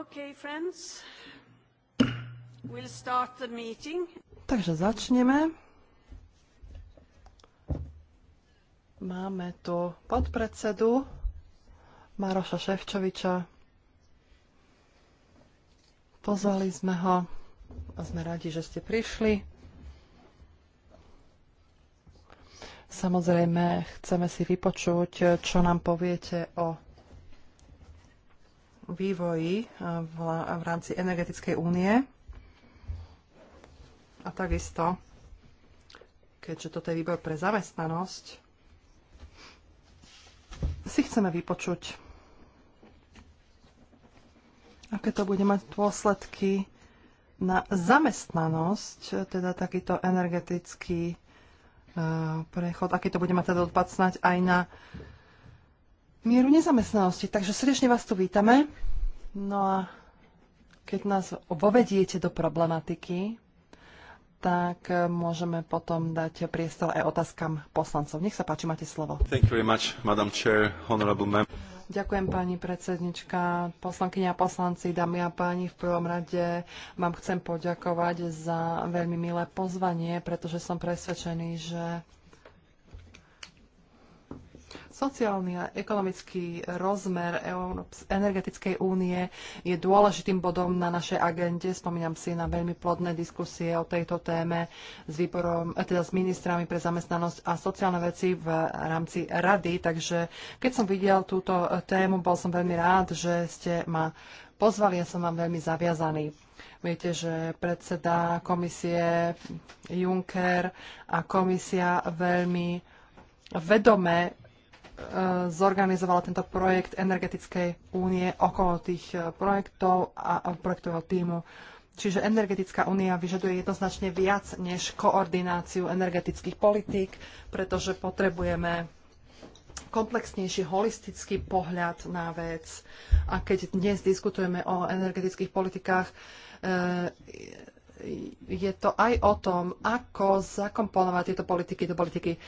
Okay, friends. We'll start the meeting. Takže začneme. Máme tu podpredsedu Maroša Ševčoviča. Pozvali sme ho a sme radi, že ste prišli. Samozrejme, chceme si vypočuť, čo nám poviete o vývoji eh, v, v rámci energetickej únie. A takisto, keďže toto je výbor pre zamestnanosť, si chceme vypočuť, aké to bude mať dôsledky na zamestnanosť, teda takýto energetický eh, prechod, aký to bude mať teda odpacnať aj na mieru nezamestnanosti. Takže srdečne vás tu vítame. No a keď nás vovediete do problematiky, tak e, môžeme potom dať priestor aj otázkam poslancov. Nech sa páči, máte slovo. Much, Chair, Ďakujem pani predsednička, poslankyňa a poslanci, dámy a páni. V prvom rade vám chcem poďakovať za veľmi milé pozvanie, pretože som presvedčený, že Sociálny a ekonomický rozmer Európs- energetickej únie je dôležitým bodom na našej agende. Spomínam si na veľmi plodné diskusie o tejto téme s, výborom, eh, teda s ministrami pre zamestnanosť a sociálne veci v rámci rady. Takže keď som videl túto eh, tému, bol som veľmi rád, že ste ma pozvali. Ja som vám veľmi zaviazaný. Viete, že predseda komisie Juncker a komisia veľmi vedome E, zorganizovala tento projekt energetickej únie okolo tých e, projektov a e, projektového týmu. Čiže energetická únia vyžaduje jednoznačne viac než koordináciu energetických politík, pretože potrebujeme komplexnejší, holistický pohľad na vec. A keď dnes diskutujeme o energetických politikách, e, je to aj o tom, ako zakomponovať tieto politiky do politiky eh,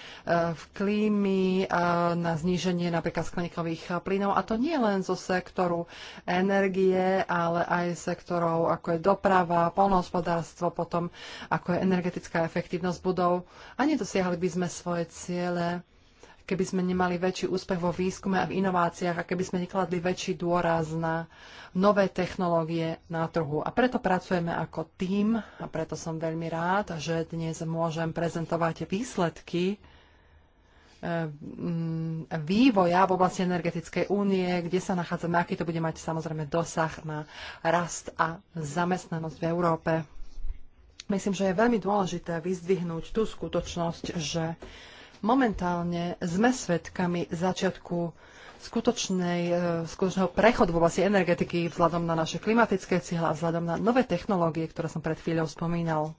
v klímy, eh, na zníženie napríklad skleníkových eh, plynov. A to nie len zo sektoru energie, ale aj sektorov, ako je doprava, polnohospodárstvo, potom ako je energetická efektívnosť budov. A nedosiahli by sme svoje ciele keby sme nemali väčší úspech vo výskume a v inováciách a keby sme nekladli väčší dôraz na nové technológie na trhu. A preto pracujeme ako tým a preto som veľmi rád, že dnes môžem prezentovať výsledky eh, mm, vývoja v oblasti energetickej únie, kde sa nachádzame, aký to bude mať samozrejme dosah na rast a zamestnanosť v Európe. Myslím, že je veľmi dôležité vyzdvihnúť tú skutočnosť, že Momentálne sme svedkami začiatku skutočnej, e, skutočného prechodu v oblasti energetiky vzhľadom na naše klimatické cieľa a vzhľadom na nové technológie, ktoré som pred chvíľou spomínal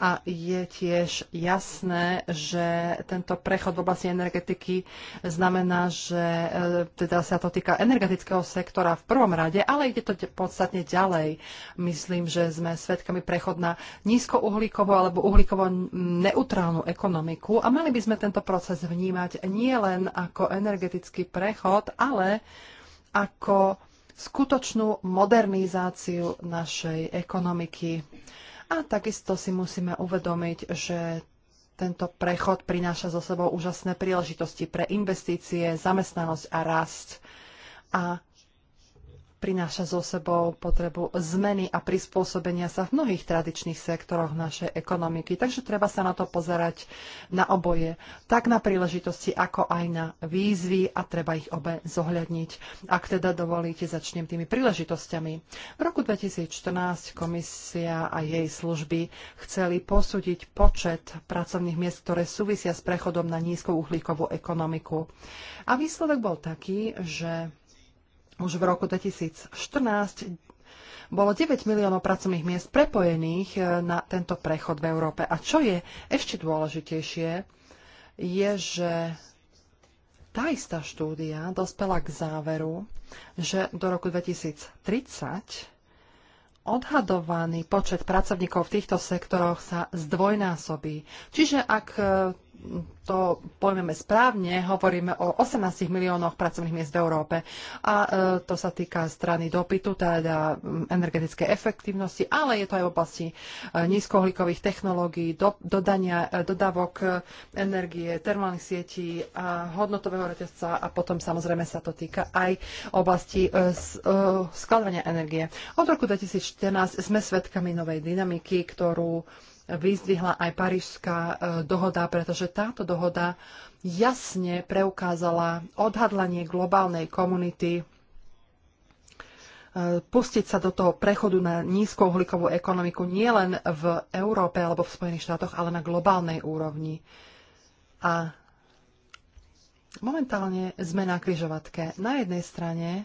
a je tiež jasné, že tento prechod v oblasti energetiky znamená, že e, teda sa to týka energetického sektora v prvom rade, ale ide to podstatne ďalej. Myslím, že sme svedkami prechod na nízkouhlíkovú alebo uhlíkovo neutrálnu ekonomiku a mali by sme tento proces vnímať nie len ako energetický prechod, ale ako skutočnú modernizáciu našej ekonomiky. A takisto si musíme uvedomiť, že tento prechod prináša so sebou úžasné príležitosti pre investície, zamestnanosť a rast. A prináša so sebou potrebu zmeny a prispôsobenia sa v mnohých tradičných sektoroch našej ekonomiky. Takže treba sa na to pozerať na oboje, tak na príležitosti, ako aj na výzvy a treba ich obe zohľadniť. Ak teda dovolíte, začnem tými príležitosťami. V roku 2014 komisia a jej služby chceli posúdiť počet pracovných miest, ktoré súvisia s prechodom na nízkouhlíkovú ekonomiku. A výsledok bol taký, že už v roku 2014 bolo 9 miliónov pracovných miest prepojených e, na tento prechod v Európe. A čo je ešte dôležitejšie, je, že tá istá štúdia dospela k záveru, že do roku 2030 odhadovaný počet pracovníkov v týchto sektoroch sa zdvojnásobí. Čiže ak e, to pojmeme správne, hovoríme o 18 miliónoch pracovných miest v Európe. A e, to sa týka strany dopytu, teda energetickej efektívnosti, ale je to aj v oblasti e, nízkohlikových technológií, do, dodania, e, dodávok energie, termálnych sietí a hodnotového reťazca a potom samozrejme sa to týka aj oblasti skladovania energie. Od roku 2014 sme svedkami novej dynamiky, ktorú vyzdvihla aj Parížská e, dohoda, pretože táto dohoda jasne preukázala odhadlanie globálnej komunity e, pustiť sa do toho prechodu na nízkouhlíkovú ekonomiku nielen v Európe alebo v Spojených štátoch, ale na globálnej úrovni. A momentálne sme na kryžovatke. Na jednej strane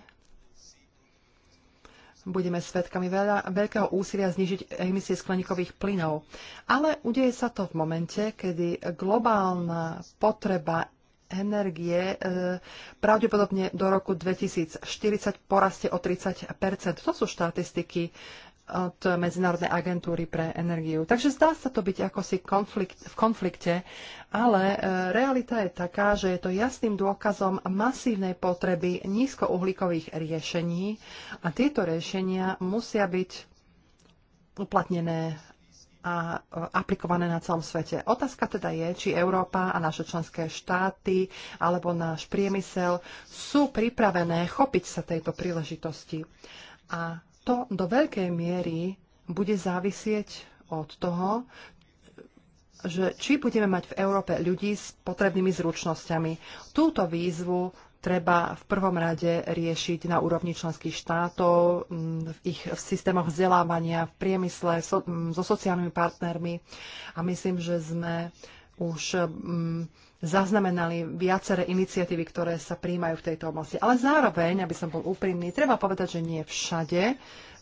budeme svetkami veľa, veľkého úsilia znižiť emisie skleníkových plynov. Ale udeje sa to v momente, kedy globálna potreba energie e, pravdepodobne do roku 2040 porastie o 30 To sú štatistiky od Medzinárodnej agentúry pre energiu. Takže zdá sa to byť ako si konflikt, v konflikte, ale e, realita je taká, že je to jasným dôkazom masívnej potreby nízkouhlíkových riešení a tieto riešenia musia byť uplatnené a e, aplikované na celom svete. Otázka teda je, či Európa a naše členské štáty alebo náš priemysel sú pripravené chopiť sa tejto príležitosti. A to do veľkej miery bude závisieť od toho, že či budeme mať v Európe ľudí s potrebnými zručnosťami. Túto výzvu treba v prvom rade riešiť na úrovni členských štátov, mm, v ich v systémoch vzdelávania, v priemysle, so, mm, so sociálnymi partnermi. A myslím, že sme už mm, zaznamenali viaceré iniciatívy, ktoré sa príjmajú v tejto oblasti. Ale zároveň, aby som bol úprimný, treba povedať, že nie všade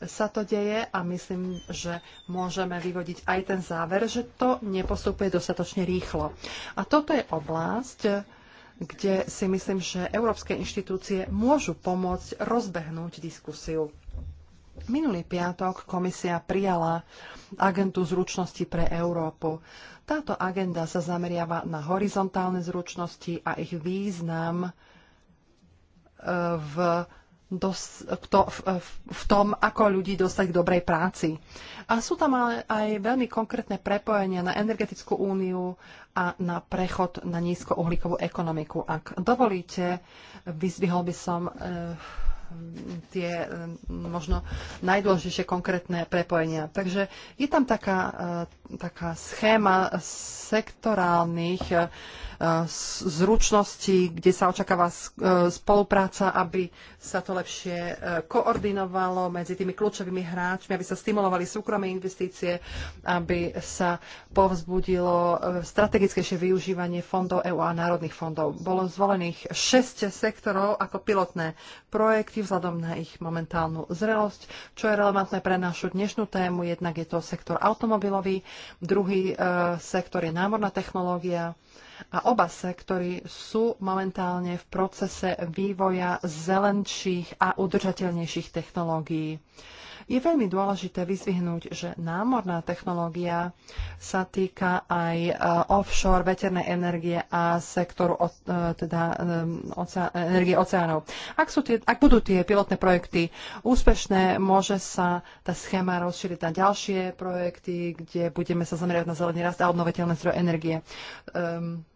sa to deje a myslím, že môžeme vyvodiť aj ten záver, že to nepostupuje dostatočne rýchlo. A toto je oblasť, kde si myslím, že európske inštitúcie môžu pomôcť rozbehnúť diskusiu. Minulý piatok komisia prijala agentu zručnosti pre Európu. Táto agenda sa zameriava na horizontálne zručnosti a ich význam e, v, dos, v, to, v, v tom, ako ľudí dostať k dobrej práci. A sú tam ale aj veľmi konkrétne prepojenia na energetickú úniu a na prechod na nízkouhlíkovú ekonomiku. Ak dovolíte, vyzvihol by som. E, tie eh, možno najdôležitejšie konkrétne prepojenia. Takže je tam taká, eh, taká schéma sektorálnych eh, zručností, kde sa očakáva spolupráca, aby sa to lepšie koordinovalo medzi tými kľúčovými hráčmi, aby sa stimulovali súkromné investície, aby sa povzbudilo strategickejšie využívanie fondov EU a národných fondov. Bolo zvolených 6 sektorov ako pilotné projekty vzhľadom na ich momentálnu zrelosť. Čo je relevantné pre našu dnešnú tému, jednak je to sektor automobilový, druhý e, sektor je námorná technológia a oba sektory sú momentálne v procese vývoja zelenších a udržateľnejších technológií. Je veľmi dôležité vyzvihnúť, že námorná technológia sa týka aj e, offshore, veternej energie a sektoru e, teda, e, oceán, energie oceánov. Ak, sú tie, ak budú tie pilotné projekty úspešné, môže sa tá schéma rozšíriť na ďalšie projekty, kde budeme sa zamerať na zelený rast a obnoviteľné zdroje energie. Um,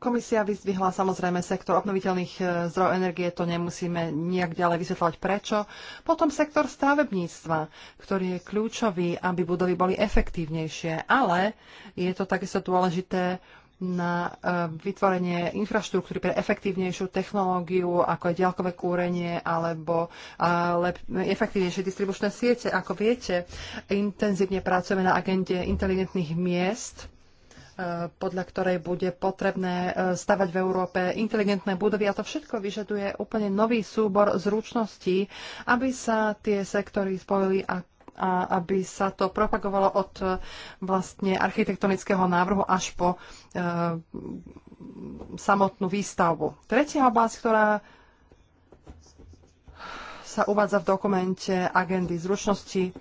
Komisia vyzdvihla samozrejme sektor obnoviteľných e, zdrojov energie, to nemusíme nejak ďalej vysvetľovať prečo. Potom sektor stavebníctva, ktorý je kľúčový, aby budovy boli efektívnejšie, ale je to takisto dôležité na e, vytvorenie infraštruktúry pre efektívnejšiu technológiu, ako je ďalkové kúrenie alebo efektívnejšie distribučné siete. Ako viete, intenzívne pracujeme na agende inteligentných miest E, podľa ktorej bude potrebné e, stavať v Európe inteligentné budovy. A to všetko vyžaduje úplne nový súbor zručností, aby sa tie sektory spojili a a aby sa to propagovalo od e, vlastne architektonického návrhu až po e, samotnú výstavbu. Tretia oblasť, ktorá sa uvádza v dokumente agendy zručnosti,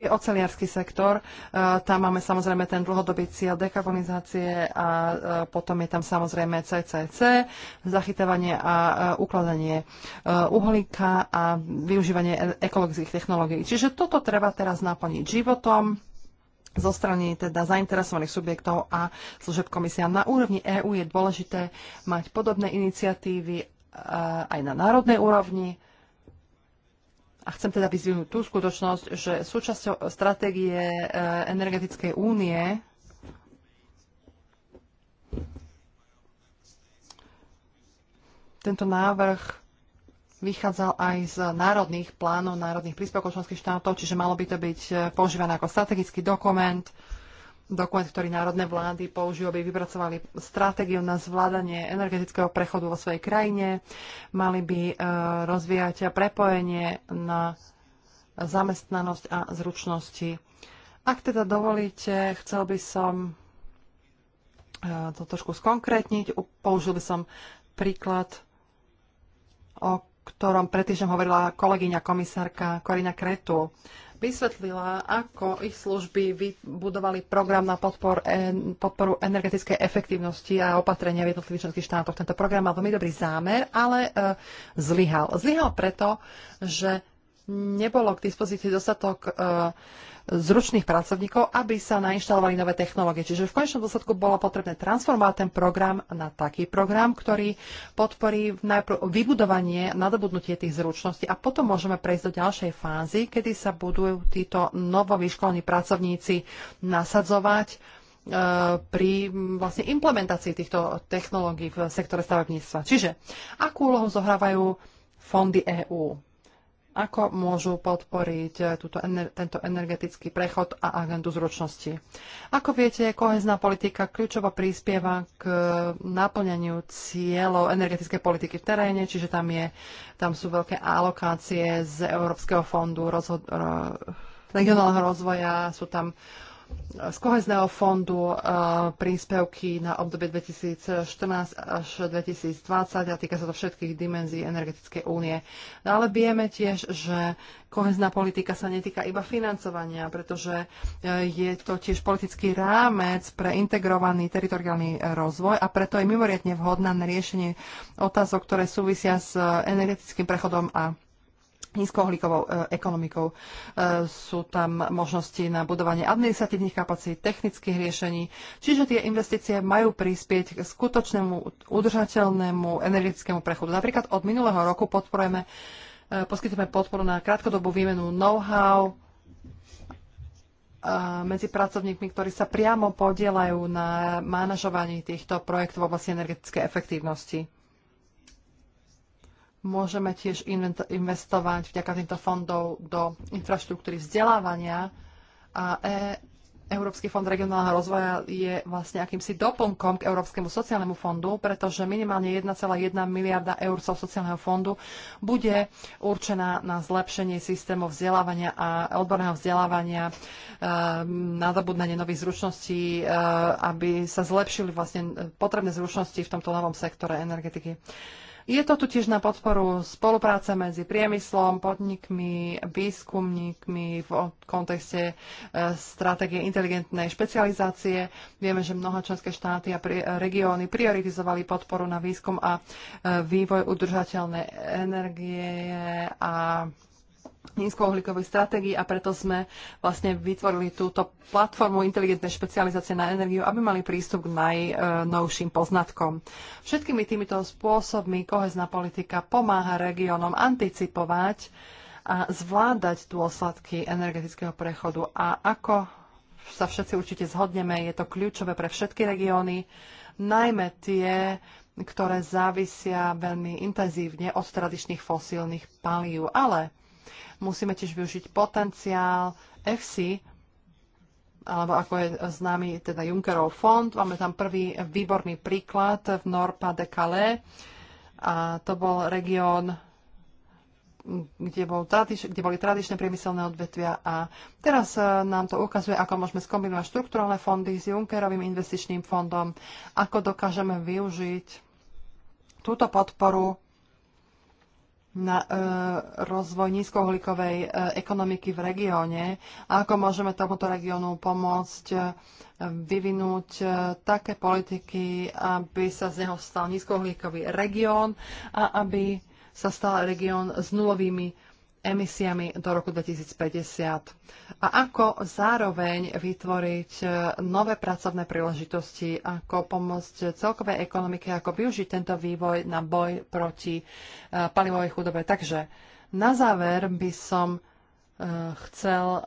Oceliársky sektor, e, tam máme samozrejme ten dlhodobý cieľ dekarbonizácie a e, potom je tam samozrejme CCC, zachytávanie a e, ukladanie uhlíka a využívanie ekologických technológií. Čiže toto treba teraz naplniť životom zo strany teda zainteresovaných subjektov a služeb komisia. Na úrovni EÚ je dôležité mať podobné iniciatívy aj na národnej úrovni, a chcem teda vyzvihnúť tú skutočnosť, že súčasťou stratégie e, energetickej únie tento návrh vychádzal aj z národných plánov, národných príspevkov členských štátov, čiže malo by to byť e, používané ako strategický dokument, dokument, ktorý národné vlády použijú, aby vypracovali stratégiu na zvládanie energetického prechodu vo svojej krajine. Mali by e, rozvíjať prepojenie na zamestnanosť a zručnosti. Ak teda dovolíte, chcel by som e, to trošku skonkrétniť. Použil by som príklad, o ktorom predtýždňom hovorila kolegyňa komisárka Korina Kretu vysvetlila, ako ich služby vybudovali program na podpor, en, podporu energetickej efektívnosti a opatrenia v jednotlivých členských štátoch. Tento program mal veľmi dobrý zámer, ale e, zlyhal. Zlyhal preto, že nebolo k dispozícii dostatok e, zručných pracovníkov, aby sa nainštalovali nové technológie. Čiže v konečnom dôsledku bolo potrebné transformovať ten program na taký program, ktorý podporí najprv vybudovanie, nadobudnutie tých zručností a potom môžeme prejsť do ďalšej fázy, kedy sa budú títo novovyškolení pracovníci nasadzovať e, pri vlastne implementácii týchto technológií v sektore stavebníctva. Čiže akú úlohu zohrávajú fondy EÚ? ako môžu podporiť eh, túto, tento energetický prechod a agendu zručnosti. Ako viete, kohezná politika kľúčovo prispieva k eh, naplňaniu cieľov energetickej politiky v teréne, čiže tam, je, tam sú veľké alokácie z Európskeho fondu rozhod- eh, regionálneho rozvoja, sú tam z kohezného fondu e, príspevky na obdobie 2014 až 2020 a týka sa to všetkých dimenzií energetickej únie. No ale vieme tiež, že kohezná politika sa netýka iba financovania, pretože e, je to tiež politický rámec pre integrovaný teritoriálny rozvoj a preto je mimoriadne vhodná na riešenie otázok, ktoré súvisia s energetickým prechodom a nízkouhlíkovou e, ekonomikou. E, sú tam možnosti na budovanie administratívnych kapacít, technických riešení, čiže tie investície majú prispieť k skutočnému udržateľnému energetickému prechodu. Napríklad od minulého roku podporujeme, e, poskytujeme podporu na krátkodobú výmenu know-how medzi pracovníkmi, ktorí sa priamo podielajú na manažovaní týchto projektov v oblasti energetickej efektívnosti. Môžeme tiež investovať vďaka týmto fondov do infraštruktúry vzdelávania a e Európsky fond regionálneho rozvoja je vlastne akýmsi doplnkom k Európskemu sociálnemu fondu, pretože minimálne 1,1 miliarda eur zo sociálneho fondu bude určená na zlepšenie systému vzdelávania a odborného vzdelávania, ehm, nadobudnanie nových zručností, ehm, aby sa zlepšili vlastne potrebné zručnosti v tomto novom sektore energetiky. Je to tu tiež na podporu spolupráce medzi priemyslom, podnikmi, výskumníkmi v kontexte e, stratégie inteligentnej špecializácie. Vieme, že mnoha členské štáty a regióny prioritizovali podporu na výskum a e, vývoj udržateľnej energie a nízkouhlíkovej stratégii a preto sme vlastne vytvorili túto platformu inteligentnej špecializácie na energiu, aby mali prístup k najnovším poznatkom. Všetkými týmito spôsobmi kohezná politika pomáha regiónom anticipovať a zvládať dôsledky energetického prechodu. A ako sa všetci určite zhodneme, je to kľúčové pre všetky regióny, najmä tie, ktoré závisia veľmi intenzívne od tradičných fosílnych palív. Ale Musíme tiež využiť potenciál EFSI, alebo ako je známy teda Junckerov fond. Máme tam prvý výborný príklad v Norpa de Calais. A to bol región, kde, bol tradič, kde boli tradičné priemyselné odvetvia a teraz e, nám to ukazuje, ako môžeme skombinovať štruktúrálne fondy s Junckerovým investičným fondom, ako dokážeme využiť túto podporu na e, rozvoj nízkouhlíkovej e, ekonomiky v regióne a ako môžeme tomuto regiónu pomôcť e, vyvinúť e, také politiky, aby sa z neho stal nízkouhlíkový región a aby sa stal región s nulovými emisiami do roku 2050 a ako zároveň vytvoriť e, nové pracovné príležitosti, ako pomôcť celkovej ekonomike, ako využiť tento vývoj na boj proti e, palivovej chudobe. Takže na záver by som Eh, chcel eh,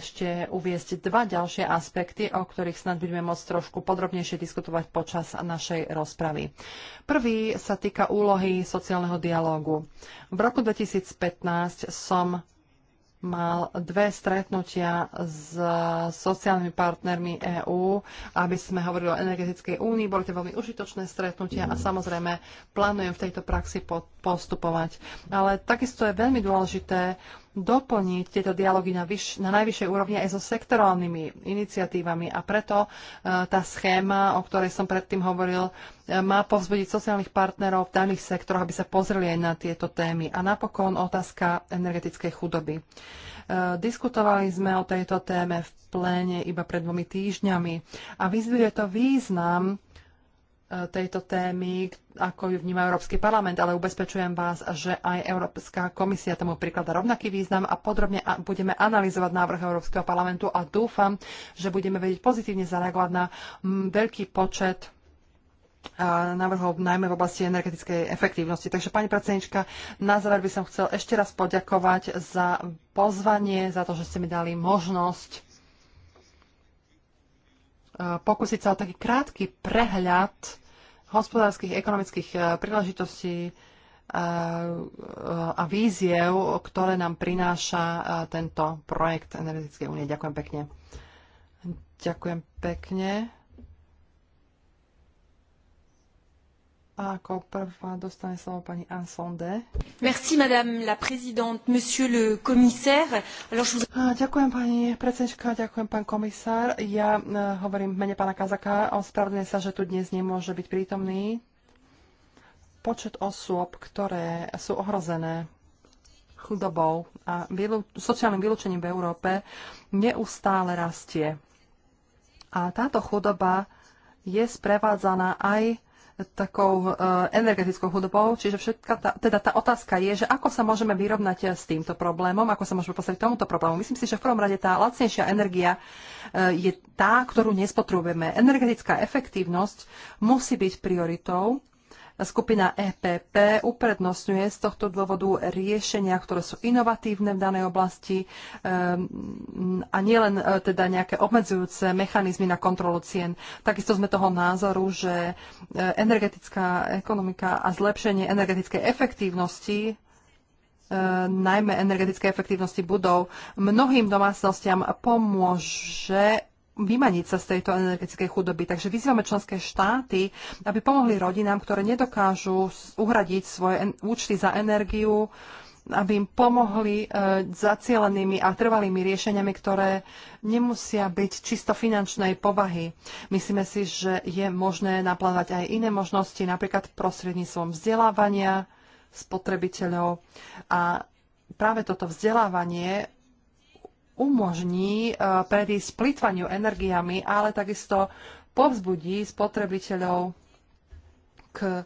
ešte uviesť dva ďalšie aspekty, o ktorých snad budeme môcť trošku podrobnejšie diskutovať počas našej rozpravy. Prvý sa týka úlohy sociálneho dialógu. V roku 2015 som mal dve stretnutia s sociálnymi partnermi EÚ, aby sme hovorili o energetickej únii. Boli to veľmi užitočné stretnutia a samozrejme plánujem v tejto praxi postupovať. Ale takisto je veľmi dôležité doplniť tieto dialógy na, vyš- na najvyššej úrovni aj so sektorálnymi iniciatívami. A preto e, tá schéma, o ktorej som predtým hovoril, e, má povzbudiť sociálnych partnerov v daných sektoroch, aby sa pozreli aj na tieto témy. A napokon otázka energetickej chudoby. E, diskutovali sme o tejto téme v pléne iba pred dvomi týždňami a vyzvíde to význam tejto témy, ako ju vníma Európsky parlament, ale ubezpečujem vás, že aj Európska komisia tomu priklada rovnaký význam a podrobne budeme analyzovať návrh Európskeho parlamentu a dúfam, že budeme vedieť pozitívne zareagovať na veľký počet návrhov najmä v oblasti energetickej efektívnosti. Takže pani predsednička, na záver by som chcel ešte raz poďakovať za pozvanie, za to, že ste mi dali možnosť pokúsiť sa o taký krátky prehľad hospodárskych, ekonomických eh, príležitostí eh, a víziev, ktoré nám prináša eh, tento projekt Energetickej únie. Ďakujem pekne. Ďakujem pekne. A ako prvá dostane slovo pani Ansonde. Merci, madame la présidente, monsieur le commissaire. Alors, je vous... Ďakujem, pani predsednička, ďakujem, pán komisár. Ja uh, hovorím v mene pána Kazaka. Ospravedlňujem sa, že tu dnes nemôže byť prítomný. Počet osôb, ktoré sú ohrozené chudobou a sociálnym vylúčením v Európe neustále rastie. A táto chudoba je sprevádzaná aj takou e, energetickou chudobou. Čiže všetka tá, teda tá otázka je, že ako sa môžeme vyrovnať e, s týmto problémom, ako sa môžeme postaviť tomuto problému. Myslím si, že v prvom rade tá lacnejšia energia e, je tá, ktorú nespotrebujeme. Energetická efektívnosť musí byť prioritou Skupina EPP uprednostňuje z tohto dôvodu riešenia, ktoré sú inovatívne v danej oblasti ehm, a nielen e, teda nejaké obmedzujúce mechanizmy na kontrolu cien. Takisto sme toho názoru, že e, energetická ekonomika a zlepšenie energetickej efektívnosti e, najmä energetickej efektívnosti budov, mnohým domácnostiam pomôže vymaniť sa z tejto energetickej chudoby. Takže vyzývame členské štáty, aby pomohli rodinám, ktoré nedokážu uhradiť svoje účty za energiu, aby im pomohli e, zacielenými a trvalými riešeniami, ktoré nemusia byť čisto finančnej povahy. Myslíme si, že je možné naplánovať aj iné možnosti, napríklad prostredníctvom vzdelávania spotrebiteľov. A práve toto vzdelávanie umožní eh, predísť plýtvaniu energiami, ale takisto povzbudí spotrebiteľov k eh,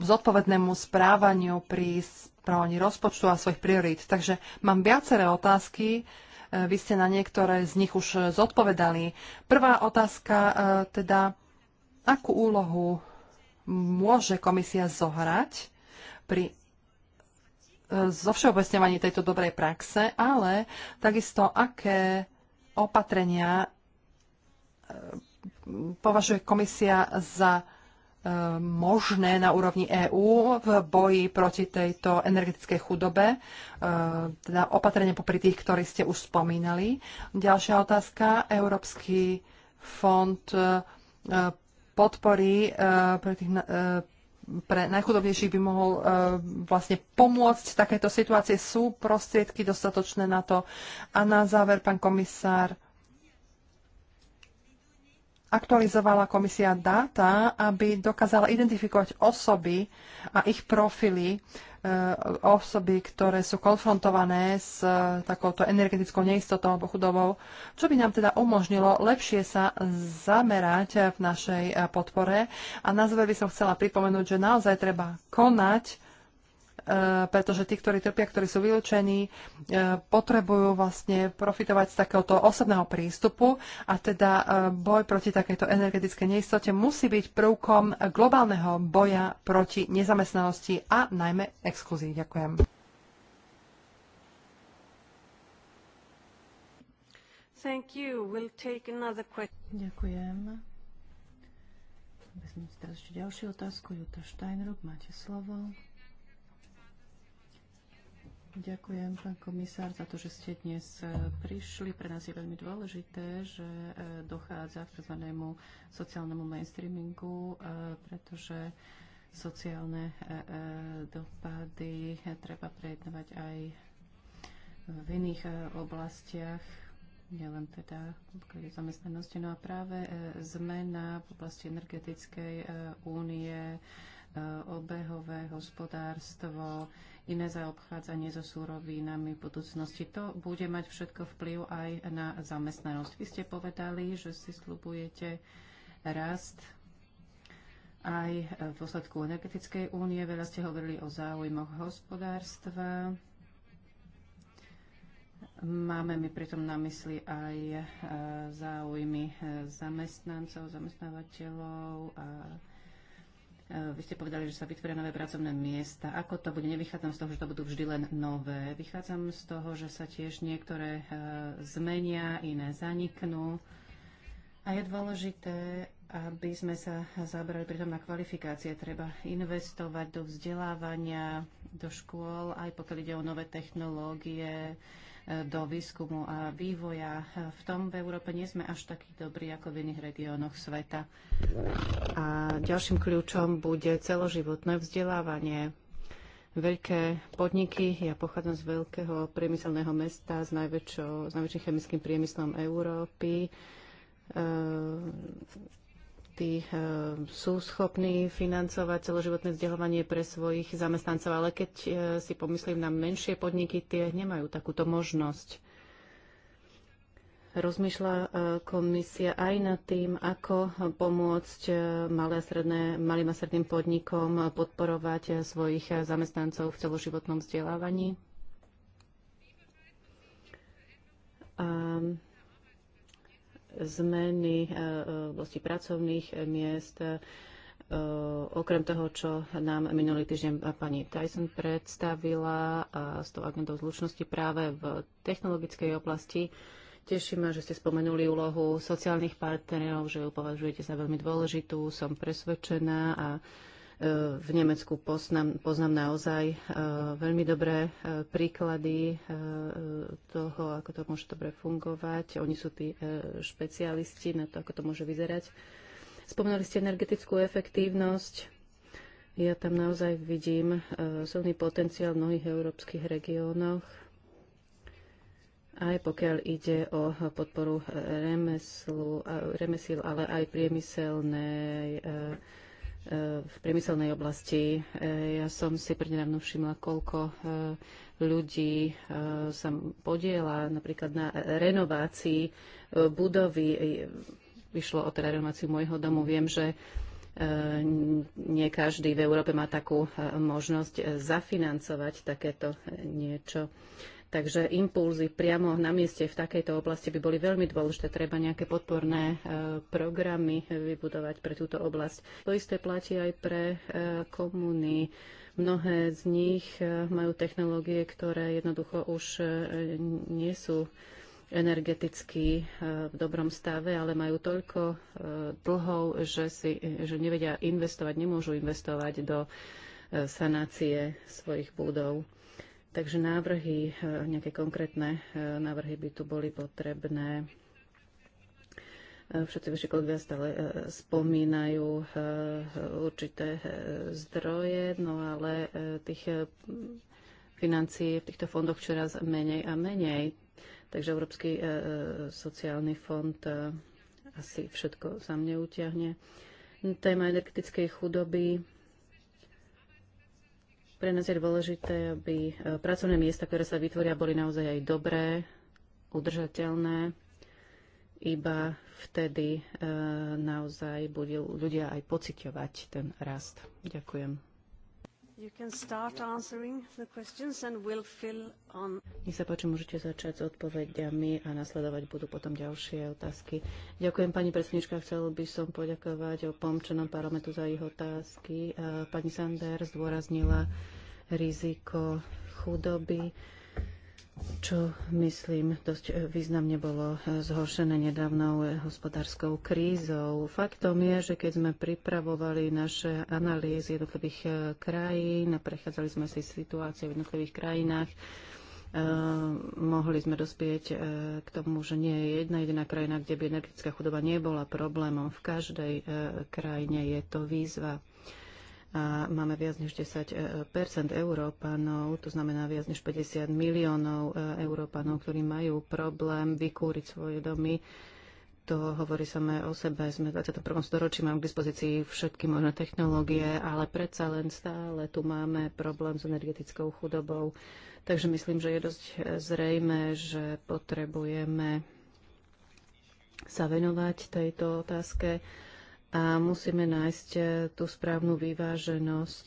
zodpovednému správaniu pri správaní rozpočtu a svojich priorít. Takže mám viaceré otázky. Eh, vy ste na niektoré z nich už zodpovedali. Prvá otázka teda, akú úlohu môže komisia zohrať pri zo všeobecňovanie tejto dobrej praxe, ale takisto aké opatrenia e, považuje komisia za e, možné na úrovni EÚ v boji proti tejto energetickej chudobe, e, teda opatrenie popri tých, ktorí ste už spomínali. Ďalšia otázka. Európsky fond podporí pre tých pre najchudobnejších by mohol e, vlastne pomôcť. Takéto situácie sú prostriedky dostatočné na to. A na záver, pán komisár, aktualizovala komisia dáta, aby dokázala identifikovať osoby a ich profily, Eh, osoby, ktoré sú konfrontované s eh, takouto energetickou neistotou alebo chudobou, čo by nám teda umožnilo lepšie sa zamerať v našej eh, podpore. A na záver by som chcela pripomenúť, že naozaj treba konať Eh, pretože tí, ktorí trpia, ktorí sú vylúčení, eh, potrebujú vlastne profitovať z takéhoto osobného prístupu a teda eh, boj proti takejto energetickej neistote musí byť prvkom globálneho boja proti nezamestnanosti a najmä exkluzii. Ďakujem. Thank you. We'll take another question. Ďakujem. Vezmite teraz ešte ďalšiu otázku. Juta Steinruck, máte slovo. Ďakujem, pán komisár, za to, že ste dnes e, prišli. Pre nás je veľmi dôležité, že e, dochádza k tzv. sociálnemu mainstreamingu, e, pretože sociálne dopady treba prejednovať aj v iných oblastiach, nielen teda pokiaľ zamestnanosti. No a práve zmena v oblasti energetickej únie, obehové hospodárstvo iné zaobchádzanie so súrovinami v budúcnosti. To bude mať všetko vplyv aj na zamestnanosť. Vy ste povedali, že si slubujete rast aj v dôsledku energetickej únie. Veľa ste hovorili o záujmoch hospodárstva. Máme my pritom na mysli aj e, záujmy e, zamestnancov, zamestnávateľov a Eh, vy ste povedali, že sa vytvoria nové pracovné miesta. Ako to bude? Nevychádzam z toho, že to budú vždy len nové. Vychádzam z toho, že sa tiež niektoré eh, zmenia, iné zaniknú. A je dôležité, aby sme sa zabrali pritom na kvalifikácie. Treba investovať do vzdelávania, do škôl, aj pokiaľ ide o nové technológie, do výskumu a vývoja. V tom v Európe nie sme až takí dobrí ako v iných regiónoch sveta. A ďalším kľúčom bude celoživotné vzdelávanie. Veľké podniky, ja pochádzam z veľkého priemyselného mesta s, najväčšou, s najväčším chemickým priemyslom Európy, e, štáty e, sú schopní financovať celoživotné vzdelávanie pre svojich zamestnancov, ale keď e, si pomyslím na menšie podniky, tie nemajú takúto možnosť. Rozmýšľa e, komisia aj nad tým, ako pomôcť malé a stredné, malým a stredným podnikom podporovať svojich zamestnancov v celoživotnom vzdelávaní. Um, zmeny v eh, eh, oblasti pracovných eh, miest, okrem toho, čo nám minulý týždeň pani Tyson predstavila s tou agendou zlučnosti práve v technologickej oblasti. Teší ma, že ste spomenuli úlohu sociálnych partnerov, že ju považujete za veľmi dôležitú. Som presvedčená a v Nemecku poznám, poznám naozaj e, veľmi dobré e, príklady e, toho, ako to môže dobre fungovať. Oni sú tí špecialisti na to, ako to môže vyzerať. Spomínali ste energetickú efektívnosť. Ja tam naozaj vidím silný potenciál v mnohých európskych regiónoch aj pokiaľ ide o podporu remeslu, remesil, ale aj priemyselnej v priemyselnej oblasti. E, ja som si prednedávno všimla, koľko e, ľudí e, sa podiela napríklad na renovácii budovy. Vyšlo o teda renováciu môjho domu. Viem, že nie každý v Európe má takú možnosť zafinancovať takéto niečo. Takže impulzy priamo na mieste v takejto oblasti by boli veľmi dôležité. Treba nejaké podporné e, programy vybudovať pre túto oblasť. To isté platí aj pre e, komuny. Mnohé z nich e, majú technológie, ktoré jednoducho už nie sú energeticky v dobrom stave, ale majú toľko dlhov, že, si, že nevedia investovať, nemôžu investovať do sanácie svojich budov. Takže návrhy, e, nejaké konkrétne e, návrhy by tu boli potrebné. E, všetci vaši kolegovia stále spomínajú určité zdroje, no ale tých financií v týchto fondoch čoraz menej a menej. Takže Európsky sociálny fond asi všetko sám neutiahne. Téma energetickej chudoby pre nás je dôležité, aby e, pracovné miesta, ktoré sa vytvoria, boli naozaj aj dobré, udržateľné. Iba vtedy e, naozaj budú ľudia aj pociťovať ten rast. Ďakujem. You can start answering the questions and we'll fill on. Nech sa páči, môžete začať s odpovediami a nasledovať budú potom ďalšie otázky. Ďakujem pani predsednička, chcel by som poďakovať o pomčenom parlamentu za ich otázky. Pani Sander zdôraznila riziko chudoby čo myslím dosť e, významne bolo e, zhoršené nedávnou e, hospodárskou krízou. Faktom je, že keď sme pripravovali naše analýzy jednotlivých krajín, prechádzali sme si situáciu v jednotlivých krajinách, mohli sme dospieť k tomu, že nie je jedna jediná krajina, kde by energetická chudoba nebola problémom. V každej krajine je to výzva a máme viac než 10 e, e, Európanov, to znamená viac než 50 miliónov e, Európanov, ktorí majú problém vykúriť svoje domy. To hovorí samé o sebe. Sme v 21. storočí, máme k dispozícii všetky možné technológie, ale predsa len stále tu máme problém s energetickou chudobou. Takže myslím, že je dosť zrejme, že potrebujeme sa venovať tejto otázke a musíme nájsť e, tú správnu vyváženosť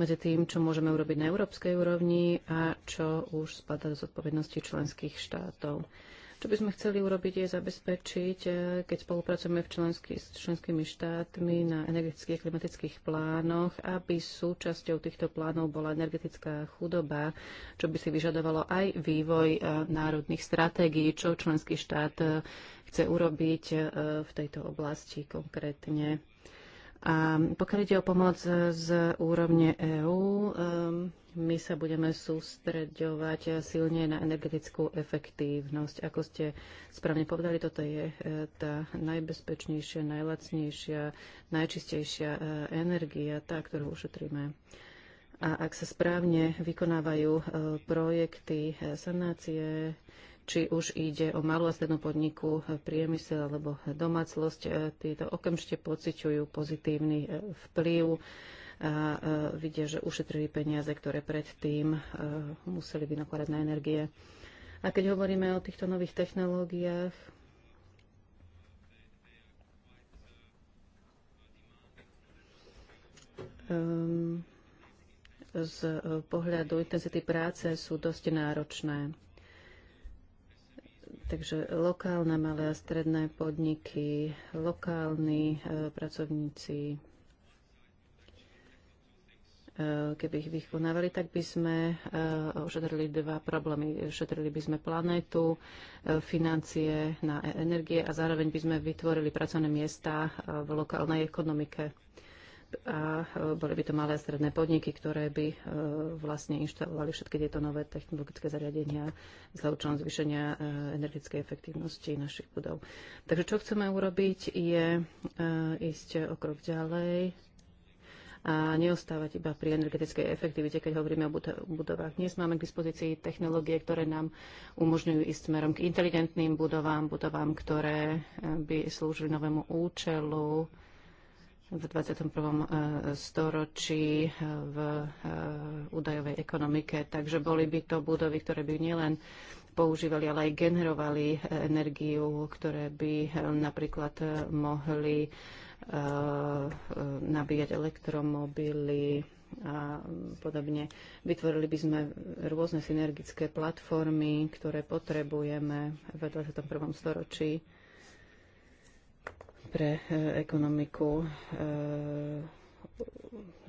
medzi tým, čo môžeme urobiť na európskej úrovni a čo už spadá do zodpovednosti členských štátov. Čo by sme chceli urobiť je zabezpečiť, e, keď spolupracujeme v členský, s členskými štátmi na energetických a klimatických plánoch, aby súčasťou týchto plánov bola energetická chudoba, čo by si vyžadovalo aj vývoj e, národných stratégií, čo členský štát e, chce urobiť v tejto oblasti konkrétne. A pokiaľ ide o pomoc z úrovne EÚ, my sa budeme sústreďovať silne na energetickú efektívnosť. Ako ste správne povedali, toto je e, tá najbezpečnejšia, najlacnejšia, najčistejšia e, energia, tá, ktorú ušetríme. A ak sa správne vykonávajú e, projekty sanácie, či už ide o malú a strednú podniku, e, priemysel alebo domácnosť, e, títo okamžite pociťujú pozitívny e, vplyv a vidia, že ušetrili peniaze, ktoré predtým museli vynakladať na energie. A keď hovoríme o týchto nových technológiách, z pohľadu intenzity práce sú dosť náročné. Takže lokálne malé a stredné podniky, lokálni e, pracovníci, e, keby ich vykonávali, tak by sme e, ošetrili dva problémy. Ošetrili by sme planétu, e, financie na energie a zároveň by sme vytvorili pracovné miesta e, v lokálnej ekonomike a e, boli by to malé a stredné podniky, ktoré by e, vlastne inštalovali všetky tieto nové technologické zariadenia za účelom zvýšenia e, energetickej efektívnosti našich budov. Takže čo chceme urobiť je ísť o krok ďalej a neostávať iba pri energetickej efektivite, keď hovoríme o budovách. Dnes máme k dispozícii technológie, ktoré nám umožňujú ísť smerom k inteligentným budovám, budovám, ktoré by slúžili novému účelu, v 21. E, storočí e, v e, údajovej ekonomike. Takže boli by to budovy, ktoré by nielen používali, ale aj generovali energiu, ktoré by napríklad mohli nabíjať elektromobily a podobne. Vytvorili by sme rôzne synergické platformy, ktoré potrebujeme v 21. storočí pre e, ekonomiku e,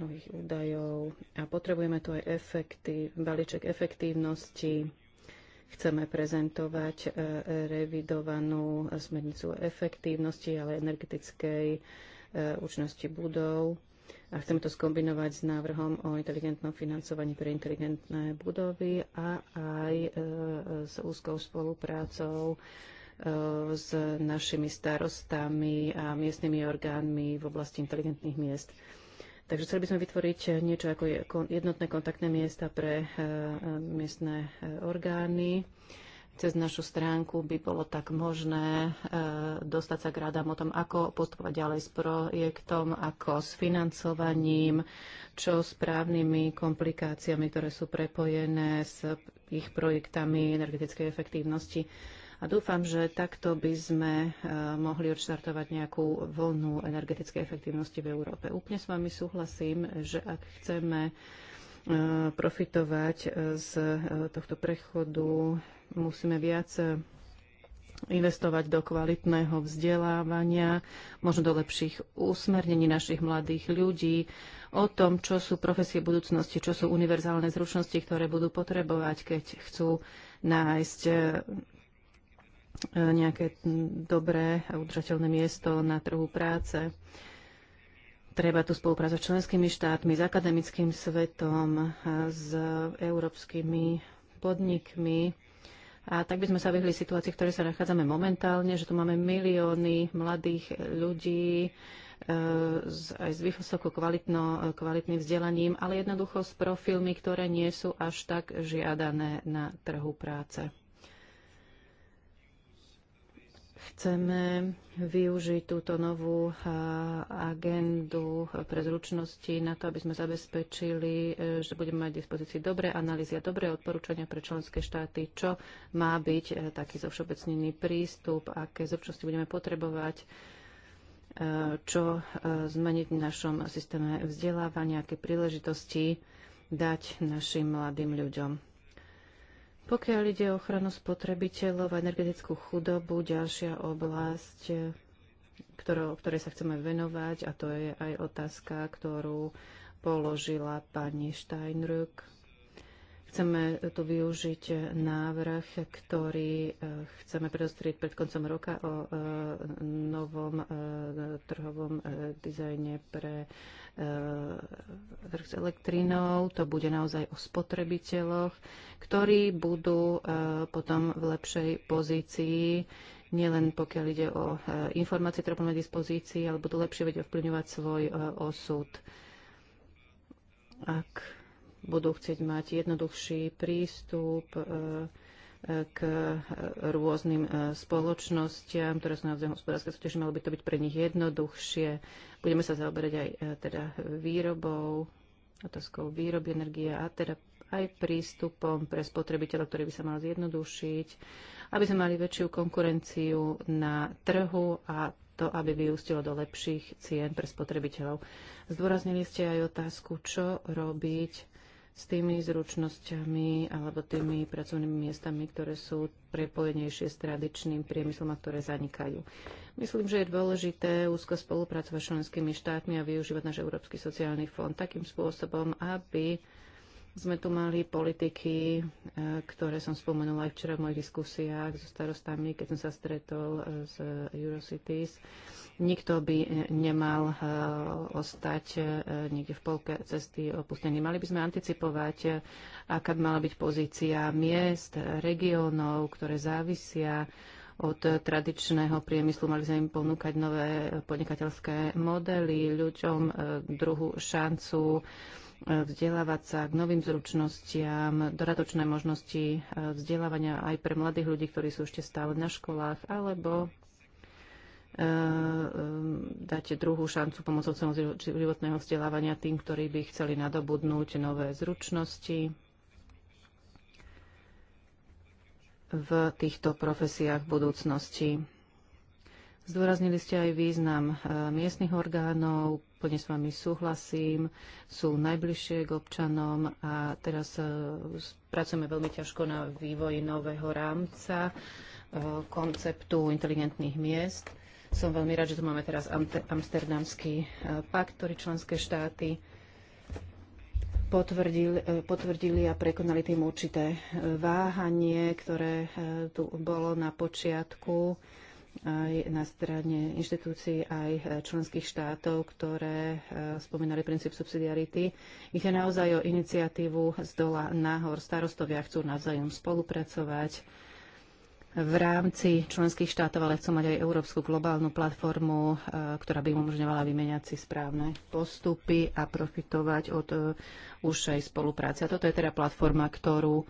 nových údajov a potrebujeme tu aj efekty, balíček efektívnosti. Chceme prezentovať e, revidovanú smernicu efektívnosti, ale energetickej účnosti budov a chceme to skombinovať s návrhom o inteligentnom financovaní pre inteligentné budovy a aj s úzkou spoluprácou E, s našimi starostami a miestnymi orgánmi v oblasti inteligentných miest. Takže chceli by sme vytvoriť niečo ako jednotné kontaktné miesta pre e, miestne e, orgány. Cez našu stránku by bolo tak možné dostať sa k radám o tom, ako postupovať ďalej s projektom, ako s financovaním, čo s právnymi komplikáciami, ktoré sú prepojené s ich projektami energetickej efektívnosti. A dúfam, že takto by sme e, mohli odštartovať nejakú voľnú energetickej efektívnosti v Európe. Úplne s vami súhlasím, že ak chceme e, profitovať e, z tohto prechodu, musíme viac investovať do kvalitného vzdelávania, možno do lepších úsmernení našich mladých ľudí, o tom, čo sú profesie budúcnosti, čo sú univerzálne zručnosti, ktoré budú potrebovať, keď chcú nájsť E, nejaké dobré a udržateľné miesto na trhu práce. Treba tu spolupráca s členskými štátmi, s akademickým svetom, e, s európskymi podnikmi. A tak by sme sa vyhli situácii, v ktorej sa nachádzame momentálne, že tu máme milióny mladých ľudí e, aj s vysoko kvalitným vzdelaním, ale jednoducho s profilmi, ktoré nie sú až tak žiadané na trhu práce. Chceme využiť túto novú agendu pre zručnosti na to, aby sme zabezpečili, e, že budeme mať v dispozícii dobré analýzy a dobré odporúčania pre členské štáty, čo má byť e, taký zovšeobecnený prístup, aké zručnosti budeme potrebovať, e, čo zmeniť v našom systéme vzdelávania, aké príležitosti dať našim mladým ľuďom. Pokiaľ ide o ochranu spotrebiteľov a energetickú chudobu, ďalšia oblasť, ktorou, ktorej sa chceme venovať, a to je aj otázka, ktorú položila pani Steinrück Chceme tu využiť návrh, ktorý e, chceme predostrieť pred koncom roka o e, novom e, trhovom dizajne pre trh s elektrínou. To bude naozaj o spotrebiteľoch, ktorí budú potom v lepšej pozícii nielen pokiaľ ide o informácie, ktoré máme dispozícii, ale budú lepšie vedieť ovplyvňovať svoj osud. Ak budú chcieť mať jednoduchší prístup e, e, k rôznym e, spoločnostiam, ktoré sú naozaj hospodárske súťaže, malo by to byť pre nich jednoduchšie. Budeme sa zaoberať aj teda výrobou, otázkou výroby energie a teda aj prístupom pre spotrebiteľa, ktorý by sa mal zjednodušiť, aby sme mali väčšiu konkurenciu na trhu a to, aby vyústilo do lepších cien pre spotrebiteľov. Zdôraznili ste aj otázku, čo robiť s tými zručnosťami alebo tými pracovnými miestami, ktoré sú prepojenejšie s tradičným priemyslom a ktoré zanikajú. Myslím, že je dôležité úzko spolupracovať s členskými štátmi a využívať náš Európsky sociálny fond takým spôsobom, aby sme tu mali politiky, e, ktoré som spomenula aj včera v mojich diskusiách so starostami, keď som sa stretol e, s Eurocities. Nikto by e, nemal ostať niekde v polke cesty opustený. Mali by sme anticipovať, aká by mala byť pozícia miest, regiónov, ktoré závisia od tradičného priemyslu. Mali sme im ponúkať nové podnikateľské modely, ľuďom druhú šancu vzdelávať sa k novým zručnostiam, doradočné možnosti e, vzdelávania aj pre mladých ľudí, ktorí sú ešte stále na školách, alebo e, e, dať druhú šancu pomocou životného vzdelávania tým, ktorí by chceli nadobudnúť nové zručnosti v týchto profesiách v budúcnosti. Zdôraznili ste aj význam miestnych orgánov, plne s vami súhlasím, sú najbližšie k občanom a teraz e, pracujeme veľmi ťažko na vývoji nového rámca e, konceptu inteligentných miest. Som veľmi rád, že tu máme teraz Amsterdamský e, pakt, ktorý členské štáty potvrdili, potvrdili a prekonali tým určité váhanie, ktoré tu bolo na počiatku aj na strane inštitúcií, aj e, členských štátov, ktoré e, spomínali princíp subsidiarity. Ide naozaj o iniciatívu z dola nahor. Starostovia chcú navzájom spolupracovať v rámci členských štátov, ale chcú mať aj európsku globálnu platformu, e, ktorá by umožňovala vymeniať si správne postupy a profitovať od už aj spolupráce. A toto je teda platforma, ktorú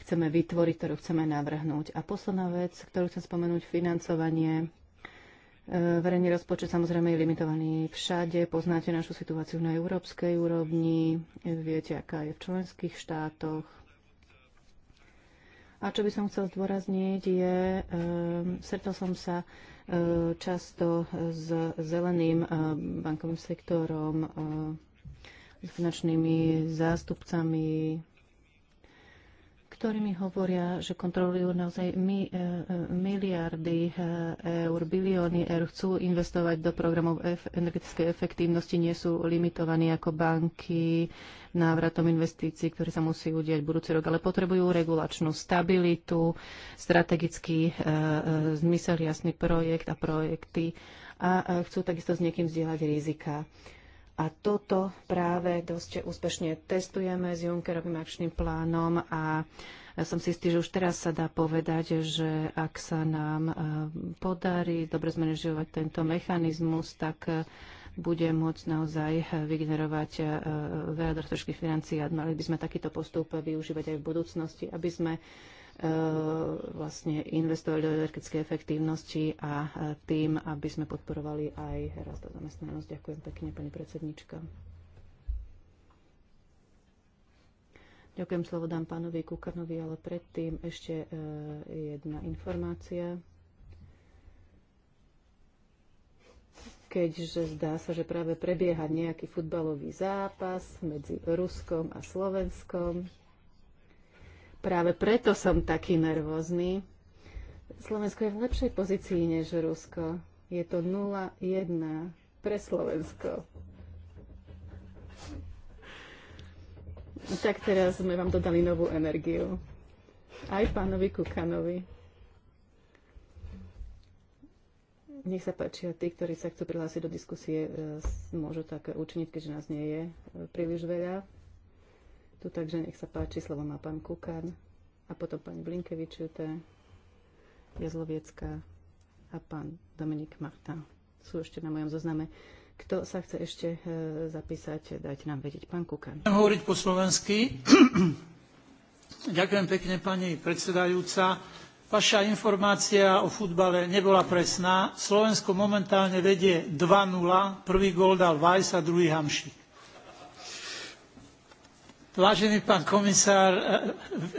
chceme vytvoriť, ktorú chceme navrhnúť. A posledná vec, ktorú chcem spomenúť, financovanie. E, verejný rozpočet samozrejme je limitovaný všade. Poznáte našu situáciu na európskej úrovni, viete, aká je v členských štátoch. A čo by som chcel zdôrazniť je, e, stretol som sa e, často s zeleným bankovým sektorom, s finančnými zástupcami, ktorými hovoria, že kontrolujú naozaj mi, e, e, miliardy e, eur, bilióny eur, chcú investovať do programov energetickej efektívnosti, nie sú limitovaní ako banky návratom investícií, ktoré sa musí udiať budúci rok, ale potrebujú regulačnú stabilitu, strategický zmysel, jasný projekt a projekty a chcú takisto s niekým vzdielať rizika. A toto práve dosť úspešne testujeme s Junckerovým akčným plánom a som si istý, že už teraz sa dá povedať, že ak sa nám e, podarí dobre zmanéžovať tento mechanizmus, tak e, bude môcť naozaj vygenerovať e, veľa dostatočných financií a mali by sme takýto postup využívať aj v budúcnosti, aby sme E, vlastne investovali do energetickej efektívnosti a e, tým, aby sme podporovali aj rast a zamestnanosť. Ďakujem pekne, pani predsednička. Ďakujem, slovo dám pánovi Kukanovi, ale predtým ešte e, jedna informácia. keďže zdá sa, že práve prebieha nejaký futbalový zápas medzi Ruskom a Slovenskom. Práve preto som taký nervózny. Slovensko je v lepšej pozícii než Rusko. Je to 0-1 pre Slovensko. Tak teraz sme vám dodali novú energiu. Aj pánovi Kukanovi. Nech sa páči, tí, ktorí sa chcú prihlásiť do diskusie, e, môžu tak učiniť, keďže nás nie je e, príliš veľa tu, takže nech sa páči, slovo má pán Kukan a potom pani Blinkevičute, Jazloviecka a pán Dominik Marta. Sú ešte na mojom zozname. Kto sa chce ešte e, zapísať, dajte nám vedieť. Pán Kukan. Hovoriť po slovensky. Ďakujem pekne, pani predsedajúca. Vaša informácia o futbale nebola presná. Slovensko momentálne vedie 2-0. Prvý gól dal Vajs a druhý Hamšik Vážený pán komisár, e,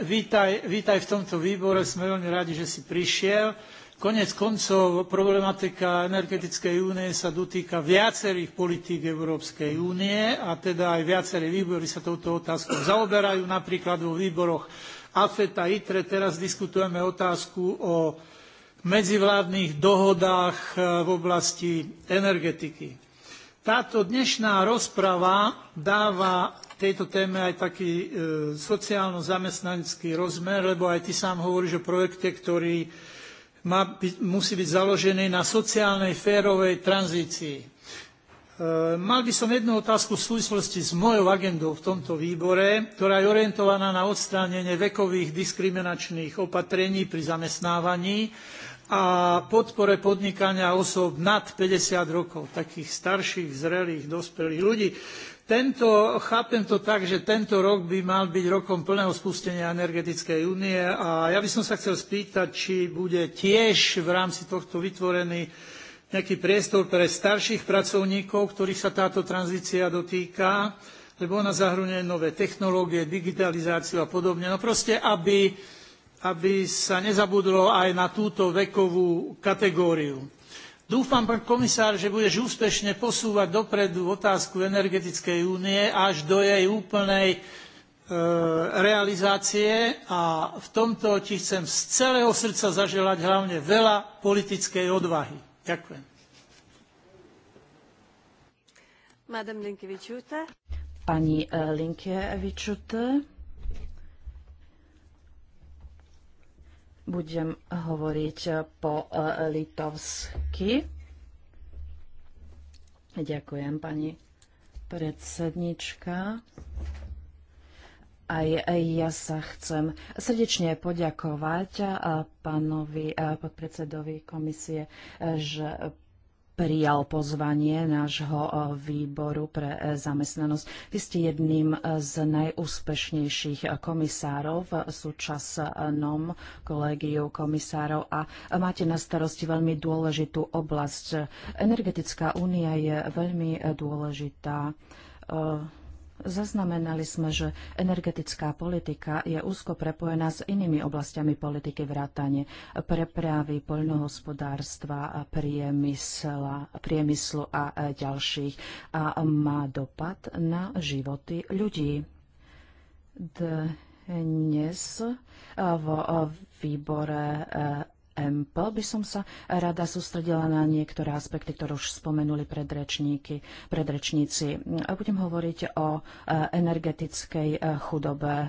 vítaj, vítaj v tomto výbore. Sme veľmi radi, že si prišiel. Konec koncov problematika energetickej únie sa dotýka viacerých politík Európskej únie a teda aj viaceré výbory sa touto otázkou zaoberajú. Napríklad vo výboroch AFET a ITRE teraz diskutujeme otázku o medzivládnych dohodách e, v oblasti energetiky. Táto dnešná rozprava dáva tejto téme aj taký e, sociálno-zamestnanecký rozmer, lebo aj ty sám hovoríš o projekte, ktorý má, by, musí byť založený na sociálnej férovej tranzícii. E, mal by som jednu otázku v súvislosti s mojou agendou v tomto výbore, ktorá je orientovaná na odstránenie vekových diskriminačných opatrení pri zamestnávaní a podpore podnikania osôb nad 50 rokov, takých starších, zrelých, dospelých ľudí. Tento, chápem to tak, že tento rok by mal byť rokom plného spustenia energetickej únie a ja by som sa chcel spýtať, či bude tiež v rámci tohto vytvorený nejaký priestor pre starších pracovníkov, ktorých sa táto tranzícia dotýka, lebo ona zahrňuje nové technológie, digitalizáciu a podobne. No proste, aby, aby sa nezabudlo aj na túto vekovú kategóriu. Dúfam, pán komisár, že budeš úspešne posúvať dopredu otázku energetickej únie až do jej úplnej e, realizácie a v tomto ti chcem z celého srdca zaželať hlavne veľa politickej odvahy. Ďakujem. Pani e, Linkevičute. Budem hovoriť po e, litovsky. Ďakujem, pani predsednička. Aj ja sa chcem srdečne poďakovať e, pánovi e, podpredsedovi komisie, že prijal pozvanie nášho e, výboru pre e, zamestnanosť. Vy ste jedným e, z najúspešnejších komisárov v súčasnom kolegiu komisárov a máte na starosti veľmi dôležitú oblasť. Energetická únia je veľmi dôležitá Zaznamenali sme, že energetická politika je úzko prepojená s inými oblastiami politiky vrátane prepravy, poľnohospodárstva, priemyslu a ďalších a má dopad na životy ľudí. Dnes vo výbore EMPL by som sa rada sústredila na niektoré aspekty, ktoré už spomenuli predrečníky, predrečníci. Budem hovoriť o e, energetickej e, chudobe. E,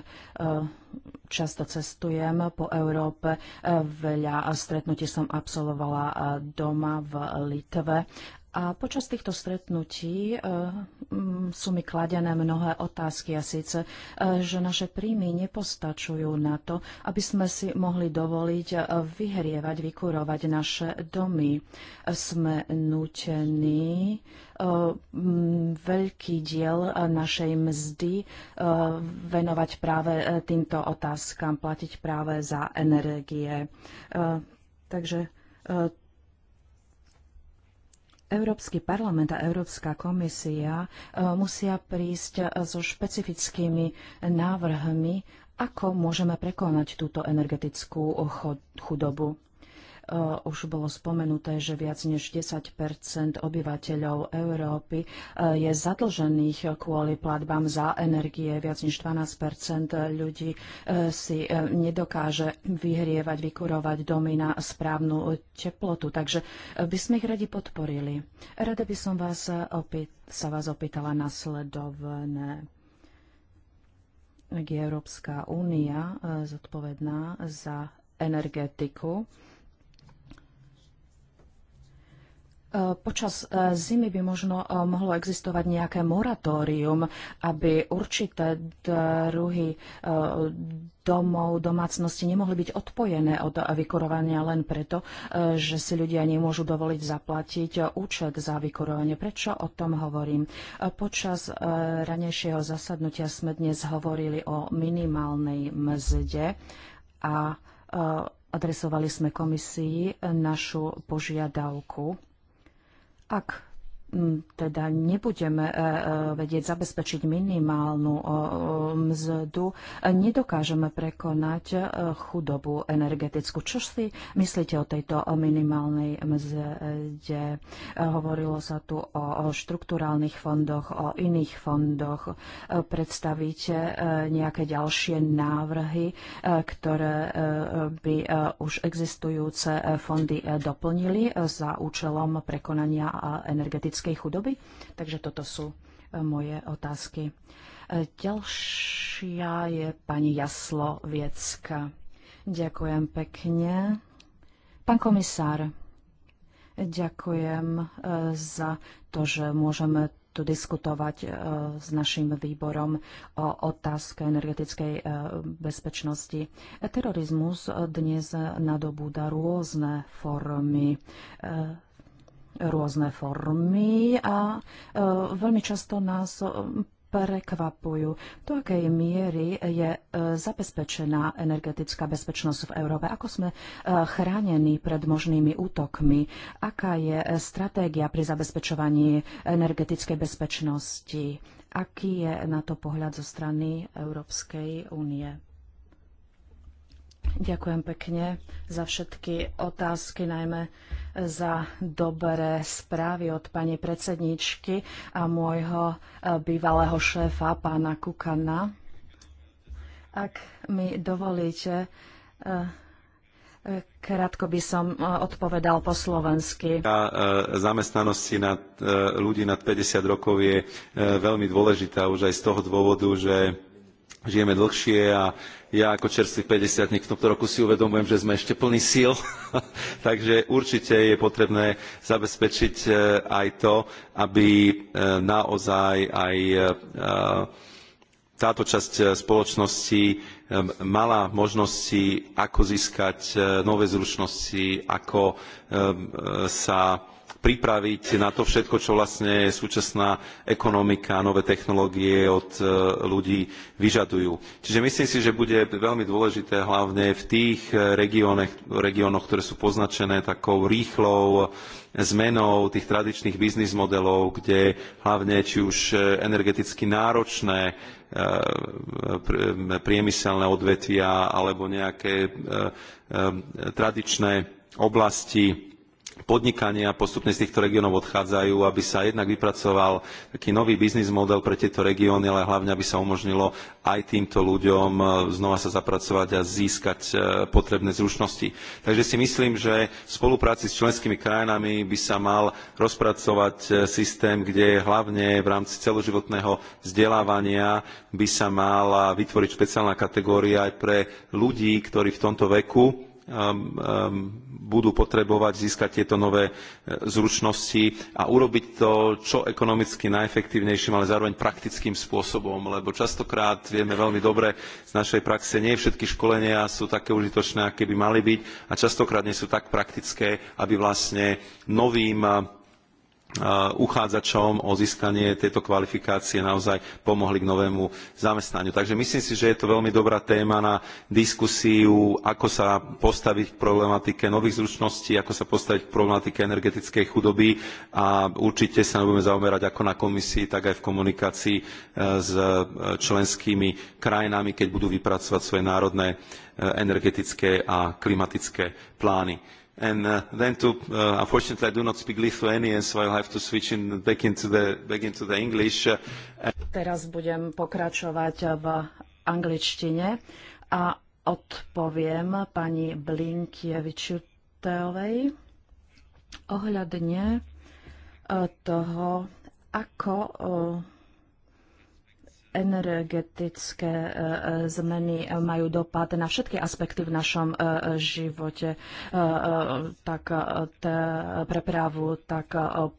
často cestujem po Európe, veľa stretnutí som absolvovala doma v Litve a počas týchto stretnutí e, sú mi kladené mnohé otázky a síce, e, že naše príjmy nepostačujú na to, aby sme si mohli dovoliť e, vyhrievať, vykurovať naše domy. Sme nutení veľký diel našej mzdy venovať práve týmto otázkam, platiť práve za energie. Takže Európsky parlament a Európska komisia e, musia prísť e, so špecifickými návrhmi, ako môžeme prekonať túto energetickú chudobu. Eh, už bolo spomenuté, že viac než 10 obyvateľov Európy eh, je zadlžených kvôli platbám za energie. Viac než 12 ľudí eh, si nedokáže vyhrievať, vykurovať domy na správnu teplotu. Takže by sme ich radi podporili. Rada by som vás opýt, sa vás opýtala nasledovné ak je Európska únia zodpovedná za energetiku, E, počas e, zimy by možno e, mohlo existovať nejaké moratórium, aby určité druhy domov, domácnosti nemohli byť odpojené od vykurovania len preto, že si ľudia nemôžu dovoliť zaplatiť účet za vykurovanie. Prečo o tom hovorím? Počas ranejšieho zasadnutia sme dnes hovorili o minimálnej mzde a adresovali sme komisii našu požiadavku ak teda nebudeme e, e, vedieť zabezpečiť minimálnu mzdu, nedokážeme prekonať e, chudobu energetickú. Čo si myslíte o tejto minimálnej mzde? Hovorilo sa tu o štruktúrálnych fondoch, o iných fondoch. Predstavíte nejaké ďalšie návrhy, ktoré by už existujúce fondy doplnili za účelom prekonania energetického detskej chudoby? Takže toto sú e, moje otázky. E, ďalšia je pani Viecka. Ďakujem pekne. Pán komisár, ďakujem e, za to, že môžeme tu diskutovať s našim výborom o otázke energetickej bezpečnosti. Terorizmus dnes nadobúda rôzne formy rôzne formy a e, veľmi často nás e, prekvapujú. Do akej miery je e, zabezpečená energetická bezpečnosť v Európe? Ako sme chránení pred možnými útokmi? Aká je stratégia pri zabezpečovaní energetickej bezpečnosti? Aký je na to pohľad zo strany Európskej únie? Ďakujem pekne za všetky otázky, najmä za dobré správy od pani predsedničky a môjho e, bývalého šéfa, pána Kukana. Ak mi dovolíte, e, krátko by som e, odpovedal po slovensky. Zamestnanosti nad ľudí nad 50 rokov je veľmi dôležitá už aj z toho dôvodu, že žijeme dlhšie a ja ako čerstvý 50 v tomto roku si uvedomujem, že sme ešte plní síl, takže určite je potrebné zabezpečiť e, aj to, aby e, naozaj aj e, táto časť spoločnosti mala možnosti, ako získať nové zručnosti, ako sa pripraviť na to všetko, čo vlastne súčasná ekonomika, nové technológie od e, ľudí vyžadujú. Čiže myslím si, že bude veľmi dôležité hlavne v tých e, regiónoch, ktoré sú poznačené takou rýchlou e, zmenou tých tradičných biznis modelov, kde hlavne či už energeticky náročné priemyselné odvetvia alebo nejaké tradičné oblasti podnikania postupne z týchto regiónov odchádzajú, aby sa jednak vypracoval taký nový biznis model pre tieto regióny, ale hlavne, aby sa umožnilo aj týmto ľuďom e, znova sa zapracovať a získať e, potrebné zručnosti. Takže si myslím, že v spolupráci s členskými krajinami by sa mal rozpracovať e, systém, kde hlavne v rámci celoživotného vzdelávania by sa mala vytvoriť špeciálna kategória aj pre ľudí, ktorí v tomto veku Ehm, ehm, budú potrebovať získať tieto nové e, zručnosti a urobiť to čo ekonomicky najefektívnejším, ale zároveň praktickým spôsobom, lebo častokrát vieme veľmi dobre z našej praxe, nie všetky školenia sú také užitočné, aké by mali byť a častokrát nie sú tak praktické, aby vlastne novým Eh, uchádzačom o získanie tejto kvalifikácie naozaj pomohli k novému zamestnaniu. Takže myslím si, že je to veľmi dobrá téma na diskusiu, ako sa postaviť k problematike nových zručností, ako sa postaviť k problematike energetickej chudoby a určite sa budeme zaoberať ako na komisii, tak aj v komunikácii eh, s eh, členskými krajinami, keď budú vypracovať svoje národné energetické a klimatické plány And uh, then to, uh, unfortunately, I do not speak Lithuanian, so I'll have to switch in back into the, back into the English. Uh, Teraz budem pokračovať v angličtine a odpoviem pani Blinkievičuteovej ohľadne e, toho, ako uh, energetické e, e, zmeny majú dopad na všetky aspekty v našom e, živote, tak prepravu, tak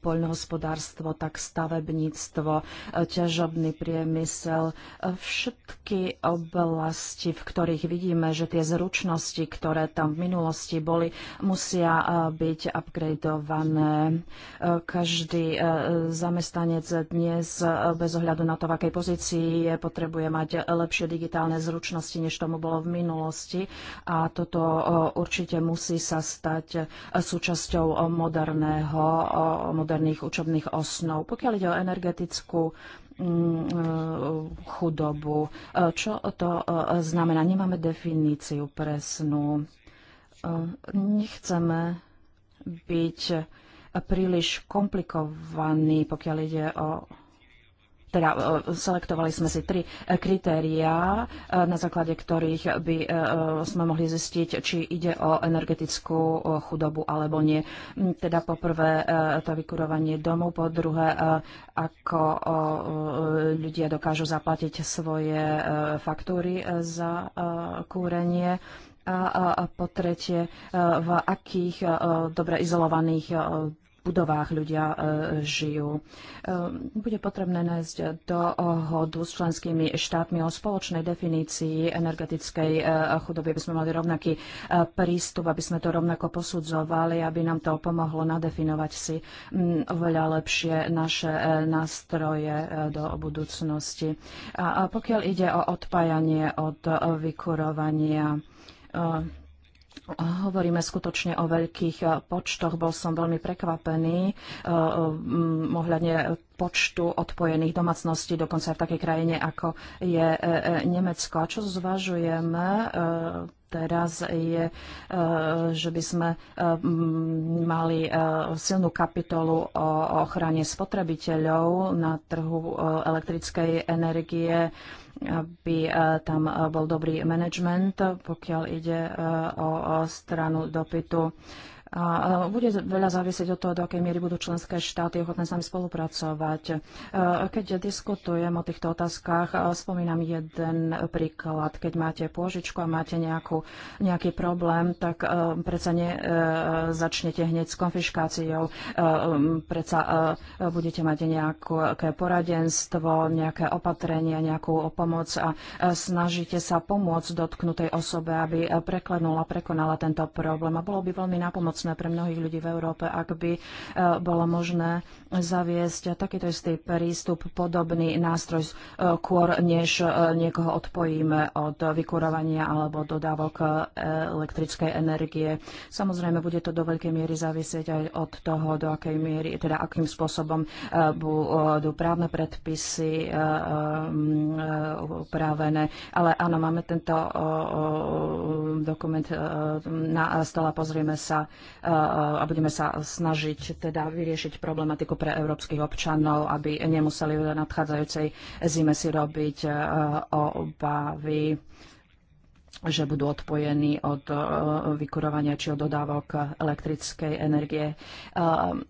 poľnohospodárstvo, tak stavebníctvo, ťažobný priemysel, všetky oblasti, v ktorých vidíme, že tie zručnosti, ktoré tam v minulosti boli, musia byť upgradeované. Každý zamestnanec dnes bez ohľadu na to, v akej pozícii je potrebuje mať lepšie digitálne zručnosti, než tomu bolo v minulosti. A toto určite musí sa stať e, súčasťou moderného, moderných učebných osnov. Pokiaľ ide o energetickú mm, e, chudobu. E, čo to znamená? Nemáme definíciu presnú. Nechceme byť príliš komplikovaní, pokiaľ ide o teda e, selektovali sme si tri e, kritériá, e, na základe ktorých by sme mohli zistiť, či ide o energetickú chudobu alebo nie. Mm, teda poprvé to vykurovanie domov, po druhé, ako ľudia dokážu zaplatiť svoje faktúry za kúrenie a po tretie, v akých dobre izolovaných budovách ľudia e, žijú. E, bude potrebné nájsť dohodu s členskými štátmi o spoločnej definícii energetickej e, chudoby, aby sme mali rovnaký prístup, aby sme to rovnako posudzovali, aby nám to pomohlo nadefinovať si oveľa lepšie naše nástroje do budúcnosti. A pokiaľ ide o odpájanie od vykurovania, Hovoríme skutočne o veľkých eh, počtoch. Bol som veľmi prekvapený eh, eh, mm, ohľadne počtu odpojených domácností, dokonca aj v takej krajine, ako je Nemecko. A čo zvažujeme teraz je, e, že by sme e, mali e, silnú kapitolu o ochrane spotrebiteľov na trhu elektrickej energie aby tam bol dobrý management, pokiaľ ide o stranu dopytu. A bude veľa závisieť od toho, do akej miery budú členské štáty ochotné s nami spolupracovať. E, keď diskutujem o týchto otázkach, e, spomínam jeden príklad. Keď máte pôžičku a máte nejakú, nejaký problém, tak e, predsa ne začnete hneď s konfiškáciou. Predsa budete mať nejaké poradenstvo, nejaké opatrenie, nejakú pomoc a snažíte sa pomôcť dotknutej osobe, aby preklenula, prekonala tento problém. A bolo by veľmi napomoc nápomocné pre mnohých ľudí v Európe, ak by e, bolo možné zaviesť takýto istý prístup, podobný nástroj skôr, e, než e, niekoho odpojíme od vykurovania alebo dodávok elektrickej energie. Samozrejme, bude to do veľkej miery závisieť aj od toho, do akej miery, teda akým spôsobom budú právne predpisy upravené. Ale áno, máme tento dokument na stole, pozrieme sa a budeme sa snažiť teda vyriešiť problematiku pre európskych občanov, aby nemuseli v nadchádzajúcej zime si robiť obavy že budú odpojení od e, vykurovania či od dodávok elektrickej energie. E,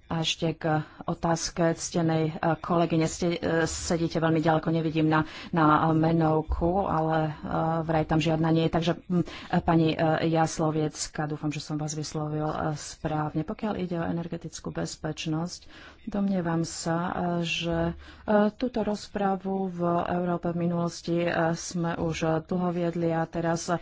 a ešte k otázke ctenej e, kolegyne. Ste, sedíte veľmi ďaleko, nevidím na, na menovku, ale vraj tam žiadna nie je. Takže pani Jasloviecka, dúfam, že som vás vyslovil správne. Pokiaľ ide o energetickú bezpečnosť, Domnievam sa, že e, túto rozpravu v Európe v minulosti e, sme už dlho viedli a teraz e,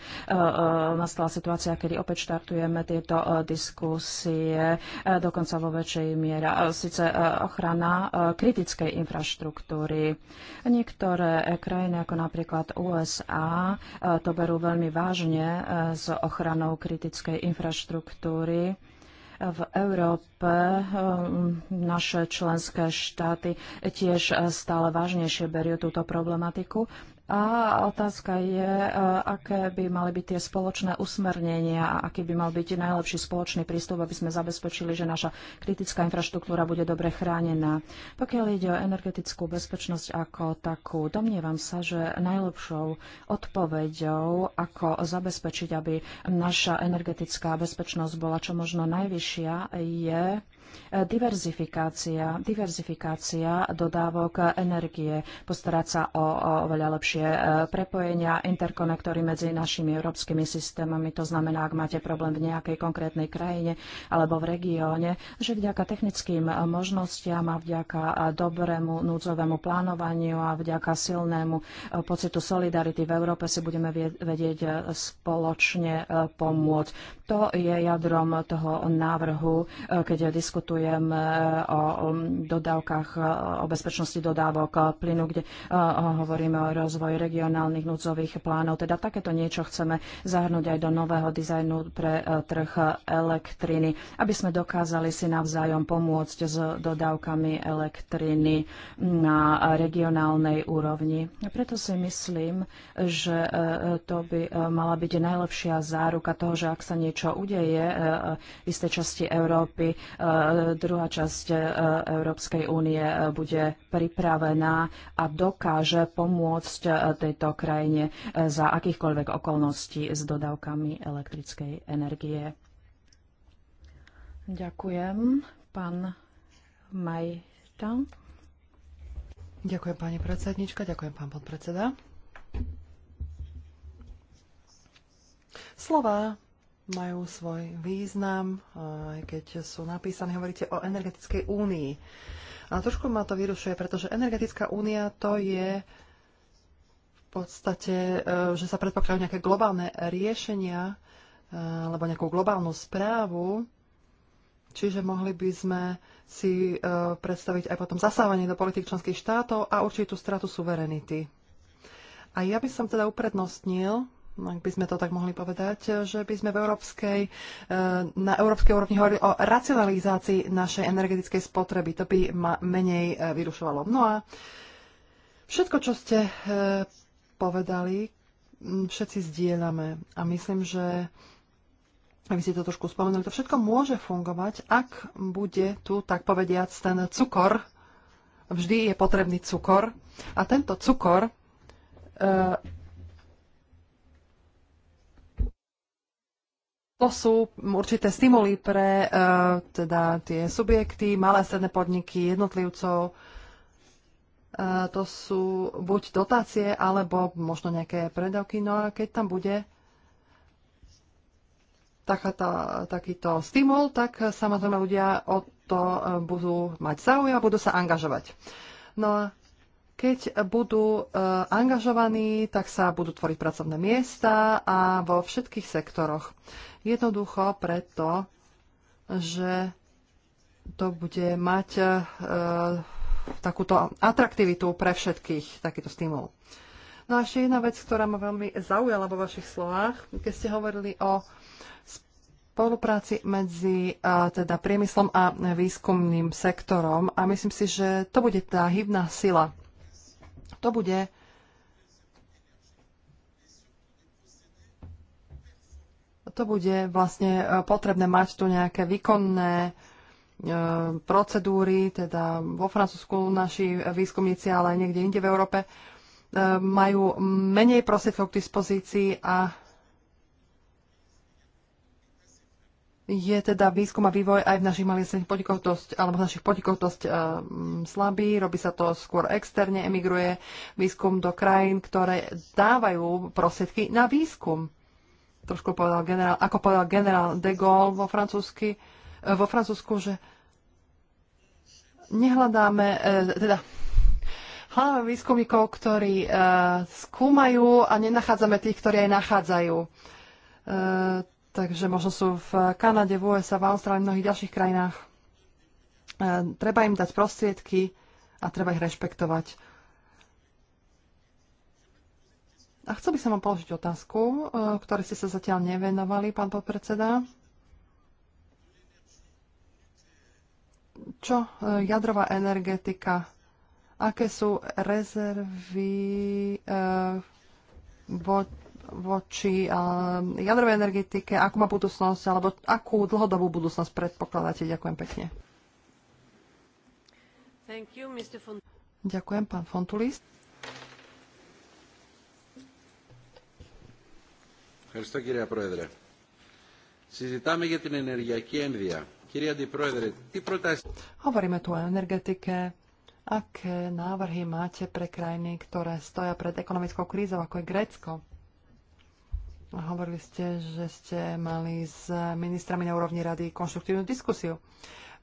nastala situácia, kedy opäť štartujeme tieto diskusie, dokonca vo väčšej miere. Sice ochrana kritickej infraštruktúry. Niektoré krajiny, ako napríklad USA, to berú veľmi vážne s ochranou kritickej infraštruktúry v Európe um, naše členské štáty tiež eh, stále vážnejšie berú túto problematiku a otázka je, e, aké by mali byť tie spoločné usmernenia a aký by mal byť najlepší spoločný prístup, aby sme zabezpečili, že naša kritická infraštruktúra bude dobre chránená. Pokiaľ ide o energetickú bezpečnosť ako takú, domnievam sa, že najlepšou odpoveďou, ako zabezpečiť, aby naša energetická bezpečnosť bola čo možno najvyššia, je Diverzifikácia, diverzifikácia dodávok energie, postarať sa o, o veľa lepšie e, prepojenia, interkonektory medzi našimi európskymi systémami. To znamená, ak máte problém v nejakej konkrétnej krajine alebo v regióne, že vďaka technickým možnostiam a vďaka dobrému núdzovému plánovaniu a vďaka silnému e, pocitu solidarity v Európe si budeme vedieť e, spoločne pomôcť. To je jadrom toho návrhu, keď diskutujeme diskutujem e, o dodávkach, e, o bezpečnosti dodávok e, plynu, kde hovoríme o rozvoji regionálnych núdzových plánov. Teda takéto niečo chceme zahrnúť aj do nového dizajnu pre trh elektriny, aby sme dokázali si navzájom pomôcť s dodávkami elektriny na regionálnej úrovni. Preto si myslím, že to by mala byť najlepšia záruka toho, že ak sa niečo udeje v istej časti Európy, druhá časť e, Európskej únie e, bude pripravená a dokáže pomôcť e, tejto krajine za akýchkoľvek okolností s dodávkami elektrickej energie. Ďakujem, pán Majta. Ďakujem, pani predsednička, ďakujem, pán podpredseda. Slova majú svoj význam, e, aj keď sú napísané, hovoríte o energetickej únii. Ale trošku ma to vyrušuje, pretože energetická únia to je v podstate, e, že sa predpokladajú nejaké globálne riešenia e, alebo nejakú globálnu správu, čiže mohli by sme si predstaviť aj potom zasávanie do politik členských štátov a určitú stratu suverenity. A ja by som teda uprednostnil ak by sme to tak mohli povedať, že by sme v európskej, e, na európskej úrovni hovorili o racionalizácii našej energetickej spotreby. To by ma menej e, vyrušovalo. No a všetko, čo ste e, povedali, všetci zdieľame. A myslím, že vy ste to trošku spomenuli, to všetko môže fungovať, ak bude tu, tak povediac, ten cukor. Vždy je potrebný cukor. A tento cukor to sú určité stimuly pre e, teda tie subjekty, malé stredné podniky, jednotlivcov. E, to sú buď dotácie, alebo možno nejaké predavky. No a keď tam bude taká tá, takýto stimul, tak samozrejme ľudia o to e, budú mať záujem a budú sa angažovať. No a keď budú angažovaní, tak sa budú tvoriť pracovné miesta a vo všetkých sektoroch. Jednoducho preto, že to bude mať e, takúto atraktivitu pre všetkých, takýto stimul. No a ešte jedna vec, ktorá ma veľmi zaujala vo vašich slovách, keď ste hovorili o spolupráci medzi a, e, teda priemyslom a výskumným sektorom a myslím si, že to bude tá hybná sila. To bude to bude vlastne e, potrebné mať tu nejaké výkonné e, procedúry, teda vo Francúzsku naši výskumníci, ale aj niekde inde v Európe, e, majú menej prostriedkov k dispozícii a je teda výskum a vývoj aj v našich malých podnikoch dosť, alebo v našich podnikoch dosť um, slabý, robí sa to skôr externe, emigruje výskum do krajín, ktoré dávajú prostriedky na výskum trošku povedal generál, ako povedal generál de Gaulle vo, francúzsky, e, vo Francúzsku, že nehľadáme, e, teda hľadáme výskumníkov, ktorí e, skúmajú a nenachádzame tých, ktorí aj nachádzajú. Takže možno sú v Kanade, v USA, v Austrálii, v mnohých ďalších krajinách. Treba im dať prostriedky a treba ich rešpektovať. A chcel by som vám položiť otázku, e, ktoré ste sa zatiaľ nevenovali, pán podpredseda. Čo e, jadrová energetika? Aké sú rezervy e, vo, voči jadrovej energetike? Akú má budúcnosť, alebo akú dlhodobú budúcnosť predpokladáte? Ďakujem pekne. You, Ďakujem, pán Fontulist. Ευχαριστώ Πρόεδρε. Συζητάμε για την ενεργειακή ένδυα. Αντιπρόεδρε, τι προτάσεις... Hovoríme tu o energetike. Aké návrhy máte pre krajiny, ktoré stoja pred ekonomickou krízou, ako je Grécko? Hovorili ste, že ste mali s ministrami na úrovni rady konštruktívnu diskusiu.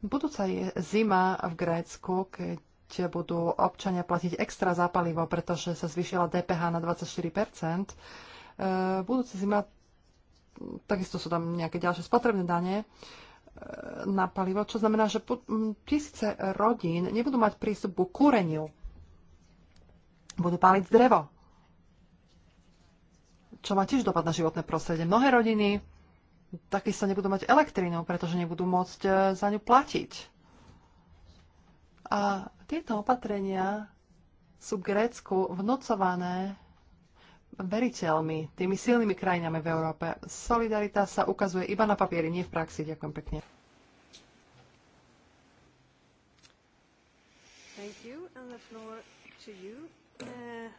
Budúca je zima v Grécku, keď budú občania platiť extra za palivo, pretože sa zvýšila DPH na 24 E, budúca zima, takisto sú tam nejaké ďalšie spotrebné dane e, na palivo, čo znamená, že tisíce rodín nebudú mať prístup ku kúreniu. Budú páliť drevo, čo má tiež dopad na životné prostredie. Mnohé rodiny takisto nebudú mať elektrínu, pretože nebudú môcť e, za ňu platiť. A tieto opatrenia sú v Grécku vnúcované veriteľmi, tými silnými krajinami v Európe. Solidarita sa ukazuje iba na papieri, nie v praxi. Ďakujem pekne. Uh,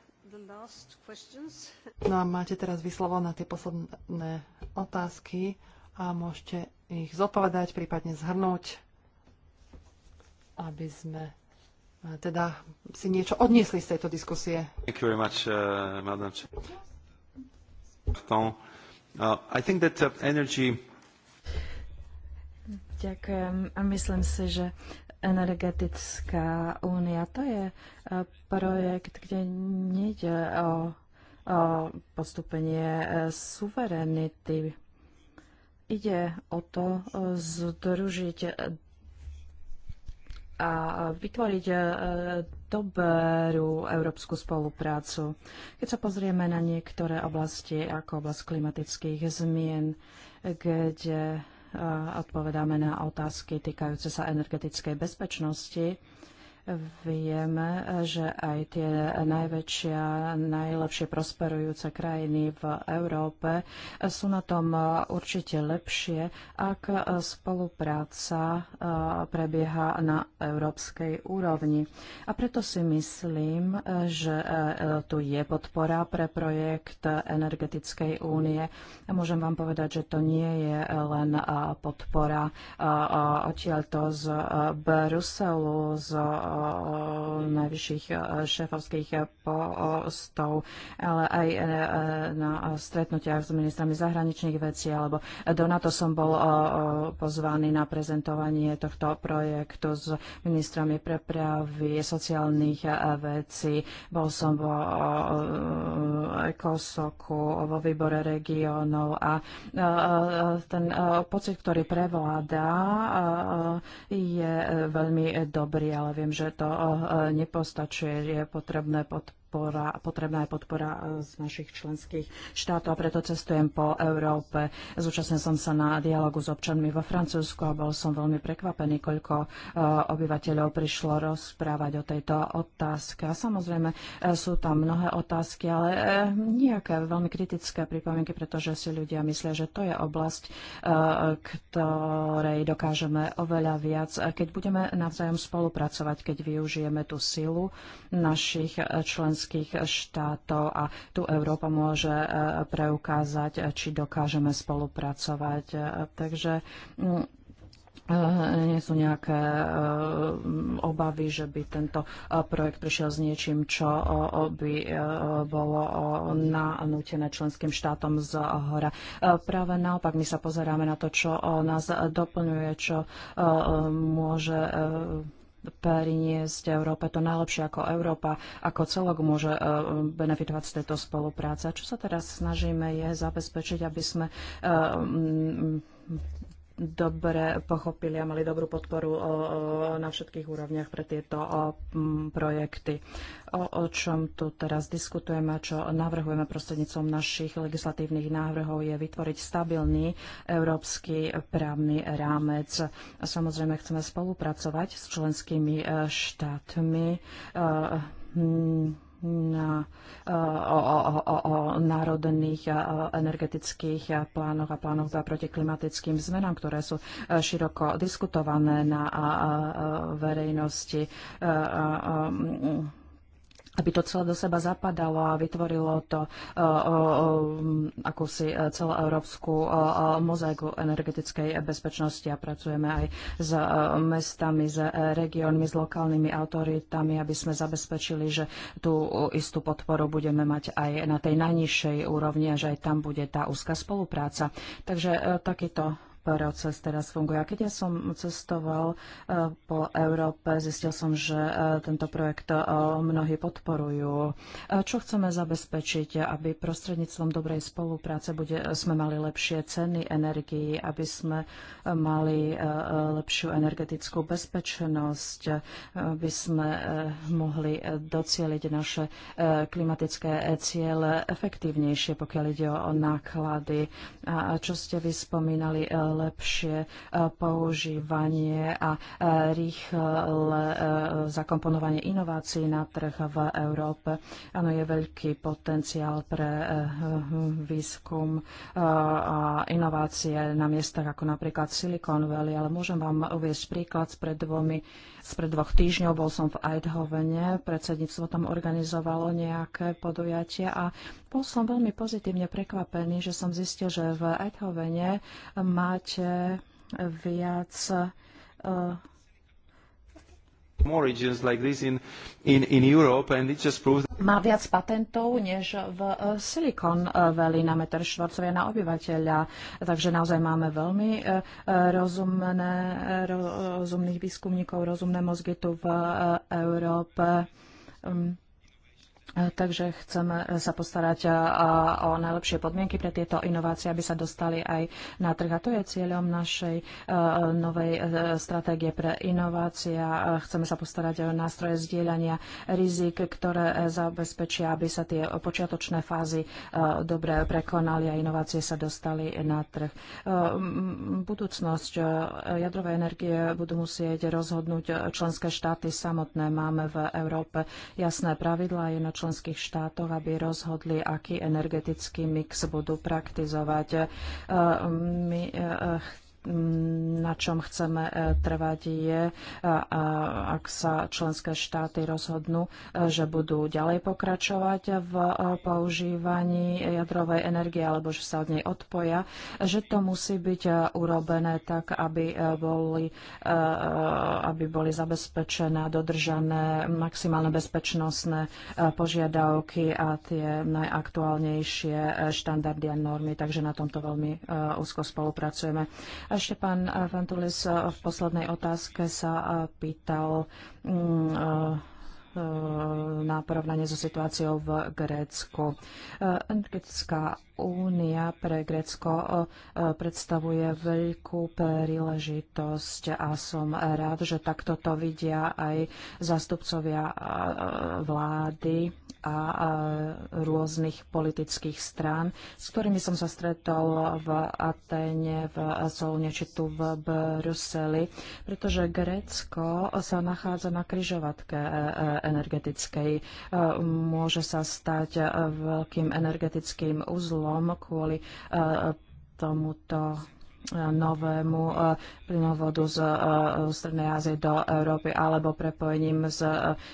no a máte teraz vyslovo na tie posledné otázky a môžete ich zodpovedať, prípadne zhrnúť, aby sme teda si niečo odniesli z tejto diskusie. Much, uh, uh, that, uh, energy... Ďakujem a myslím si, že energetická únia to je uh, projekt, kde nejde o, o postupenie uh, suverenity. Ide o to uh, združiť a vytvoriť e, dobrú európsku spoluprácu. Keď sa pozrieme na niektoré oblasti, ako oblasť klimatických zmien, kde e, odpovedáme na otázky týkajúce sa energetickej bezpečnosti, Vieme, že aj tie najväčšie, najlepšie prosperujúce krajiny v Európe sú na tom určite lepšie, ak spolupráca e, prebieha na európskej úrovni. A preto si myslím, že e, tu je podpora pre projekt Energetickej únie. môžem vám povedať, že to nie je len e, podpora odtiaľto z Bruselu, z najvyšších eh, šéfovských postov, ale aj eh, na stretnutiach s ministrami zahraničných vecí, alebo do NATO som bol eh, pozvaný na prezentovanie tohto projektu s ministrami prepravy, sociálnych vecí. Bol som vo Ekosoku, vo výbore regiónov a ten pocit, ktorý prevláda, je veľmi dobrý, ale viem, že že to eh, nepostačuje, je potrebné podporiť podpora, potrebná je podpora e, z našich členských štátov a preto cestujem po Európe. Zúčastnil som sa na dialogu s občanmi vo Francúzsku a bol som veľmi prekvapený, koľko e, obyvateľov prišlo rozprávať o tejto otázke. A samozrejme e, sú tam mnohé otázky, ale nejaké veľmi kritické pripomienky, pretože si ľudia myslia, že to je oblasť, ktorej dokážeme oveľa viac, keď budeme navzájom spolupracovať, keď využijeme tú silu našich členských členských štátov a tu Európa môže e, preukázať, e, či dokážeme spolupracovať. E, takže mm, nie sú nejaké obavy, že by tento projekt prišiel s niečím, čo by bolo nanútené členským štátom z hora. Práve naopak, my sa pozeráme na to, čo nás doplňuje, čo môže priniesť Európe to najlepšie, ako Európa ako celok môže e, benefitovať z tejto spolupráce. Čo sa teraz snažíme je zabezpečiť, aby sme e, dobre pochopili a mali dobrú podporu na všetkých úrovniach pre tieto projekty. O čom tu teraz diskutujeme a čo navrhujeme prostrednícom našich legislatívnych návrhov je vytvoriť stabilný európsky právny rámec. Samozrejme chceme spolupracovať s členskými e, štátmi e, hm, na, eh, o, o, o, o národných eh, energetických eh, plánoch a plánoch za proti klimatickým zmenám, ktoré sú široko diskutované na verejnosti aby to celé do seba zapadalo a vytvorilo to e, e, e, akúsi celoeurópsku mozaiku energetickej bezpečnosti a pracujeme aj s mestami, s regiónmi, s lokálnymi autoritami, aby sme zabezpečili, že tú istú podporu budeme mať aj na tej najnižšej úrovni a že aj tam bude tá úzka spolupráca. Takže takýto proces teraz funguje. A keď ja som cestoval eh, po Európe, zistil som, že eh, tento projekt eh, mnohí podporujú. Čo chceme zabezpečiť, aby prostredníctvom dobrej spolupráce bude, sme mali lepšie ceny energii, aby sme mali lepšiu energetickú bezpečnosť, aby sme mohli docieliť naše klimatické ciele efektívnejšie, pokiaľ ide o náklady. A čo ste vy spomínali, lepšie e, používanie a e, rýchle e, zakomponovanie inovácií na trh v Európe. Áno, je veľký potenciál pre výskum a inovácie na miestach ako napríklad Silicon Valley, ale môžem vám uviezť príklad pred dvomi Spred dvoch týždňov bol som v Eidhovene, predsedníctvo tam organizovalo nejaké podujatie a bol som veľmi pozitívne prekvapený, že som zistil, že v Eindhovene máte viac eh, in, Europe má viac patentov než v eh, Silicon Valley na meter štvorcovia na obyvateľa. Takže naozaj máme veľmi eh, rozumné, rozumných výskumníkov, rozumné mozgy tu v Európe. Um, Takže chceme e, sa postarať o najlepšie podmienky pre tieto inovácie, aby sa dostali aj na trh. A to je cieľom našej e, novej e, stratégie pre inovácia. Chceme sa postarať o nástroje zdieľania rizik, ktoré zabezpečia, aby sa tie počiatočné fázy dobre prekonali a inovácie sa dostali na trh. Budúcnosť jadrovej energie budú musieť rozhodnúť členské štáty samotné. Máme v Európe jasné pravidlá, je na členských štátoch, aby rozhodli, aký energetický mix budú praktizovať. E, my e, na čom chceme e, trvať je, e, ak sa členské štáty rozhodnú, e, že budú ďalej pokračovať v používaní jadrovej energie alebo že sa od nej odpoja, že to musí byť urobené tak, aby boli, aby boli zabezpečené a dodržané maximálne bezpečnostné požiadavky a tie najaktuálnejšie štandardy a normy. Takže na tomto veľmi úzko spolupracujeme. Ešte pán eh, Fantulis eh, v poslednej otázke sa eh, pýtal mm, na porovnanie so situáciou v Grécku. Energetická únia pre Grécko predstavuje veľkú príležitosť a som rád, že takto to vidia aj zástupcovia vlády a rôznych politických strán, s ktorými som sa stretol v Atene, v Solne či tu v Bruseli, pretože Grécko sa nachádza na kryžovatke e, e, energetickej. E, môže sa stať veľkým energetickým uzlom kvôli tomuto novému eh, plynovodu z eh, Strednej Ázie do Európy alebo prepojením s eh,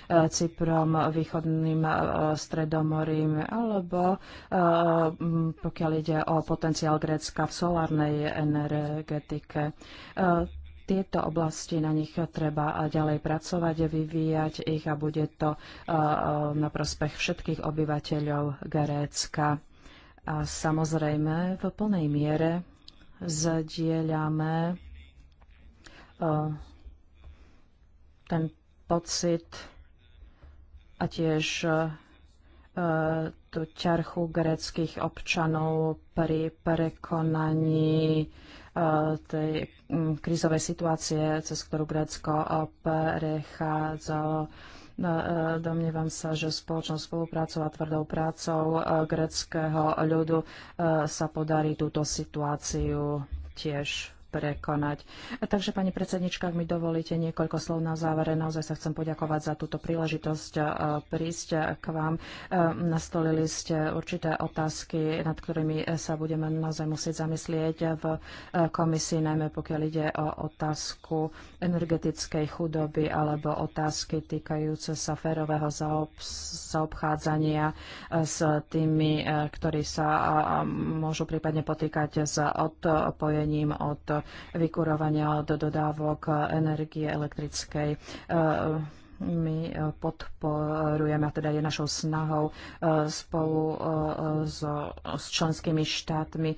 Cyprom, východným stredomorím alebo pokiaľ ide o potenciál Grécka v solárnej energetike tieto oblasti, na nich treba ďalej pracovať, vyvíjať ich a bude to na prospech všetkých obyvateľov Grécka. A samozrejme v plnej miere zdieľame eh, ten pocit a tiež eh, tú ťarchu greckých občanov pri prekonaní eh, tej mm, krízovej situácie, cez ktorú Grécko prechádzalo E, domnievam sa, že spoločnou spoluprácou a tvrdou prácou e, greckého ľudu e, sa podarí túto situáciu tiež prekonať. Takže, pani predsednička, ak mi dovolíte niekoľko slov na závere, naozaj sa chcem poďakovať za túto príležitosť e, prísť k vám. E, nastolili ste určité otázky, nad ktorými sa budeme naozaj musieť zamyslieť v e, komisii, najmä pokiaľ ide o otázku energetickej chudoby alebo otázky týkajúce sa férového zaobchádzania s tými, ktorí sa môžu prípadne potýkať s odpojením od vykurovania do dodávok energie elektrickej e, my podporujeme, a teda je našou snahou e, spolu e, so, s členskými štátmi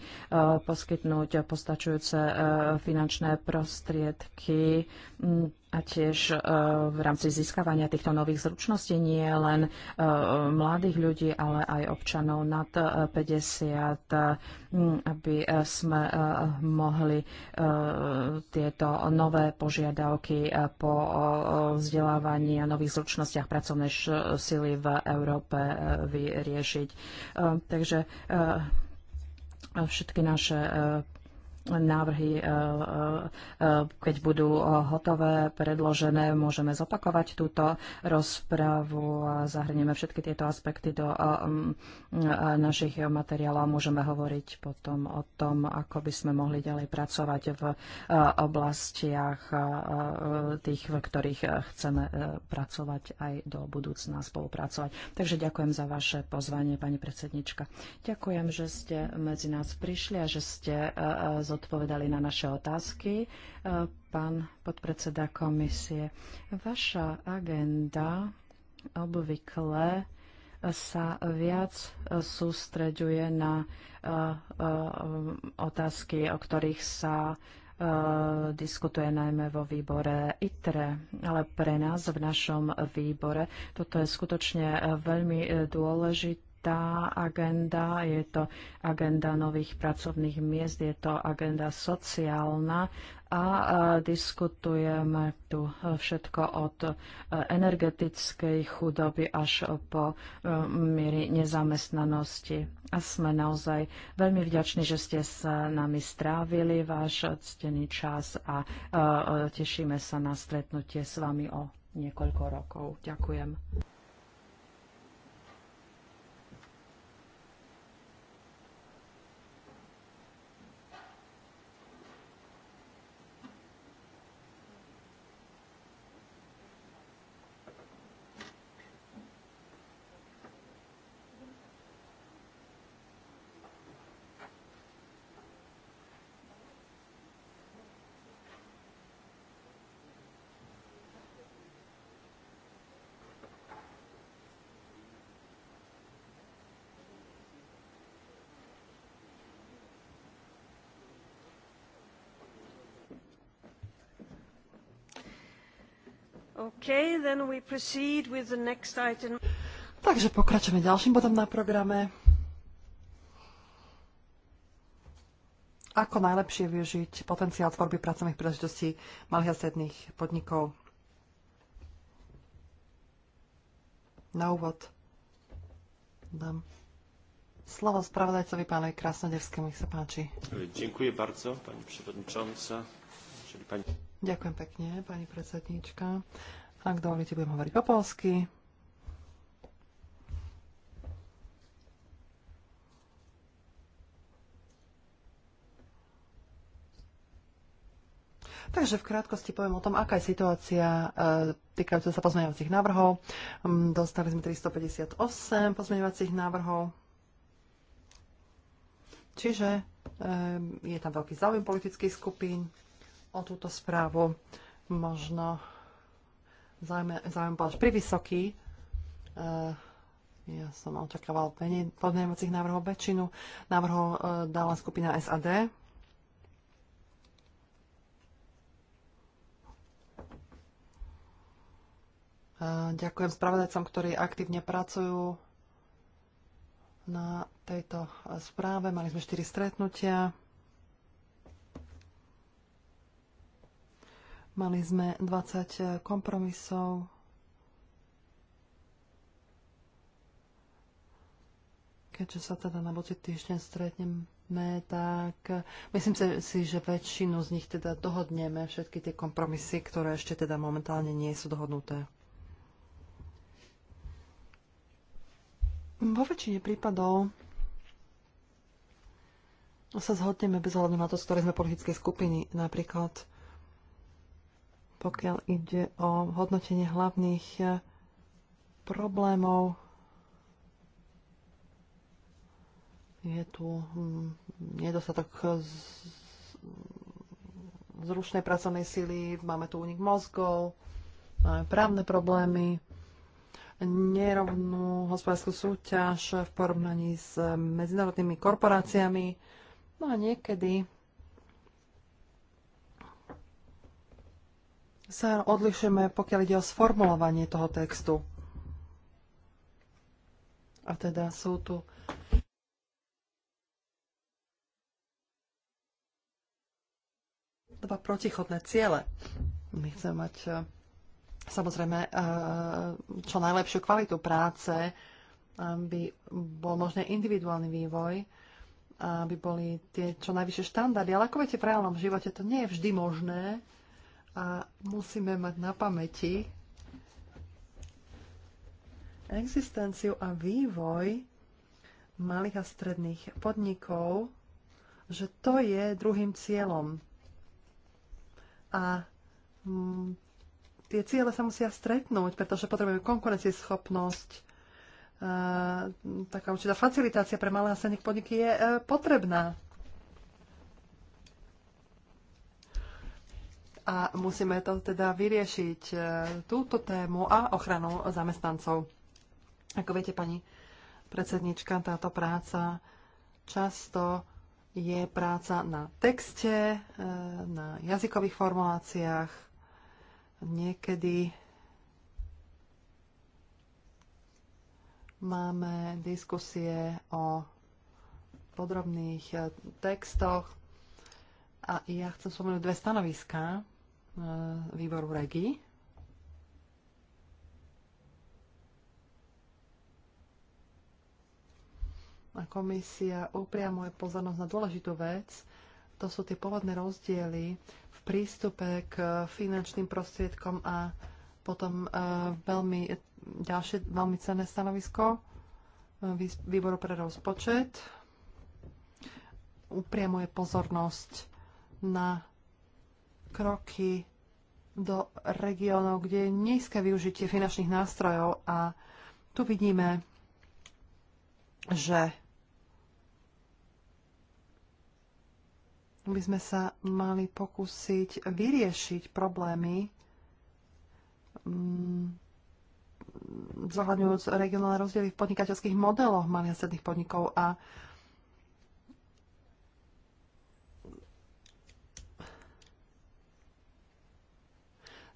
poskytnúť postačujúce finančné prostriedky a tiež e, v rámci získavania týchto nových zručností nie len e, mladých ľudí, ale aj občanov nad 50, e, aby sme mohli tieto nové požiadavky po vzdelávaní a nových zručnostiach pracovnej sily v Európe vyriešiť. Takže všetky naše návrhy, eh, eh, eh, keď budú hotové, predložené, môžeme zopakovať túto rozpravu a zahrnieme všetky tieto aspekty do mm, našich materiálov a môžeme hovoriť potom o tom, ako by sme mohli ďalej pracovať v oblastiach tých, v ktorých chceme pracovať aj do budúcna spolupracovať. Takže ďakujem za vaše pozvanie, pani predsednička. Ďakujem, že ste medzi nás prišli a že ste zodpovedali na naše otázky. E, pán podpredseda komisie, vaša agenda obvykle sa viac sústreďuje na e, e, otázky, o ktorých sa diskutuje najmä vo výbore ITRE, ale pre nás v našom výbore toto je skutočne veľmi dôležité tá agenda, je to agenda nových pracovných miest, je to agenda sociálna a diskutujeme tu všetko od e, energetickej chudoby až po e, miery nezamestnanosti. A sme naozaj veľmi vďační, že ste sa nami strávili váš ctený čas a e, tešíme sa na stretnutie s vami o niekoľko rokov. Ďakujem. Okay, then we proceed with the next item. Takže pokračujeme ďalším bodom na programe. Ako najlepšie využiť potenciál tvorby pracovných príležitostí malých a stredných podnikov? Na úvod dám slovo spravodajcovi pánovi Krasnodevskému. Nech sa páči. Ďakujem bardzo, pani przewodnicząca. Pani... Ďakujem pekne, pani predsednička. Ak dovolíte, budem hovoriť po polsky. Takže v krátkosti poviem o tom, aká je situácia e, týkajúca sa pozmeňovacích návrhov. Mm, dostali sme 358 pozmeňovacích návrhov. Čiže e, je tam veľký záujem politických skupín o túto správu. Možno záujem bol až privysoký. Eh, ja som očakával menej podnajmocích návrhov väčšinu. Návrhov eh, dala skupina SAD. Eh, ďakujem spravodajcom, ktorí aktívne pracujú na tejto správe. Mali sme 4 stretnutia. Mali sme 20 eh, kompromisov. Keďže sa teda na budúci týždeň stretneme, tak eh, myslím si, že väčšinu z nich teda dohodneme, všetky tie kompromisy, ktoré ešte teda momentálne nie sú dohodnuté. Vo väčšine prípadov sa zhodneme bez hľadu na to, z ktorej sme politickej skupiny. Napríklad pokiaľ ide o hodnotenie hlavných eh, problémov. Je tu hm, nedostatok zručnej pracovnej síly, máme tu únik mozgov, máme právne problémy, nerovnú hospodárskú súťaž v porovnaní s medzinárodnými korporáciami. No a niekedy sa odlišujeme, pokiaľ ide o sformulovanie toho textu. A teda sú tu dva protichodné ciele. My chceme mať e, samozrejme e, čo najlepšiu kvalitu práce, aby bol možný individuálny vývoj, aby boli tie čo najvyššie štandardy. Ale ako viete, v reálnom živote to nie je vždy možné a musíme mať na pamäti existenciu a vývoj malých a stredných podnikov, že to je druhým cieľom. A mm, tie ciele sa musia stretnúť, pretože potrebujeme konkurencieschopnosť. E, taká určitá facilitácia pre malé a stredných podniky je e, potrebná. a musíme to teda vyriešiť e, túto tému a ochranu zamestnancov. Ako viete, pani predsednička, táto práca často je práca na texte, e, na jazykových formuláciách, niekedy máme diskusie o podrobných e, textoch a ja chcem spomenúť dve stanoviská. E, výboru REGI. A komisia upriamuje pozornosť na dôležitú vec. To sú tie pôvodné rozdiely v prístupe k finančným prostriedkom a potom e, veľmi, ďalšie veľmi cenné stanovisko e, výboru pre rozpočet upriamuje pozornosť na kroky do regiónov, kde je nízke využitie finančných nástrojov a tu vidíme, že by sme sa mali pokúsiť vyriešiť problémy mm, zohľadňujúc regionálne rozdiely v podnikateľských modeloch malých a stredných podnikov a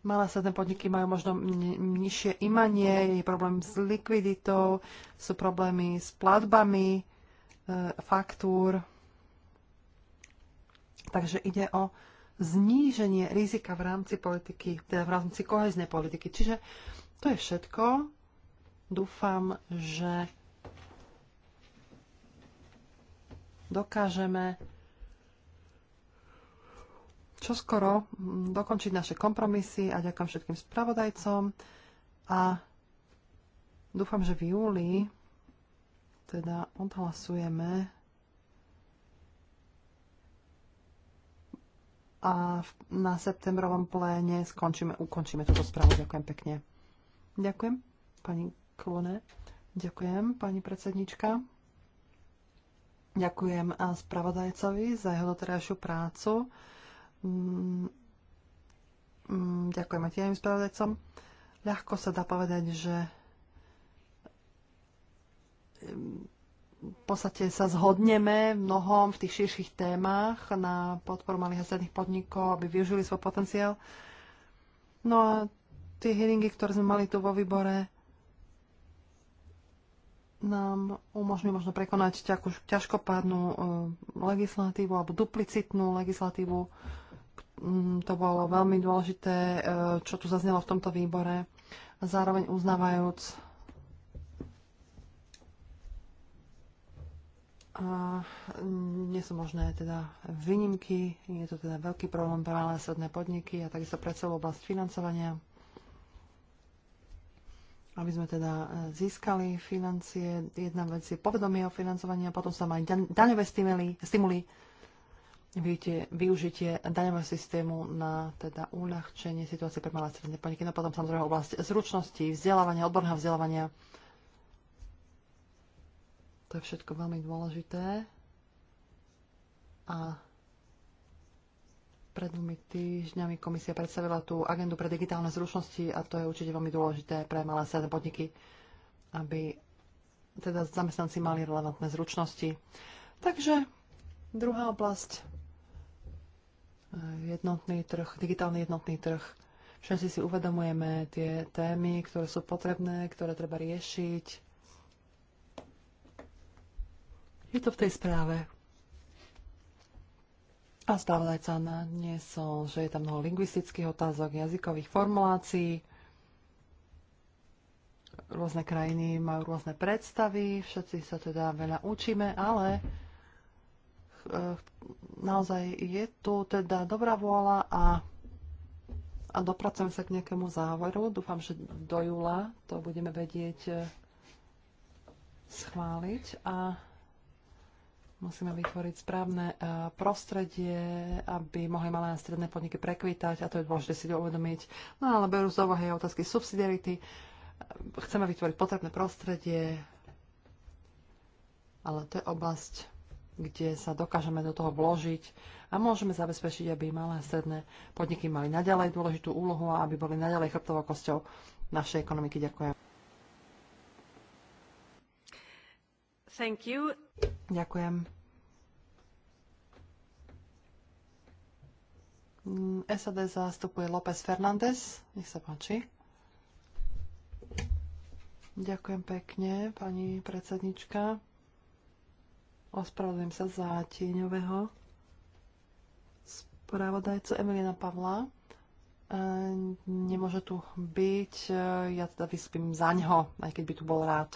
Malé sedné podniky majú možno nižšie imanie, je problém s likviditou, sú problémy s platbami e, faktúr. Takže ide o zníženie rizika v rámci politiky, teda v rámci koheznej politiky. Čiže to je všetko. Dúfam, že dokážeme čoskoro mm, dokončiť naše kompromisy a ďakujem všetkým spravodajcom a dúfam, že v júli teda odhlasujeme a na septembrovom pléne skončíme, ukončíme túto správu. Ďakujem pekne. Ďakujem, pani Klone. Ďakujem, pani predsednička. Ďakujem a spravodajcovi za jeho doterajšiu prácu. Mm, ďakujem aj tým spravodajcom. Ľahko sa dá povedať, že mm, v podstate sa zhodneme v mnohom v tých širších témach na podporu malých a stredných podnikov, aby využili svoj potenciál. No a tie hearingy, ktoré sme mali tu vo výbore, nám umožňujú možno prekonať ťažkopádnu e, legislatívu alebo duplicitnú legislatívu, Mm, to bolo veľmi dôležité, e, čo tu zaznelo v tomto výbore, zároveň uznávajúc A nie sú možné teda výnimky, je to teda veľký problém pre malé sredné podniky a takisto pre celú oblasť financovania. Aby sme teda e, získali financie, jedna vec je povedomie o financovaní a potom sa majú daňové stimuly, stimuly Viete, využitie daňového systému na teda uľahčenie situácie pre malé stredné podniky. No potom samozrejme oblasť zručnosti, vzdelávania, odborného vzdelávania. To je všetko veľmi dôležité. A pred dvomi týždňami komisia predstavila tú agendu pre digitálne zručnosti a to je určite veľmi dôležité pre malé stredné podniky, aby teda zamestnanci mali relevantné zručnosti. Takže druhá oblasť jednotný trh, digitálny jednotný trh. Všetci si uvedomujeme tie témy, ktoré sú potrebné, ktoré treba riešiť. Je to v tej správe. A na naniesol, že je tam mnoho lingvistických otázok, jazykových formulácií. Rôzne krajiny majú rôzne predstavy, všetci sa teda veľa učíme, ale Eh, naozaj je tu teda dobrá vôľa a, a dopracujem sa k nejakému záveru. Dúfam, že do júla to budeme vedieť eh, schváliť a musíme vytvoriť správne eh, prostredie, aby mohli malé a stredné podniky prekvítať a to je dôležité si uvedomiť. No ale berú z úvahy otázky subsidiarity. Chceme vytvoriť potrebné prostredie, ale to je oblasť kde sa dokážeme do toho vložiť a môžeme zabezpečiť, aby malé a stredné podniky mali naďalej dôležitú úlohu a aby boli naďalej chrbtovou kosťou našej ekonomiky. Ďakujem. Thank you. Ďakujem. SAD zastupuje López Fernández. Nech sa páči. Ďakujem pekne, pani predsednička. Ospravedlňujem sa za tieňového spravodajcu Emilina Pavla. E, nemôže tu byť, e, ja teda vyspím za ňo, aj keď by tu bol rád.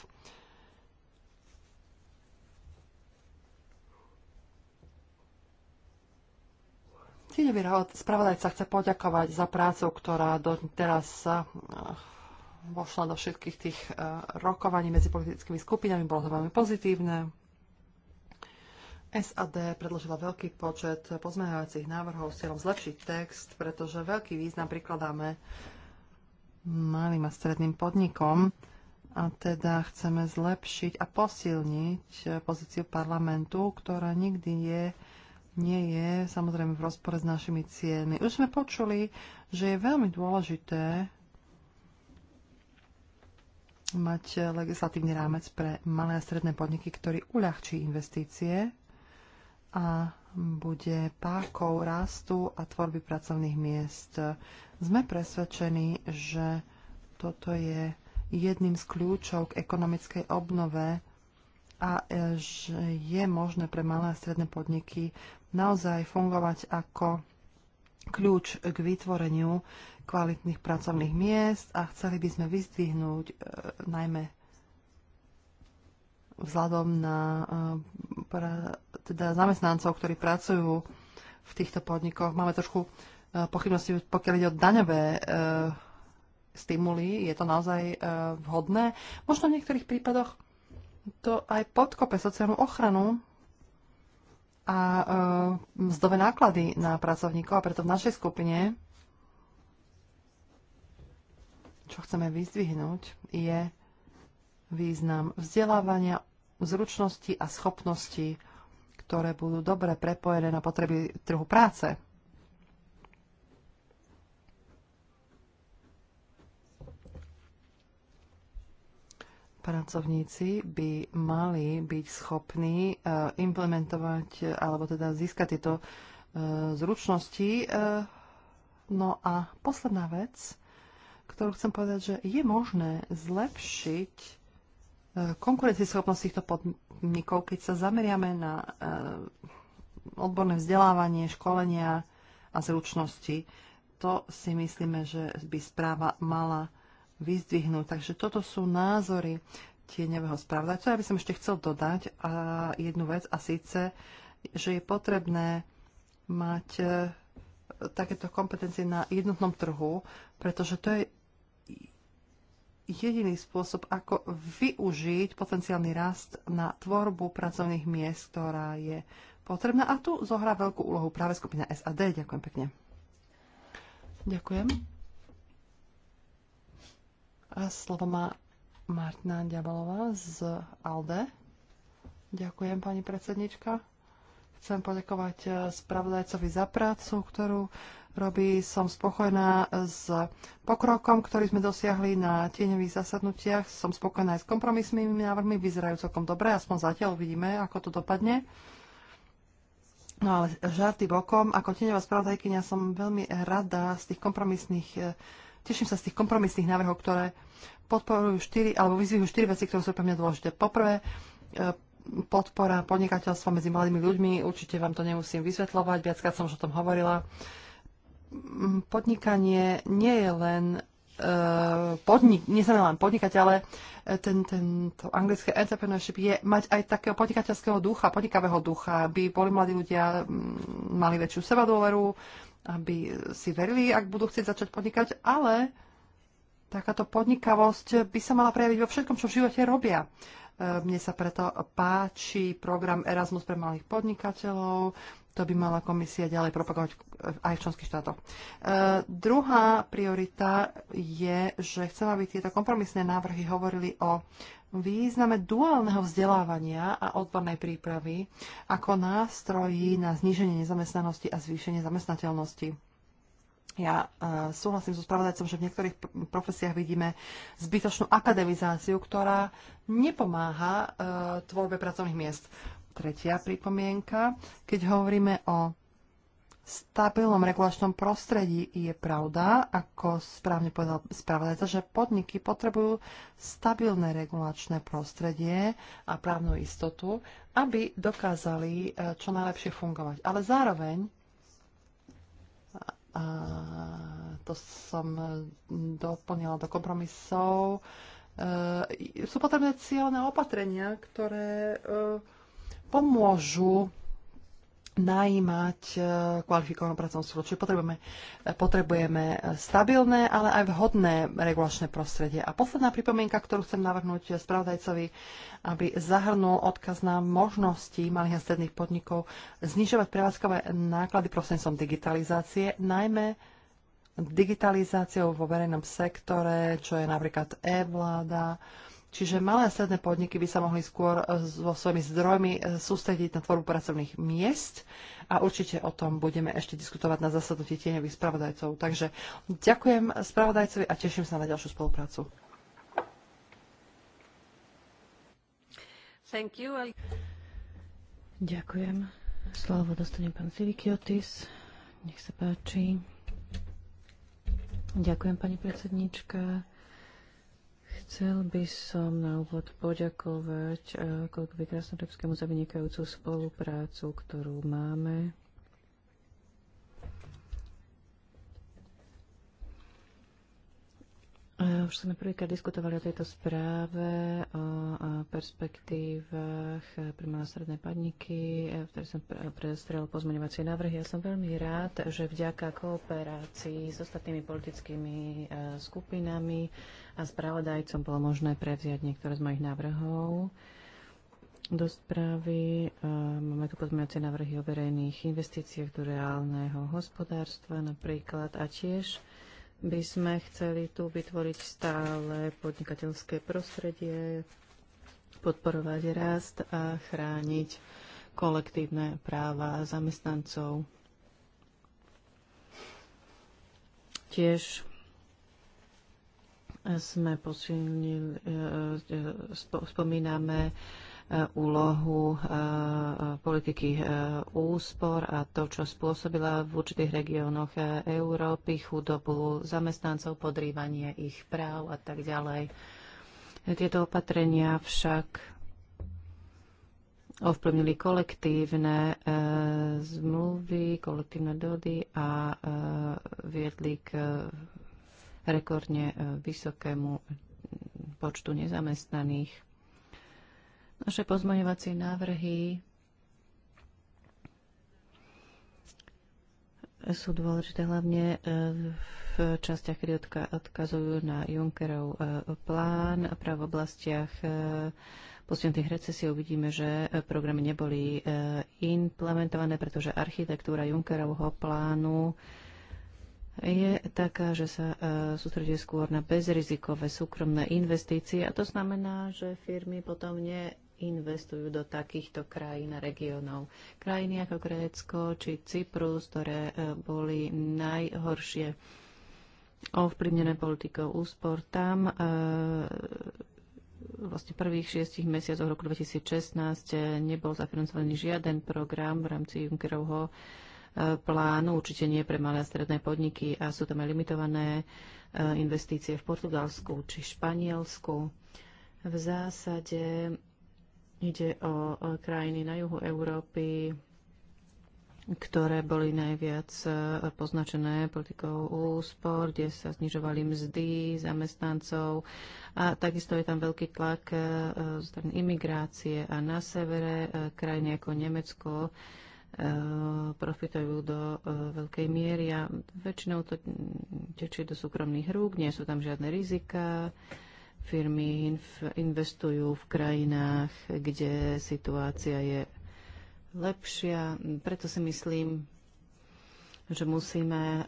Tieňový spravodajca chce poďakovať za prácu, ktorá doteraz sa e, vošla do všetkých tých rokovaní medzi politickými skupinami. Bolo to veľmi pozitívne. SAD predložila veľký počet pozmeňovacích návrhov s cieľom zlepšiť text, pretože veľký význam prikladáme malým a stredným podnikom a teda chceme zlepšiť a posilniť pozíciu parlamentu, ktorá nikdy je, nie je samozrejme v rozpore s našimi cieľmi. Už sme počuli, že je veľmi dôležité mať legislatívny rámec pre malé a stredné podniky, ktorý uľahčí investície a bude pákou rastu a tvorby pracovných miest. Sme presvedčení, že toto je jedným z kľúčov k ekonomickej obnove a e, že je možné pre malé a stredné podniky naozaj fungovať ako kľúč k vytvoreniu kvalitných pracovných miest a chceli by sme vyzdvihnúť e, najmä vzhľadom na eh, teda zamestnancov, ktorí pracujú v týchto podnikoch. Máme trošku eh, pochybnosti, pokiaľ ide o daňové eh, stimuly. Je to naozaj vhodné? Možno v niektorých prípadoch to aj podkope sociálnu ochranu a mzdové náklady na pracovníkov a preto v našej skupine čo chceme vyzdvihnúť, je význam vzdelávania, zručnosti a schopnosti, ktoré budú dobre prepojené na potreby trhu práce. pracovníci by mali byť schopní e, implementovať alebo teda získať tieto e, zručnosti. E, no a posledná vec, ktorú chcem povedať, že je možné zlepšiť konkurencieschopnosť týchto podnikov, keď sa zameriame na eh, odborné vzdelávanie, školenia a zručnosti. To si myslíme, že by správa mala vyzdvihnúť. Takže toto sú názory tieňového Čo Ja by som ešte chcel dodať a eh, jednu vec a síce, že je potrebné mať eh, takéto kompetencie na jednotnom trhu, pretože to je jediný spôsob, ako využiť potenciálny rast na tvorbu pracovných miest, ktorá je potrebná. A tu zohrá veľkú úlohu práve skupina SAD. Ďakujem pekne. Ďakujem. A slovo má Martina Ďabalová z ALDE. Ďakujem, pani predsednička. Chcem poďakovať eh, spravodajcovi za prácu, ktorú robí. Som spokojná s pokrokom, ktorý sme dosiahli na tieňových zasadnutiach. Som spokojná aj s kompromisnými návrhmi. Vyzerajú celkom dobre, aspoň zatiaľ uvidíme, ako to dopadne. No ale žarty bokom, ako tieňová spravodajkynia som veľmi rada z tých kompromisných, e, teším sa z tých kompromisných návrhov, ktoré podporujú štyri, alebo vyzvihujú štyri veci, ktoré sú pre mňa dôležité. Poprvé, e, podpora podnikateľstva medzi mladými ľuďmi, určite vám to nemusím vysvetľovať, viackrát som už o tom hovorila podnikanie nie je len eh, podnik, nie sa len podnikať, ale eh, ten, ten, to anglické entrepreneurship je mať aj takého podnikateľského ducha, podnikavého ducha, aby boli mladí ľudia, mm, mali väčšiu sebadôveru, aby si verili, ak budú chcieť začať podnikať, ale takáto podnikavosť by sa mala prejaviť vo všetkom, čo v živote robia. Eh, mne sa preto páči program Erasmus pre malých podnikateľov, to by mala komisia ďalej propagovať aj v členských štátoch. E, druhá priorita je, že chcem, aby tieto kompromisné návrhy hovorili o význame duálneho vzdelávania a odbornej prípravy ako nástroji na zníženie nezamestnanosti a zvýšenie zamestnateľnosti. Ja uh, súhlasím so spravodajcom, že v niektorých profesiách vidíme zbytočnú akademizáciu, ktorá nepomáha uh, tvorbe pracovných miest. Tretia pripomienka. Keď hovoríme o stabilnom regulačnom prostredí je pravda, ako správne povedal spravodajca, že podniky potrebujú stabilné regulačné prostredie a právnu istotu, aby dokázali e, čo najlepšie fungovať. Ale zároveň, a to som e, doplnila do kompromisov, e, sú potrebné cieľné opatrenia, ktoré pomôžu najímať e, kvalifikovanú pracovnú silu. Čiže potrebujeme, potrebujeme stabilné, ale aj vhodné regulačné prostredie. A posledná pripomienka, ktorú chcem navrhnúť spravodajcovi, aby zahrnul odkaz na možnosti malých a stredných podnikov znižovať prevádzkové náklady prostredníctvom digitalizácie, najmä digitalizáciou vo verejnom sektore, čo je napríklad e-vláda, Čiže malé a stredné podniky by sa mohli skôr e, so svojimi zdrojmi e, sústrediť na tvorbu pracovných miest a určite o tom budeme ešte diskutovať na zasadnutí tieňových spravodajcov. Takže ďakujem spravodajcovi a teším sa na ďalšiu spoluprácu. Thank you. Ďakujem. Slovo dostane pán Silikiotis. Nech sa páči. Ďakujem, pani predsednička. Chcel by som na úvod poďakovať eh, kolegovi Krasnodobskému za vynikajúcu spoluprácu, ktorú máme Už sme prvýkrát diskutovali o tejto správe, o perspektívach primárne malé padniky, podniky, v ktorej som predstrel pozmeňovacie návrhy. Ja som veľmi rád, že vďaka kooperácii s ostatnými politickými e, skupinami a spravodajcom bolo možné prevziať niektoré z mojich návrhov do správy. E, máme tu pozmeňovacie návrhy o verejných investíciách do reálneho hospodárstva napríklad a tiež by sme chceli tu vytvoriť stále podnikateľské prostredie, podporovať rast a chrániť kolektívne práva zamestnancov. Tiež sme posilnili, e, e, spomíname úlohu e, e, politiky e, úspor a to, čo spôsobila v určitých regiónoch Európy, chudobu zamestnancov, podrývanie ich práv a tak ďalej. Tieto opatrenia však ovplyvnili kolektívne e, zmluvy, kolektívne dody a e, viedli k e, rekordne e, vysokému počtu nezamestnaných. Naše pozmeňovacie návrhy sú dôležité hlavne e, v častiach, kedy odkazujú na Junckerov e, plán a práve v oblastiach e, postihnutých recesiou vidíme, že programy neboli implementované, pretože architektúra Junckerovho plánu je taká, že sa sústreduje skôr na bezrizikové súkromné investície a to znamená, že firmy potom ne investujú do takýchto krajín a regiónov. Krajiny ako Grécko či Cyprus, ktoré e, boli najhoršie ovplyvnené politikou úspor, tam e, vlastne prvých šiestich mesiacoch roku 2016 e, nebol zafinancovaný žiaden program v rámci Junckerovho plánu, určite nie pre malé a stredné podniky a sú tam aj limitované investície v Portugalsku či Španielsku. V zásade Ide o krajiny na juhu Európy, ktoré boli najviac e, poznačené politikou úspor, kde sa znižovali mzdy zamestnancov a takisto je tam veľký tlak e, strany imigrácie a na severe e, krajiny ako Nemecko profitujú do veľkej miery a väčšinou to tečie do súkromných rúk, nie sú tam žiadne rizika, Firmy investujú v krajinách, kde situácia je lepšia. Preto si myslím, že musíme e,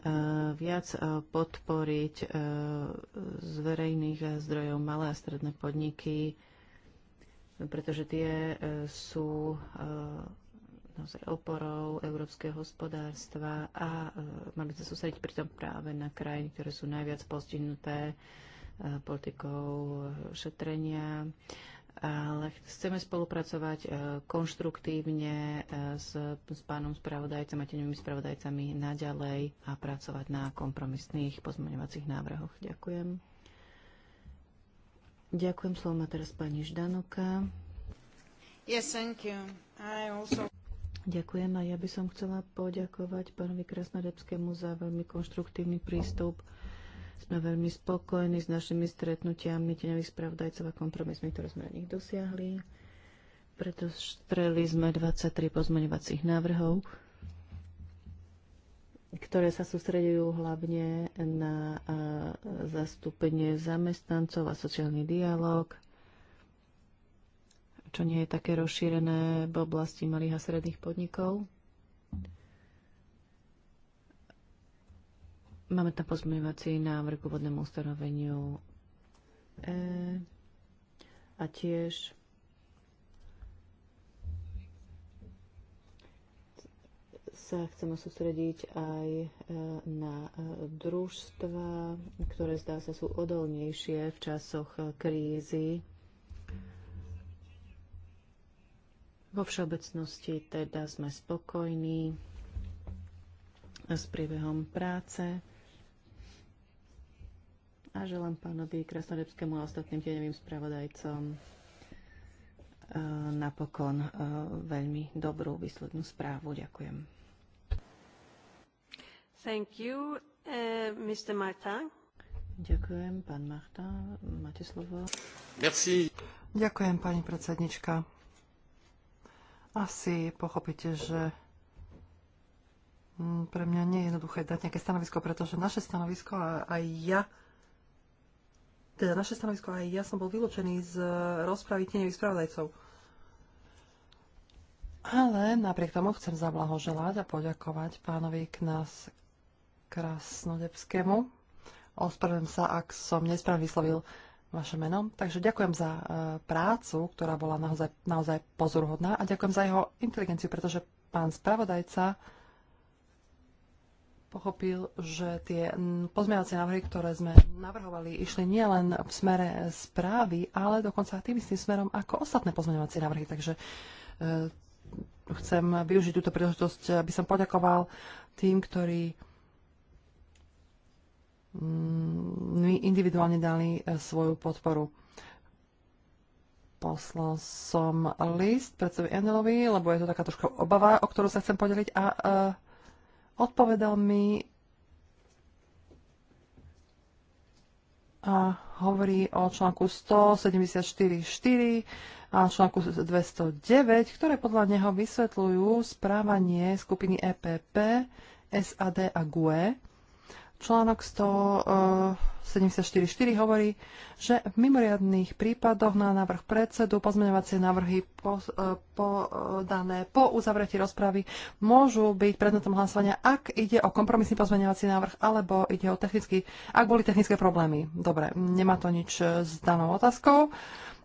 viac e, podporiť e, z verejných zdrojov malé a stredné podniky, pretože tie sú oporou európskeho hospodárstva a mali sa sústrediť pritom práve na krajiny, ktoré sú najviac postihnuté Eh, politikou eh, šetrenia, ale chceme spolupracovať eh, konštruktívne s, s pánom spravodajcom a tenými spravodajcami naďalej a pracovať na kompromisných pozmeňovacích návrhoch. Ďakujem. Ďakujem. Slovo má teraz pani Ždanoka. Yes, thank you. I also... Ďakujem a ja by som chcela poďakovať pánovi Krasnodebskému za veľmi konštruktívny prístup. Sme veľmi spokojní s našimi stretnutiami teňových spravodajcov a kompromismi, ktoré sme na nich dosiahli. Preto streli sme 23 pozmeňovacích návrhov, ktoré sa sústredujú hlavne na zastúpenie zamestnancov a sociálny dialog, čo nie je také rozšírené v oblasti malých a stredných podnikov. Máme tam pozmeňovací návrh k úvodnému ustanoveniu E a tiež sa chceme sústrediť aj e, na e, družstva, ktoré zdá sa sú odolnejšie v časoch e, krízy. Vo všeobecnosti teda sme spokojní s priebehom práce a želám pánovi Krasnodebskému a ostatným tieňovým spravodajcom e, napokon e, veľmi dobrú výslednú správu. Ďakujem. Thank you, uh, e, Mr. Marta. Ďakujem, pán Marta. Máte slovo. Merci. Ďakujem, pani predsednička. Asi pochopíte, že pre mňa nie je jednoduché dať nejaké stanovisko, pretože naše stanovisko a aj ja teda naše stanovisko aj ja som bol vylúčený z rozpravy tieňových spravodajcov. Ale napriek tomu chcem zablahoželať a poďakovať pánovi nás Krasnodebskému. Ospravedlňujem sa, ak som nesprávne vyslovil vaše meno. Takže ďakujem za e, prácu, ktorá bola naozaj, naozaj pozoruhodná a ďakujem za jeho inteligenciu, pretože pán spravodajca pochopil, že tie pozmeňovacie návrhy, ktoré sme navrhovali, išli nielen v smere správy, ale dokonca tým istým smerom ako ostatné pozmeňovacie návrhy. Takže e, chcem využiť túto príležitosť, aby som poďakoval tým, ktorí mm, mi individuálne dali e, svoju podporu. Poslal som list predsedovi Endelovi, lebo je to taká troška obava, o ktorú sa chcem podeliť a e, Odpovedal mi a hovorí o článku 174.4 a článku 209, ktoré podľa neho vysvetľujú správanie skupiny EPP, SAD a GUE Článok 174.4 eh, hovorí, že v mimoriadných prípadoch na návrh predsedu pozmeňovacie návrhy eh, podané po, po uzavretí rozpravy môžu byť predmetom hlasovania, ak ide o kompromisný pozmeňovací návrh alebo ide o technický, ak boli technické problémy. Dobre, nemá to nič eh, s danou otázkou.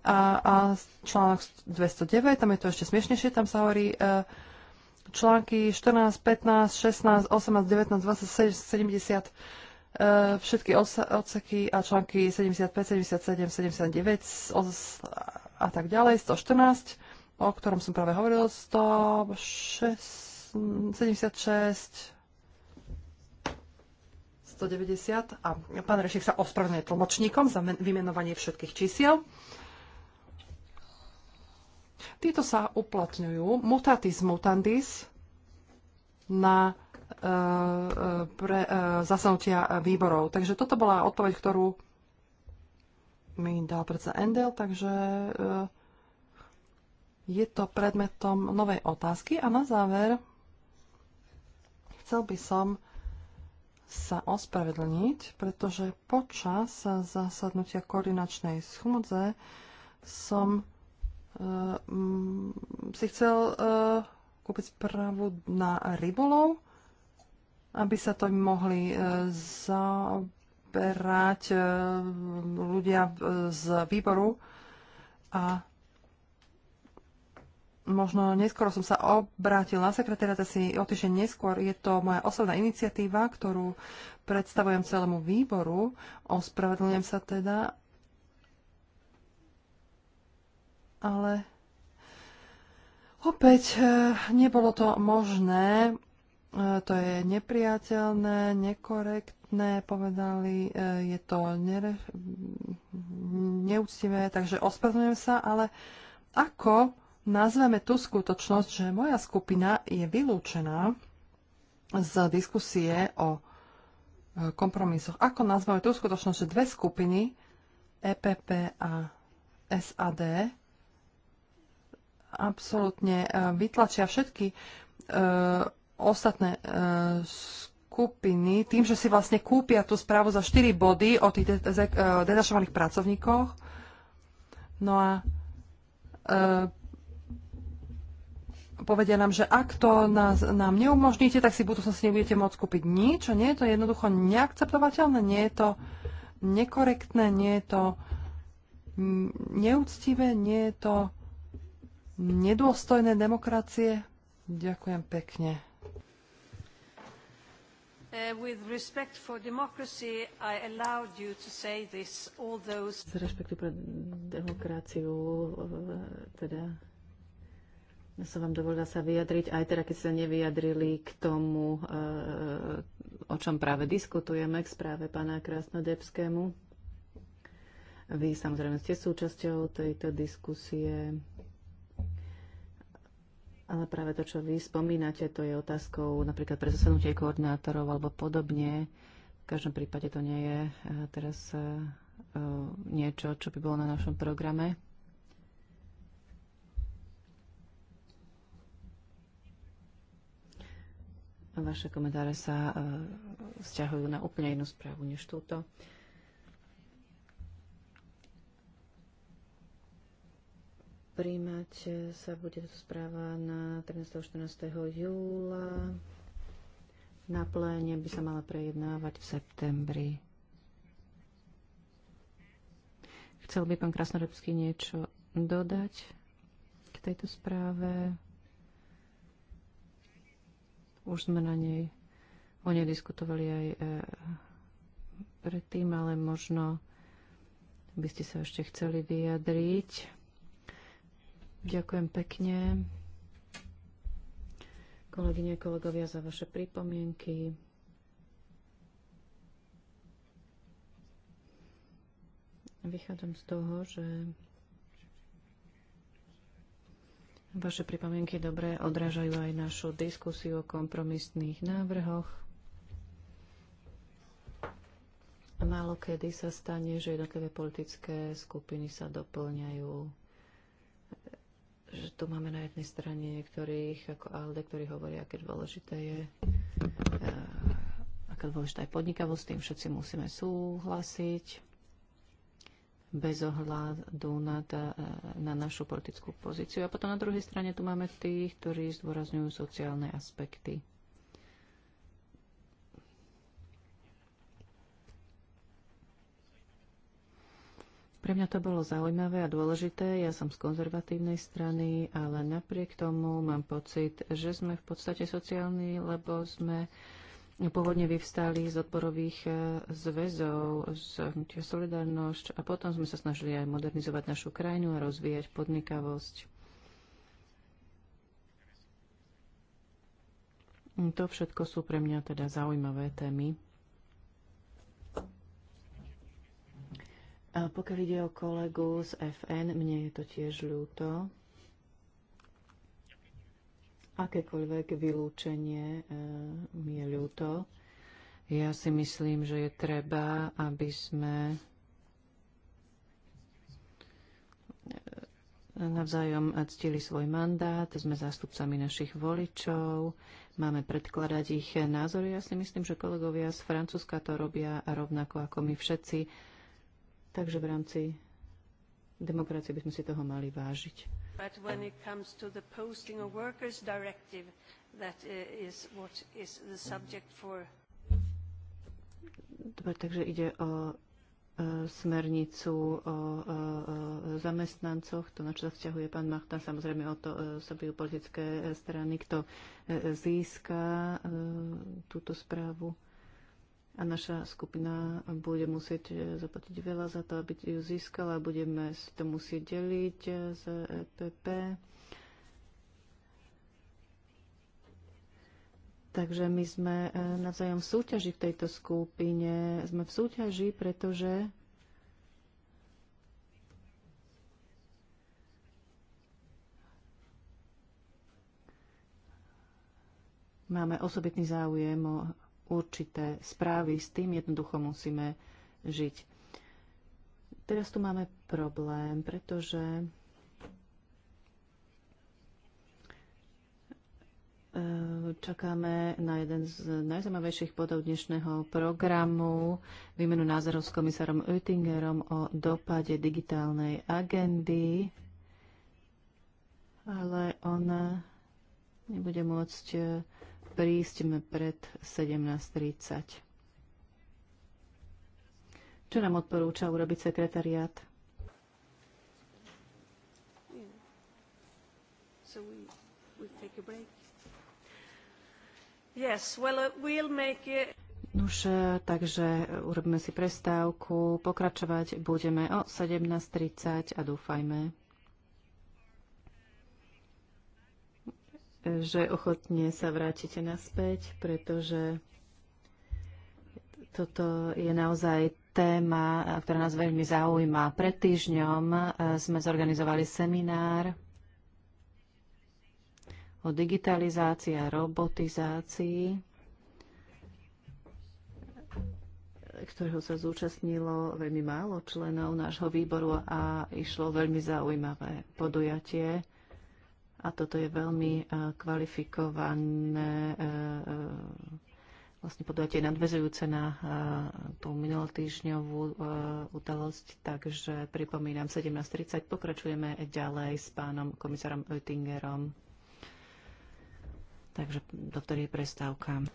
A, a článok 209, tam je to ešte smiešnejšie, tam sa hovorí, Uh, články 14, 15, 16, 18, 19, 20, 70, všetky odseky a články 75, 77, 79 a tak ďalej, 114, o ktorom som práve hovoril, 176, 190 a pán Rešik sa ospravedlňuje tlmočníkom za vymenovanie všetkých čísiel. Tieto sa uplatňujú mutatis mutandis na e, e, pre, e, zasadnutia výborov. Takže toto bola odpoveď, ktorú mi dal predsa Endel, takže e, je to predmetom novej otázky. A na záver chcel by som sa ospravedlniť, pretože počas zasadnutia koordinačnej schmudze som Ehm, si chcel eh, kúpiť právu na rybolov, aby sa to mohli eh, zaberať eh, ľudia z výboru a možno neskôr som sa obrátil na sekretariat asi o týždeň neskôr. Je to moja osobná iniciatíva, ktorú predstavujem celému výboru. Ospravedlňujem sa teda ale opäť eh, nebolo to možné. Eh, to je nepriateľné, nekorektné, povedali, eh, je to nere- neúctivé, takže ospravedlňujem sa, ale ako nazveme tú skutočnosť, že moja skupina je vylúčená z diskusie o kompromisoch. Ako nazveme tú skutočnosť, že dve skupiny, EPP a SAD, absolútne e, vytlačia všetky e, ostatné e, skupiny tým, že si vlastne kúpia tú správu za 4 body o tých detašovaných pracovníkoch. No a povedia nám, že ak to nás, nám neumožníte, tak si budú s budúcnosti nebudete môcť kúpiť nič. A nie je to jednoducho neakceptovateľné, nie je to nekorektné, nie je to neúctivé, nie je to nedôstojné demokracie? Ďakujem pekne. Uh, Z rešpektu pre demokraciu, uh, teda ja som vám dovolila sa vyjadriť, aj teda keď sa nevyjadrili k tomu, uh, o čom práve diskutujeme, k správe pána Krasnodebskému. Vy samozrejme ste súčasťou tejto diskusie. Ale práve to, čo vy spomínate, to je otázkou napríklad pre zasadnutie koordinátorov alebo podobne. V každom prípade to nie je e, teraz e, e, niečo, čo by bolo na našom programe. Vaše komentáre sa vzťahujú na úplne inú správu než túto. Príjmať e, sa bude to správa na 13. a 14. júla. Na pléne by sa mala prejednávať v septembri. Chcel by pán Krasnorebský niečo dodať k tejto správe? Už sme na nej o nej diskutovali aj e, predtým, ale možno by ste sa ešte chceli vyjadriť. Ďakujem pekne. Kolegyne, kolegovia, za vaše pripomienky. Vychádzam z toho, že vaše pripomienky dobre odrážajú aj našu diskusiu o kompromisných návrhoch. Málo kedy sa stane, že jednotlivé politické skupiny sa doplňajú že tu máme na jednej strane niektorých ako ALDE, ktorí hovoria, aké dôležité je eh, aká dôležitá je podnikavosť, tým všetci musíme súhlasiť bez ohľadu na, tá, eh, na našu politickú pozíciu. A potom na druhej strane tu máme tých, ktorí zdôrazňujú sociálne aspekty Pre mňa to bolo zaujímavé a dôležité. Ja som z konzervatívnej strany, ale napriek tomu mám pocit, že sme v podstate sociálni, lebo sme pôvodne vyvstali z odborových e, zväzov, z hnutia Solidarnosť a potom sme sa snažili aj modernizovať našu krajinu a rozvíjať podnikavosť. To všetko sú pre mňa teda zaujímavé témy. A pokiaľ ide o kolegu z FN, mne je to tiež ľúto. Akékoľvek vylúčenie e, mi je ľúto. Ja si myslím, že je treba, aby sme e, navzájom ctili svoj mandát, sme zástupcami našich voličov, máme predkladať ich názory. Ja si myslím, že kolegovia z Francúzska to robia rovnako ako my všetci Takže v rámci demokracie by sme si toho mali vážiť. But when it comes to the posting of workers directive, that is what is the subject for... Dobre, takže ide o e, smernicu o, o, e, e, zamestnancoch, to na čo sa vzťahuje pán Machta, samozrejme o to e, sa politické e, strany, kto e, získa e, túto správu a naša skupina bude musieť eh, zaplatiť veľa za to, aby ju získala. Budeme si to musieť deliť eh, z EPP. Takže my sme eh, navzájom v súťaži v tejto skupine. Sme v súťaži, pretože máme osobitný záujem o určité správy. S tým jednoducho musíme žiť. Teraz tu máme problém, pretože e, čakáme na jeden z najzaujímavejších bodov dnešného programu výmenu názorov s komisárom Oettingerom o dopade digitálnej agendy, ale on nebude môcť e, prísť pred 17.30. Čo nám odporúča urobiť sekretariát? Uh, Nuž, e, takže urobíme si prestávku, pokračovať budeme o 17.30 a dúfajme, že ochotne sa vrátite naspäť, pretože toto je naozaj téma, ktorá nás veľmi zaujíma. Pred týždňom e, sme zorganizovali seminár o digitalizácii a robotizácii, ktorého sa zúčastnilo veľmi málo členov nášho výboru a išlo veľmi zaujímavé podujatie a toto je veľmi e, kvalifikované e, e, vlastne podujatie nadvezujúce na tú minulotýžňovú udalosť. Takže pripomínam, 17.30 pokračujeme ďalej s pánom komisárom Oettingerom. Takže do ktorej prestávka.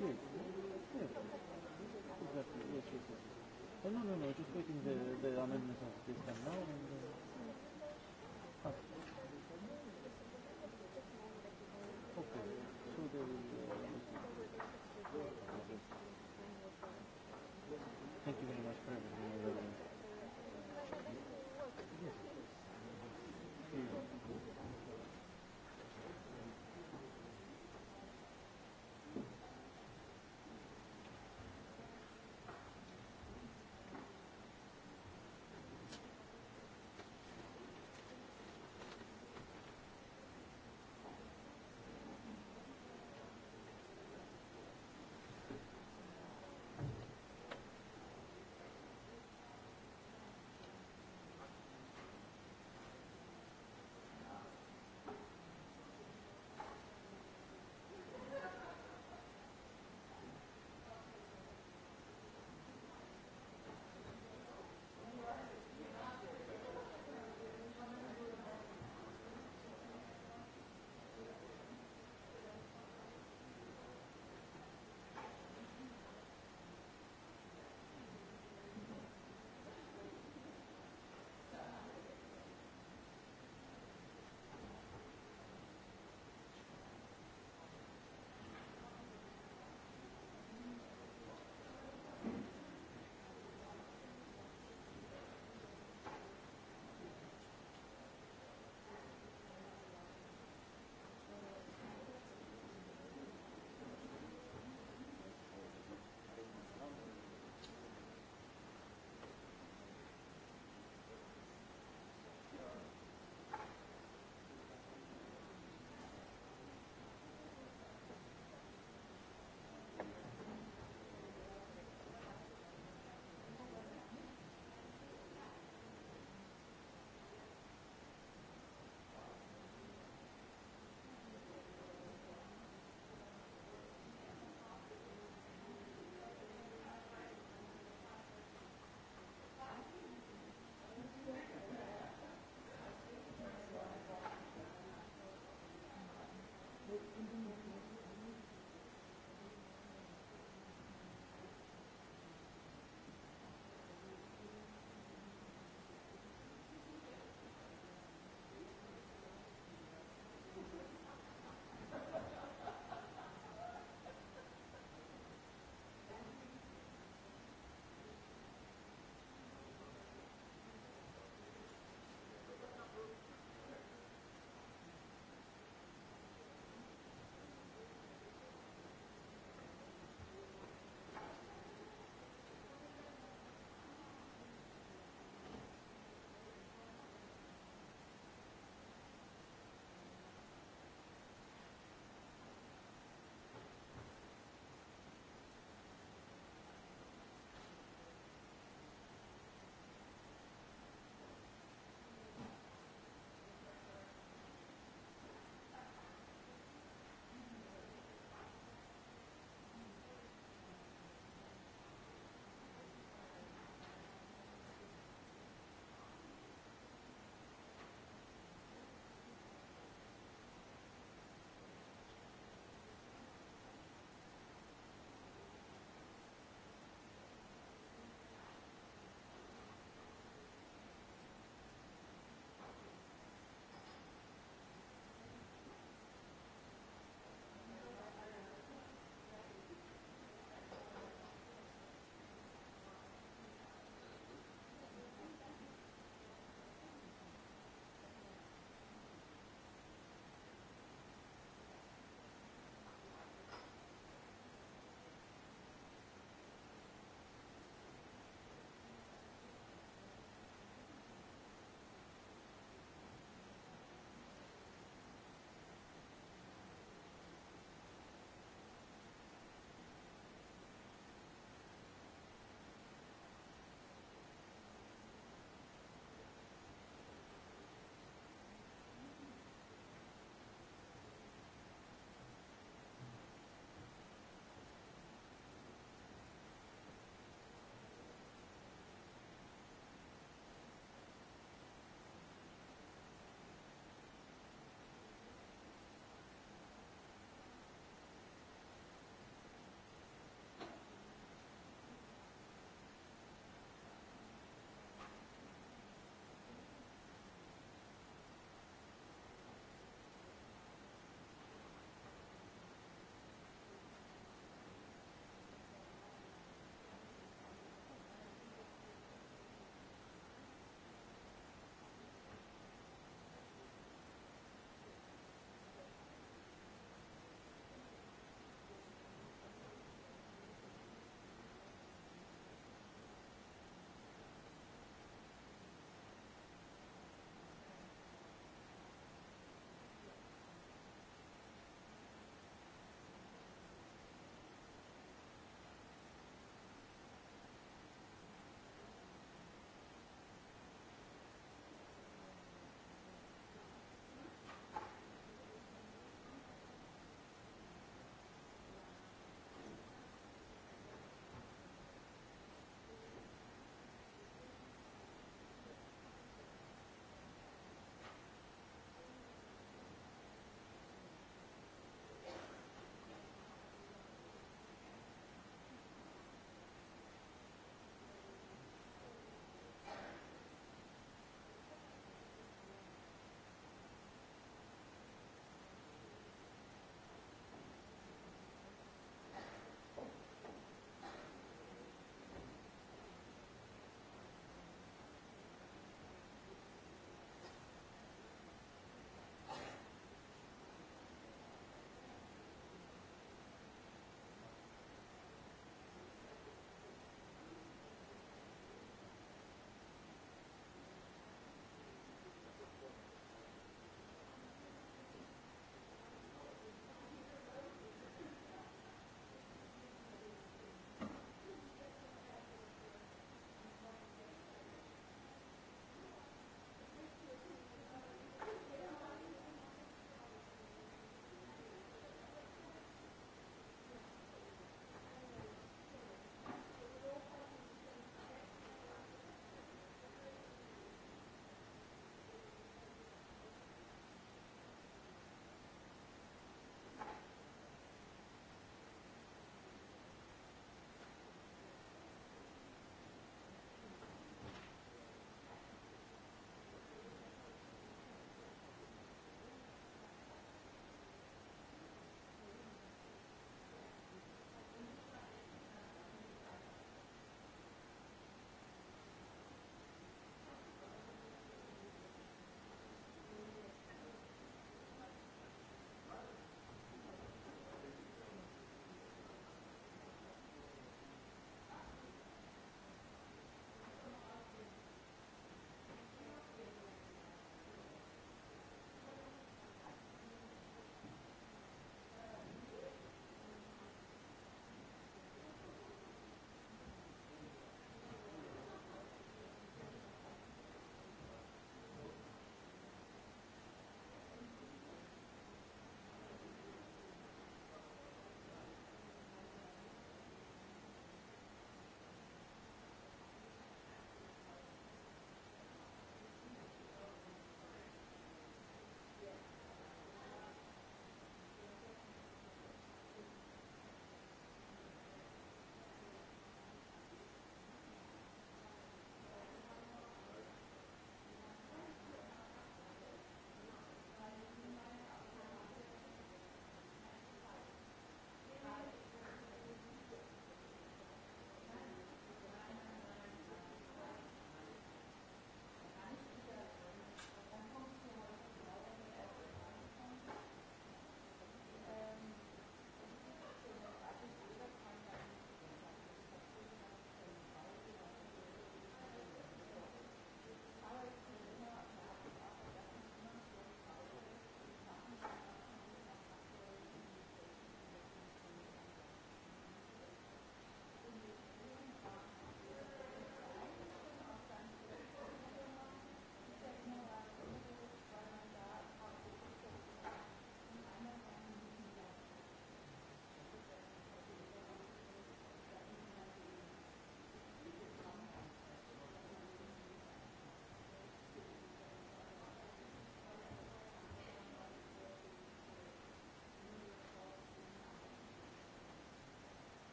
Yes, yes, exactly. Yes, yes, yes. Uh, no, no, no. Just waiting the the amendments of this time now. And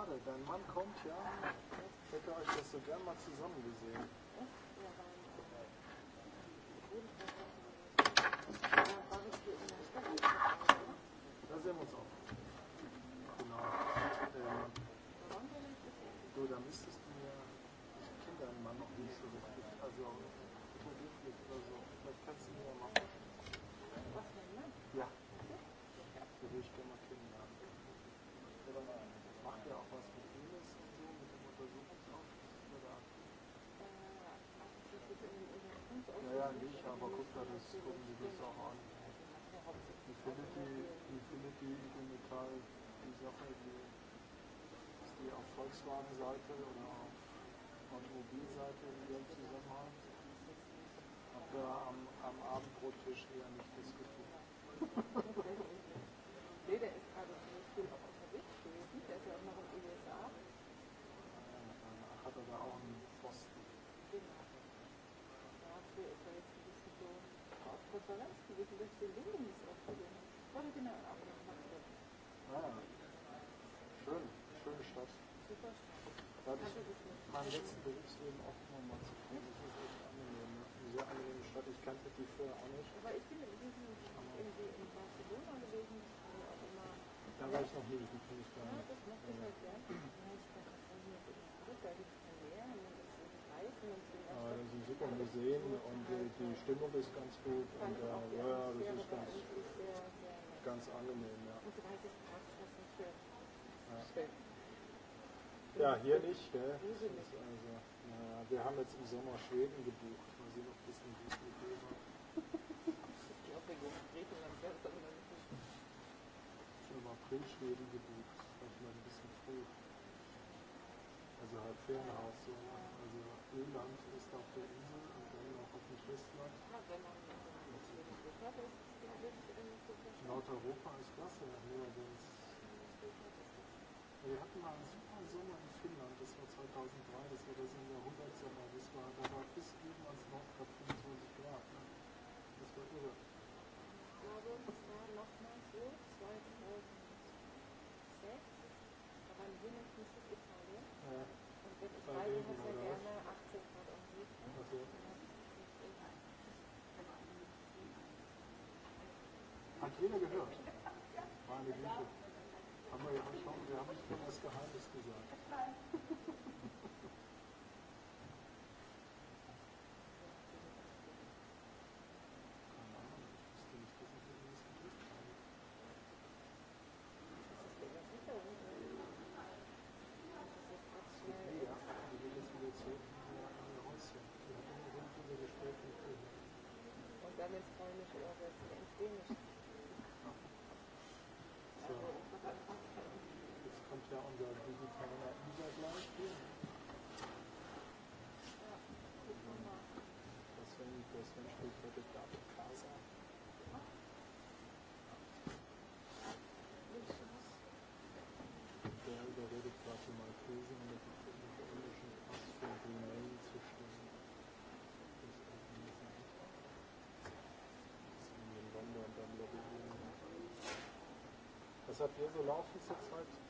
schade. Dein Mann kommt ja. Ich hätte euch das so gern mal zusammen gesehen. Da sehen wir uns auch. Genau. Ähm, du, da müsstest du mir, ich kenne deinen Mann noch nicht so richtig, also Mobilflug oder so. Vielleicht kannst du mir mal Naja, nicht, aber guck dir das, gucken Sie das auch an. Wie findet die, ich finde die Metall, die Sache, die, die auf Volkswagen-Seite oder auf Automobilseite in ihrem Zusammenhang, habt ihr am, am Abendbrottisch eher nicht diskutiert. nee, der ist gerade ziemlich unterwegs gewesen, der ist ja auch noch in den USA. Äh, äh, hat er da auch schön, schöne Stadt. Super Stadt. Mein letzten Berufsleben auch immer mal zu tun. Das ist echt angenehm. Eine sehr angenehme Stadt. Ich kannte die vorher auch nicht. Aber ich bin irgendwie in, Barcelona gewesen. Auch immer da war ich noch nie. ich gar nicht. Ja, das macht ich halt gern. Ja, ich kann das nicht. Äh, das sind super Museen und die, die Stimmung ist ganz gut und äh, ja, das ist ganz, ganz angenehm. Ja. Ja, hier nicht. Gell? ist also, naja, wir haben jetzt im Sommer Schweden gebucht. Mal sehen, ob das eine gute Idee war. Ich glaube, wir gehen wäre Griechenland nicht. Ich habe im April Schweden gebucht. Das war ein bisschen früh also halt Ferienhaus. So. Also Öland ist auf der Insel und dann auch auf dem Festland. Na, wenn man Nordeuropa ist klasse, nur das. Wir hatten mal einen super Sommer in Finnland, das war 2003, das war das im Jahrhundertsommer, das war, da war bis eben ans Nordkap 25 Grad. Ne? Das war irre. Ich glaube, das war nochmal so 2006, da waren wir noch nicht in Italien. Ja. Ich drei Uhr sehr gerne 18 Grad umgeht. Okay. Hat jeder gehört? Meine Güte. Haben wir ja schon, wir haben schon das Geheimnis gesagt. on the busy live here? Das wenn das wenn ich bitte da Der überredet gerade mal Maltesen mit dem englischen Pass zu Das nicht Das ist in London dann Was habt ihr so laufen zurzeit?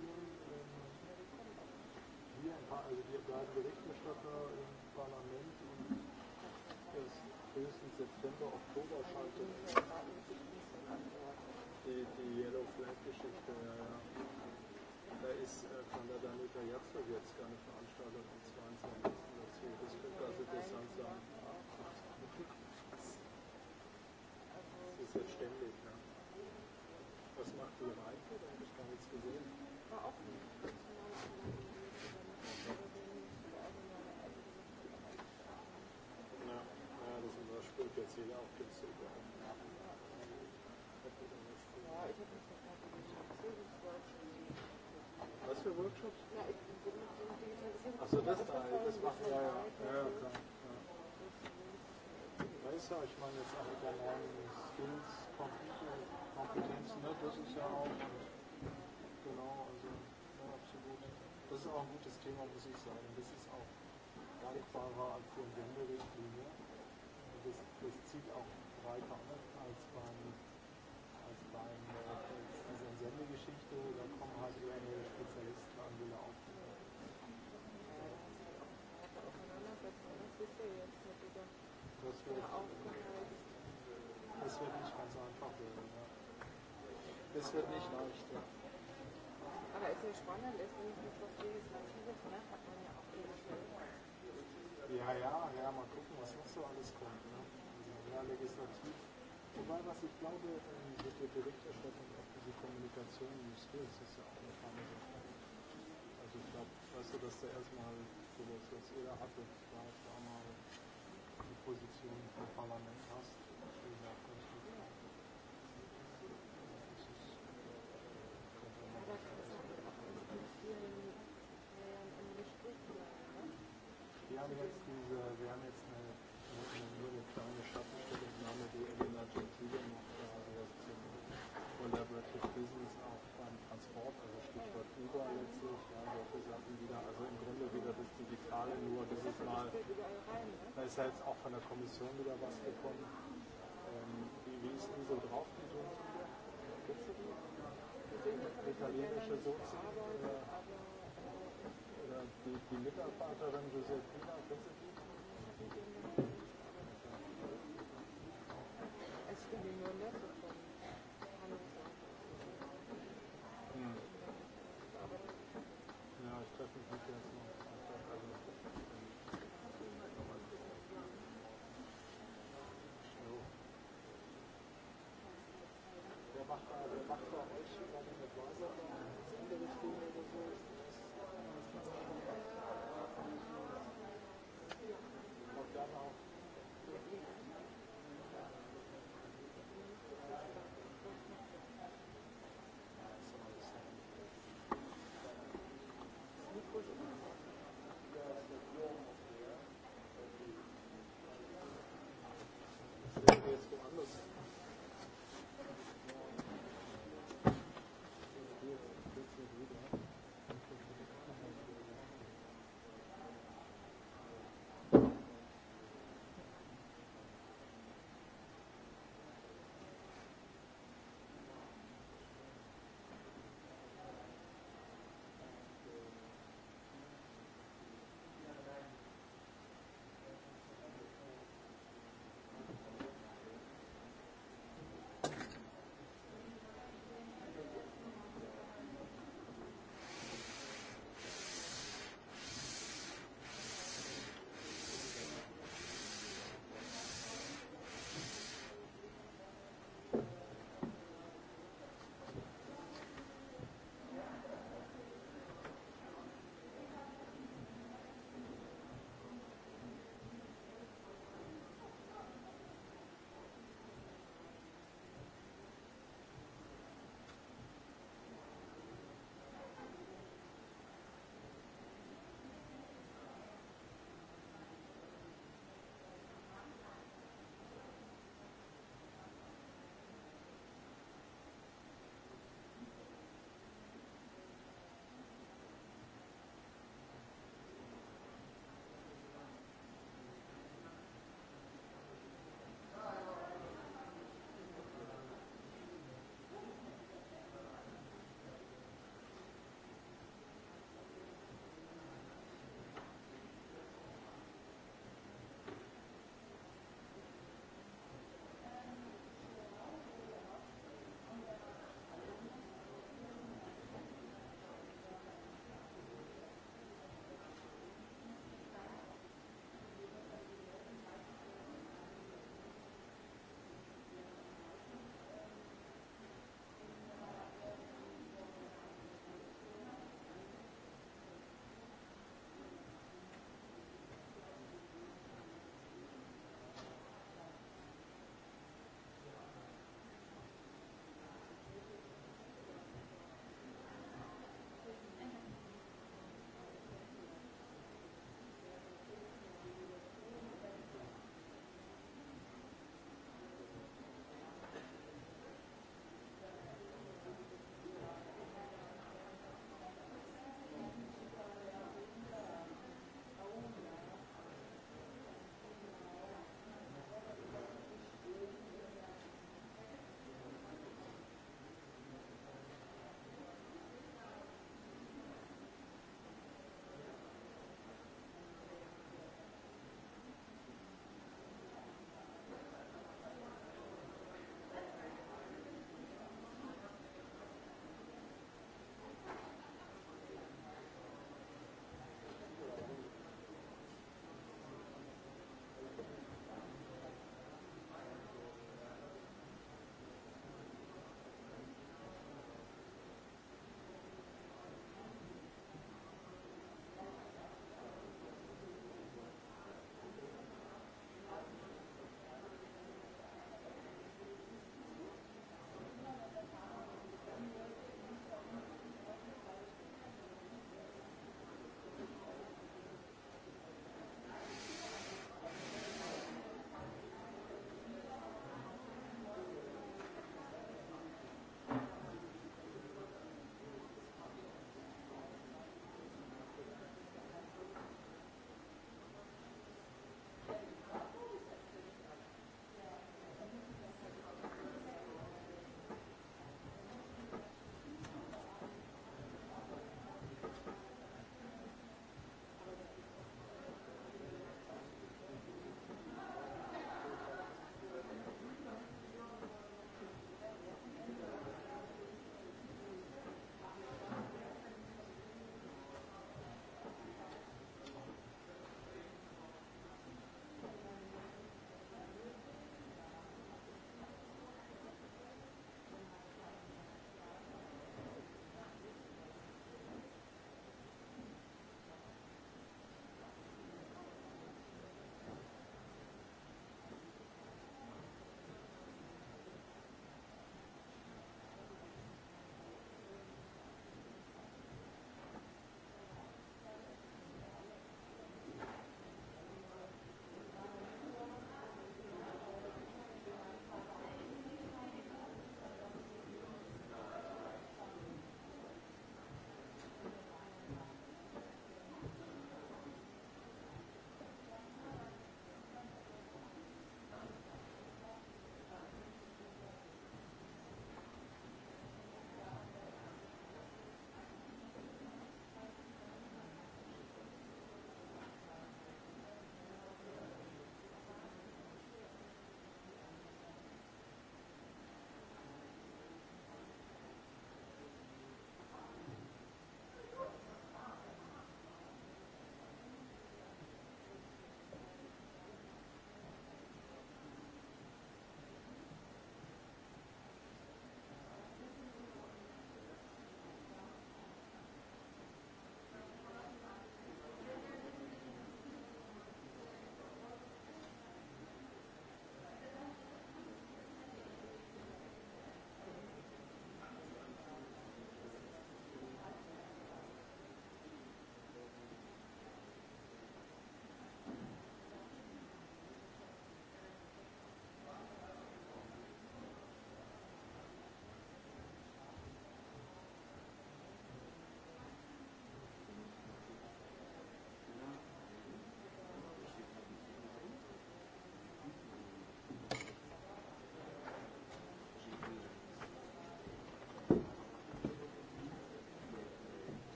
wir, also wir bleiben Berichterstatter im Parlament und erst höchstens September, Oktober schaltet die, die Yellow Flag Geschichte. Ja, ja. Da ist von äh, der Danika Jatzow jetzt keine Veranstaltung äh, am 22. dazu. Das könnte also interessant sein. Das ist jetzt ständig. ja. Was macht die Reike? Da habe ich gar nichts gesehen. War auch Was für Workshops? Ja, ich bin mit Achso, das da, das macht ja, ja. klar. Ja. Weißt du, ich meine jetzt auch mit der neuen Skills, Kompetenzen, ne? das ist ja auch, genau, also, ja, absolut. Das ist auch ein gutes Thema, muss ich sagen. Das ist auch Dankbarer für die Wenderichtlinie das, das zieht auch weiter auf als beim, als beim äh, dieser Sendegeschichte. Da kommen halt eher Spezialisten an, die da Das wird, das wird nicht ganz einfach werden. Ja. Das wird nicht leicht. Ja. Aber es ist ja spannend, deswegen ist das Legislatives, ne, hat man ja auch viele Stellen. Ja, ja, ja, mal gucken, was noch so alles kommt legislativ. Wobei, was ich glaube, mit der Berichterstattung auch diese Kommunikation müsste, das ist ja auch eine feine Sache. Also ich glaube, weißt du, dass da erstmal sowas, was ihr da hattet, da, mal die Position vom Parlament hast, die sagt, der Kommission wieder was bekommen. Ähm, wie, wie ist denn so drauf, die Soße? Kennst du die? Italienische Soße? Äh, oder, die, die Mitarbeiterin Giuseppina, kennst du die? Es gibt nur Neffe von Hannover. Hm. Ja, ich treffe mich mit der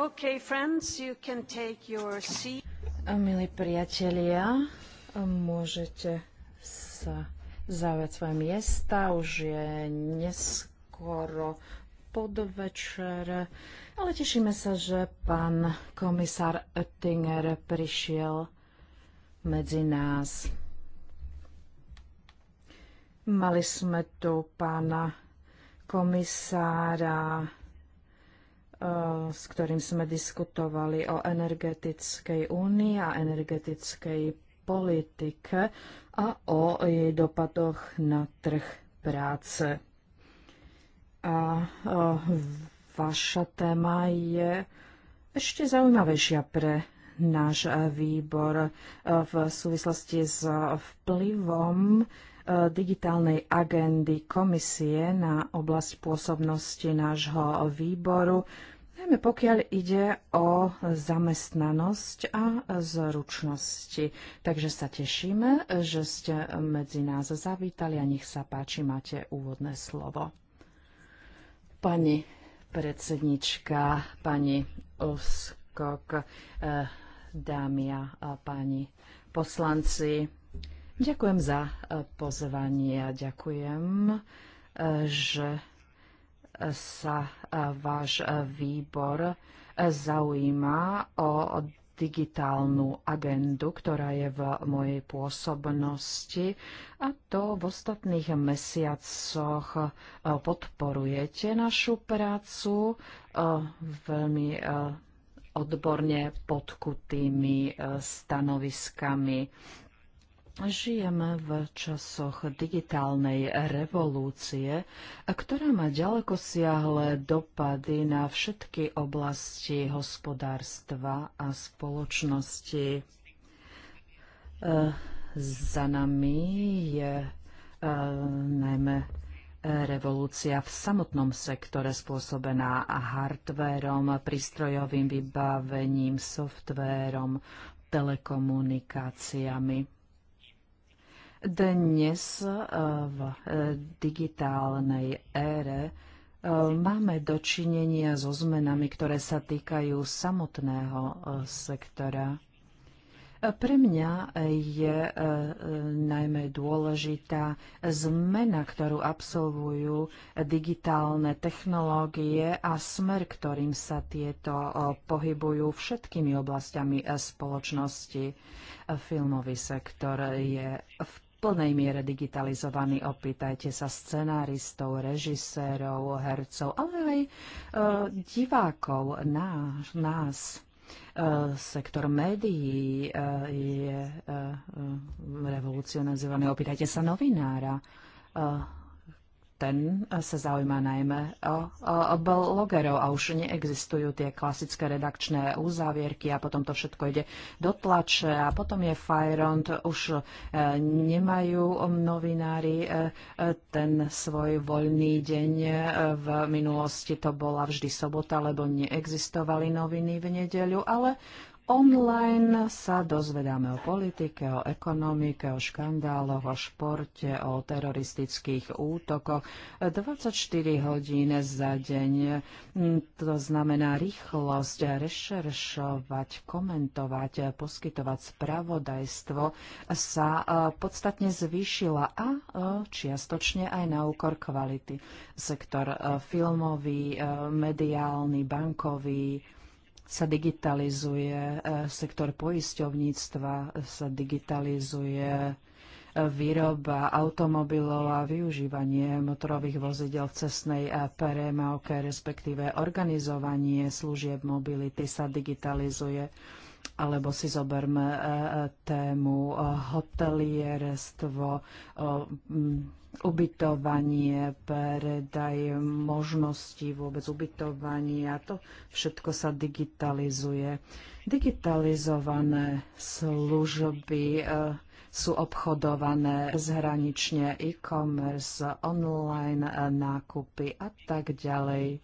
Okay, friends, you can take your seat. Milí priatelia, môžete sa zaujať svoje miesta, už je neskoro podvečer, ale tešíme sa, že pán komisár Oettinger prišiel medzi nás. Mali sme tu pána komisára Eh, s ktorým sme diskutovali o energetickej únii a energetickej politike a o jej dopadoch na trh práce. A eh, vaša téma je ešte zaujímavejšia pre náš eh, výbor v súvislosti s vplyvom Eh, digitálnej agendy komisie na oblasť pôsobnosti nášho výboru, najmä pokiaľ ide o zamestnanosť a zručnosti. Takže sa tešíme, že ste medzi nás zavítali a nech sa páči, máte úvodné slovo. Pani predsednička, pani Uskok, eh, dámy a páni poslanci, Ďakujem za e, pozvanie a ďakujem, e, že e, sa váš výbor zaujíma o digitálnu agendu, ktorá je v mojej pôsobnosti a to v ostatných mesiacoch podporujete našu prácu veľmi odborne podkutými stanoviskami. Žijeme v časoch digitálnej revolúcie, ktorá má ďaleko siahle dopady na všetky oblasti hospodárstva a spoločnosti. E, za nami je e, najmä e, revolúcia v samotnom sektore spôsobená hardvérom, prístrojovým vybavením, softvérom, telekomunikáciami. Dnes eh, v eh, digitálnej ére eh, Máme dočinenia so zmenami, ktoré sa týkajú samotného sektora. Pre mňa je najmä dôležitá zmena, ktorú absolvujú digitálne technológie a smer, ktorým sa tieto pohybujú všetkými oblastiami spoločnosti. Filmový sektor je v plnej miere digitalizovaný. Opýtajte sa scenáristov, režisérov, hercov, ale aj e, divákov, nás. nás. E, sektor médií e, je e, e revolucionizovaný. Opýtajte sa novinára. E, ten sa zaujíma najmä o, o blogerov a už neexistujú tie klasické redakčné uzávierky a potom to všetko ide do tlače a potom je Fajront, už e, nemajú novinári e, e, ten svoj voľný deň. V minulosti to bola vždy sobota, lebo neexistovali noviny v nedeľu, ale Online sa dozvedáme o politike, o ekonomike, o škandáloch, o športe, o teroristických útokoch 24 hodín za deň. Mm, to znamená rýchlosť rešeršovať, komentovať, poskytovať spravodajstvo sa e, podstatne zvýšila a e, čiastočne aj na úkor kvality. Sektor e, filmový, mediálny, bankový, sa digitalizuje, e, sektor poisťovníctva sa digitalizuje, e, výroba automobilov a využívanie motorových vozidel v cestnej perémavke, respektíve organizovanie služieb mobility sa digitalizuje. Alebo si zoberme e, tému hotelierstvo, ubytovanie, predaj možností vôbec ubytovania. To všetko sa digitalizuje. Digitalizované služby e, sú obchodované zhranične e-commerce, online e, nákupy a tak ďalej.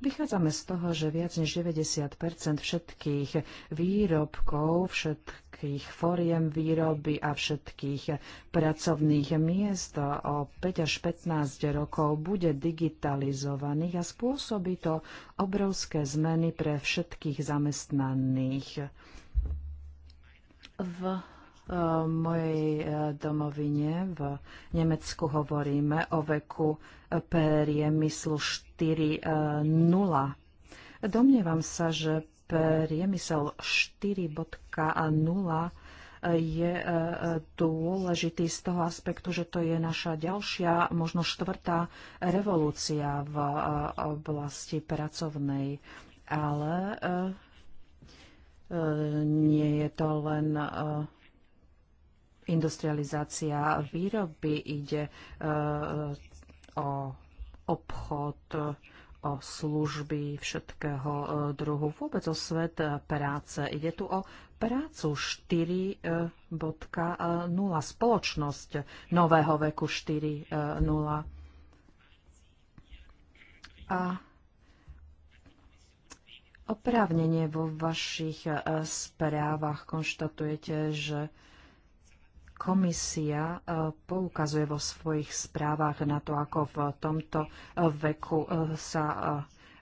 Vychádzame z toho, že viac než 90 všetkých výrobkov, všetkých všetkých foriem výroby a všetkých pracovných miest o 5 až 15 rokov bude digitalizovaných a spôsobí to obrovské zmeny pre všetkých zamestnaných. V e, mojej e, domovine v Nemecku hovoríme o veku priemyslu 4.0. E, Domnievam sa, že priemysel 4.0 je e, dôležitý z toho aspektu, že to je naša ďalšia, možno štvrtá revolúcia v e, oblasti pracovnej. Ale e, nie je to len industrializácia výroby, ide o obchod, o služby všetkého e, druhu, vôbec o svet e, práce. Ide tu o prácu 4.0, e, spoločnosť nového veku 4.0. A oprávnenie vo vašich správach konštatujete, že Komisia e, poukazuje vo svojich správach na to, ako v tomto e, veku e, sa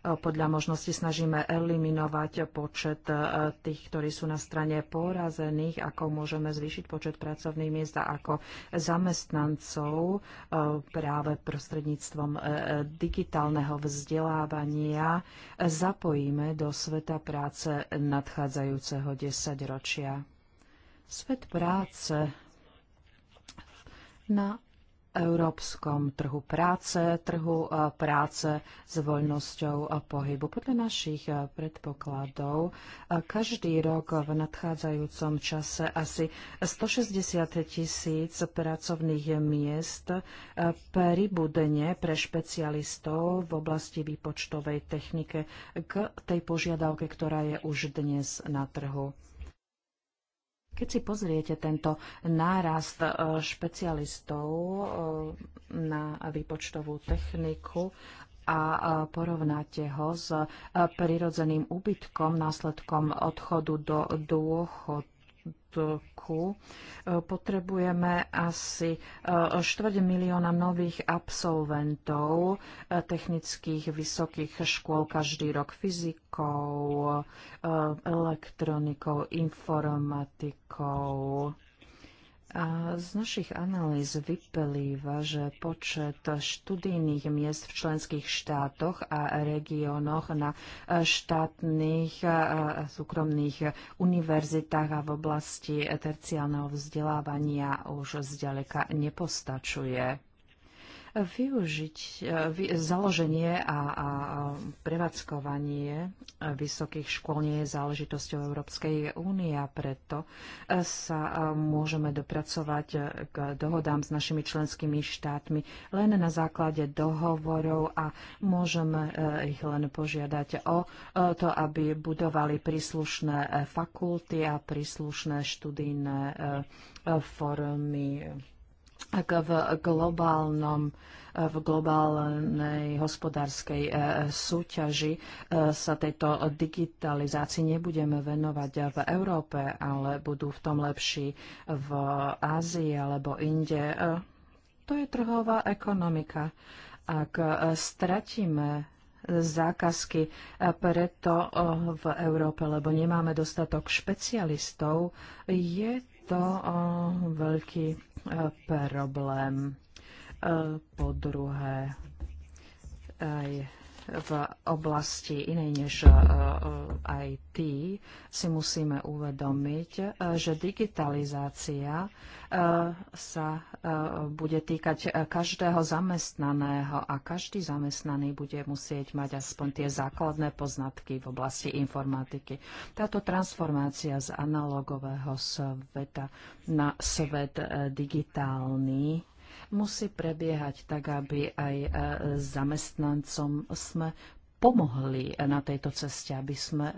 podľa možnosti snažíme eliminovať počet tých, ktorí sú na strane porazených, ako môžeme zvýšiť počet pracovných miest a ako zamestnancov práve prostredníctvom digitálneho vzdelávania zapojíme do sveta práce nadchádzajúceho desaťročia. Svet práce na európskom trhu práce, trhu e, práce s voľnosťou pohybu. Podľa našich e, predpokladov e, každý rok v nadchádzajúcom čase asi 160 tisíc pracovných miest pribudne pre špecialistov v oblasti výpočtovej technike k tej požiadavke, ktorá je už dnes na trhu. Keď si pozriete tento nárast e, špecialistov e, na výpočtovú techniku a e, porovnáte ho s prirodzeným úbytkom následkom odchodu do dôchodu, E, potrebujeme asi e, štvrť milióna nových absolventov e, technických vysokých škôl každý rok fyzikou, elektronikou, informatikou a z našich analýz vyplýva, že počet študijných miest v členských štátoch a regiónoch na štátnych a súkromných univerzitách a v oblasti terciálneho vzdelávania už zďaleka nepostačuje využiť e, založenie a, a prevádzkovanie vysokých škôl nie je záležitosťou Európskej únie a preto e, sa e, môžeme dopracovať k dohodám s našimi členskými štátmi len na základe dohovorov a môžeme ich len požiadať o to, aby budovali príslušné fakulty a príslušné študijné formy ak v globálnom v globálnej hospodárskej e, súťaži e, sa tejto digitalizácii nebudeme venovať v Európe, ale budú v tom lepší v Ázii alebo inde. E, to je trhová ekonomika. Ak stratíme zákazky preto v Európe, lebo nemáme dostatok špecialistov, je to veľký problém. Po druhé, aj v oblasti inej než e, e, IT si musíme uvedomiť, e, že digitalizácia sa bude týkať každého zamestnaného a každý zamestnaný bude musieť mať aspoň tie základné poznatky v oblasti informatiky. Táto transformácia z analogového sveta na svet digitálny musí prebiehať tak, aby aj e, zamestnancom sme pomohli na tejto ceste, aby sme e,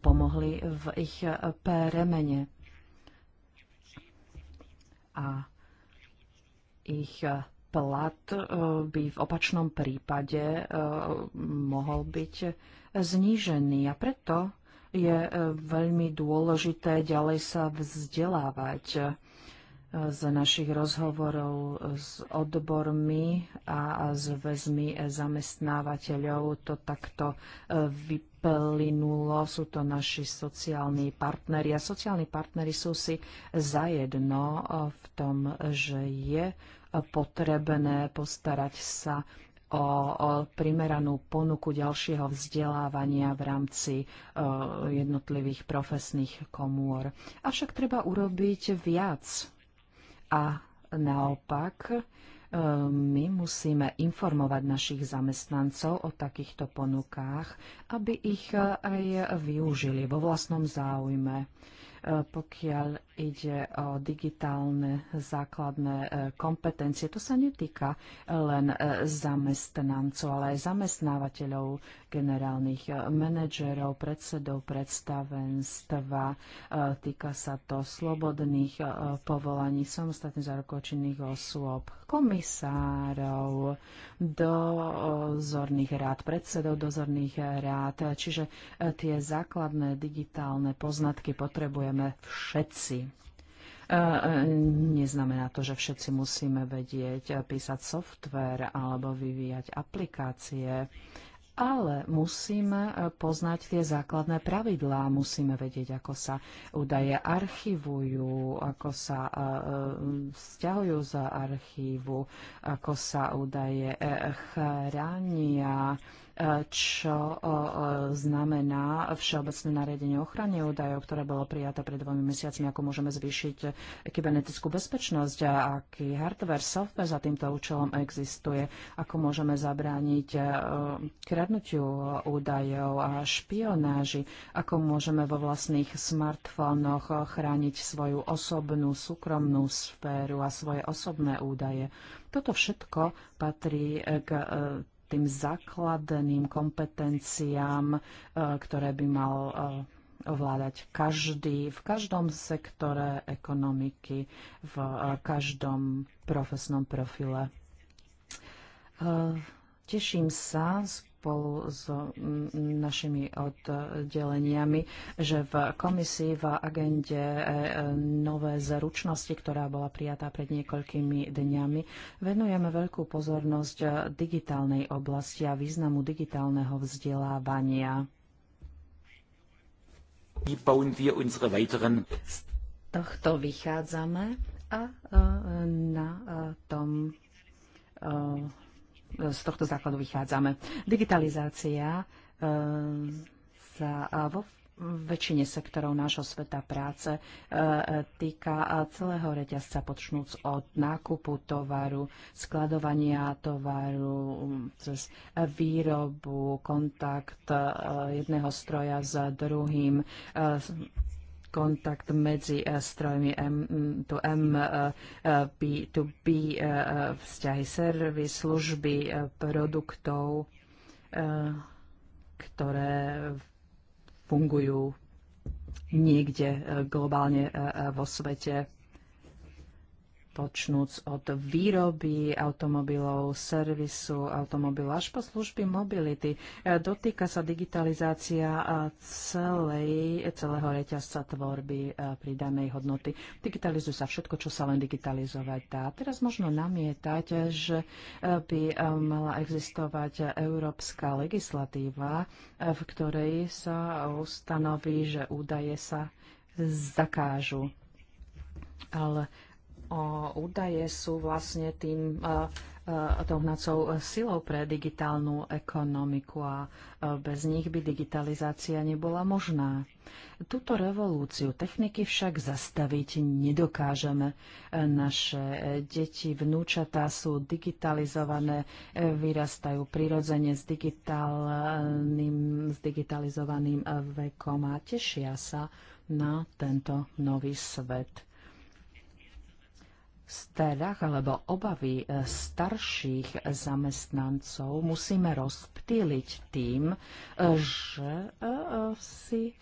pomohli v ich e, premene a ich plat by v opačnom prípade mohol byť znížený. A preto je veľmi dôležité ďalej sa vzdelávať z našich rozhovorov s odbormi a s väzmi zamestnávateľov to takto e, vyplynulo. Sú to naši sociálni partneri a sociálni partneri sú si zajedno e, v tom, že je potrebné postarať sa o, o primeranú ponuku ďalšieho vzdelávania v rámci e, jednotlivých profesných komôr. Avšak treba urobiť viac a naopak, e, my musíme informovať našich zamestnancov o takýchto ponukách, aby ich e, aj využili vo vlastnom záujme. E, pokiaľ ide o digitálne základné e, kompetencie. To sa netýka len e, zamestnancov, ale aj zamestnávateľov, generálnych manažerov, predsedov predstavenstva. Týka sa to slobodných povolaní samostatne zárokočinných osôb, komisárov, dozorných rád, predsedov dozorných rád. Čiže tie základné digitálne poznatky potrebujeme samozrejme všetci. E, e, neznamená to, že všetci musíme vedieť písať software alebo vyvíjať aplikácie, ale musíme poznať tie základné pravidlá, musíme vedieť, ako sa údaje archivujú, ako sa e, vzťahujú za archívu, ako sa údaje chránia čo znamená Všeobecné nariadenie ochrany údajov, ktoré bolo prijaté pred dvomi mesiacmi, ako môžeme zvýšiť kybernetickú bezpečnosť a aký hardware, software za týmto účelom existuje, ako môžeme zabrániť kradnutiu údajov a špionáži, ako môžeme vo vlastných smartfónoch chrániť svoju osobnú, súkromnú sféru a svoje osobné údaje. Toto všetko patrí k e, tým základným kompetenciám, e, ktoré by mal e, ovládať každý, v každom sektore ekonomiky, v e, každom profesnom profile. Teším sa z spolu s mm, našimi oddeleniami, že v komisii v agende e, e, nové zručnosti, ktorá bola prijatá pred niekoľkými dňami, venujeme veľkú pozornosť e, digitálnej oblasti a významu digitálneho vzdelávania. Z tohto vychádzame a na tom z tohto základu vychádzame. Digitalizácia e, sa e, vo väčšine sektorov nášho sveta práce e, týka celého reťazca, počnúc od nákupu tovaru, skladovania tovaru, cez výrobu, kontakt jedného stroja s druhým, kontakt medzi eh, strojmi m mm, to m B2B, eh, eh, vzťahy servis, služby, produktov, ktoré fungujú niekde globálne vo svete počnúc od výroby automobilov, servisu automobilov až po služby mobility. E, Dotýka sa digitalizácia celej, celého reťazca tvorby e, pridanej hodnoty. Digitalizuje sa všetko, čo sa len digitalizovať dá. Teraz možno namietať, že e, by mala existovať európska legislatíva, v ktorej sa ustanoví, že údaje sa zakážu. Ale údaje sú vlastne tým e, e, tou hnacou silou pre digitálnu ekonomiku a e, bez nich by digitalizácia nebola možná. Túto revolúciu techniky však zastaviť nedokážeme. Naše deti, vnúčatá sú digitalizované, vyrastajú prirodzene s, digitálnym, s digitalizovaným vekom a tešia sa na tento nový svet strach alebo obavy e, starších zamestnancov musíme rozptýliť tým, e, že e, si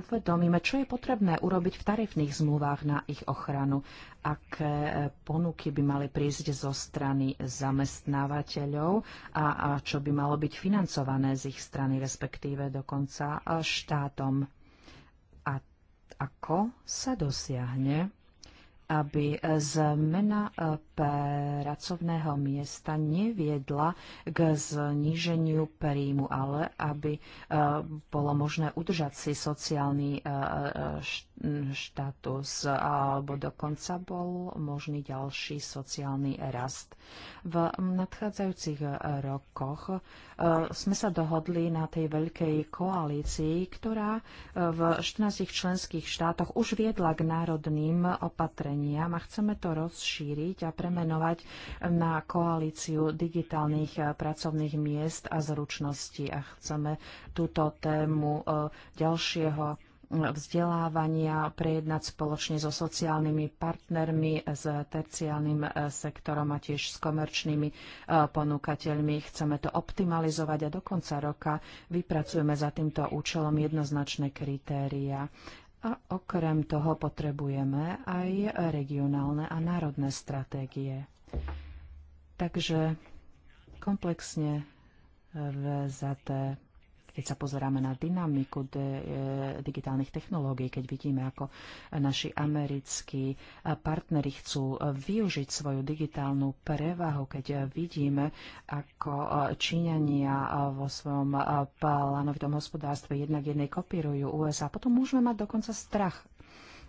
uvedomíme, čo je potrebné urobiť v tarifných zmluvách na ich ochranu, aké ponuky by mali prísť zo strany zamestnávateľov a, a čo by malo byť financované z ich strany, respektíve dokonca štátom. A ako sa dosiahne aby zmena e, pracovného miesta neviedla k zníženiu príjmu, ale aby e, bolo možné udržať si sociálny e, štatus alebo dokonca bol možný ďalší sociálny rast. V nadchádzajúcich rokoch sme sa dohodli na tej veľkej koalícii, ktorá v 14 členských štátoch už viedla k národným opatreniam nariadeniam a chceme to rozšíriť a premenovať na koalíciu digitálnych eh, pracovných miest a zručností. A chceme túto tému eh, ďalšieho eh, vzdelávania prejednať spoločne so sociálnymi partnermi, s terciálnym sektorom a tiež s komerčnými ponúkateľmi. Chceme to optimalizovať a do konca roka vypracujeme za týmto účelom jednoznačné kritéria. A okrem toho potrebujeme aj regionálne a národné stratégie. Takže komplexne vzaté keď sa pozeráme na dynamiku de- e, digitálnych technológií, keď vidíme, ako naši americkí e, partneri chcú e, využiť svoju digitálnu prevahu, keď vidíme, ako Číňania vo svojom plánovitom hospodárstve jednak jednej kopírujú USA, potom môžeme mať dokonca strach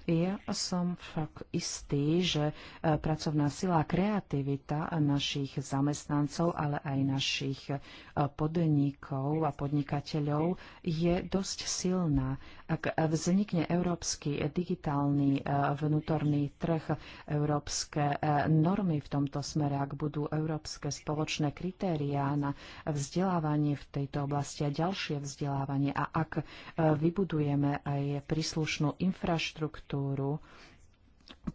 ja som však istý, že e, pracovná sila a kreativita našich zamestnancov, ale aj našich e, podnikov a podnikateľov je dosť silná. Ak vznikne európsky digitálny e, vnútorný trh, európske normy v tomto smere, ak budú európske spoločné kritériá na vzdelávanie v tejto oblasti a ďalšie vzdelávanie a ak vybudujeme aj príslušnú infraštruktúru, infraštruktúru.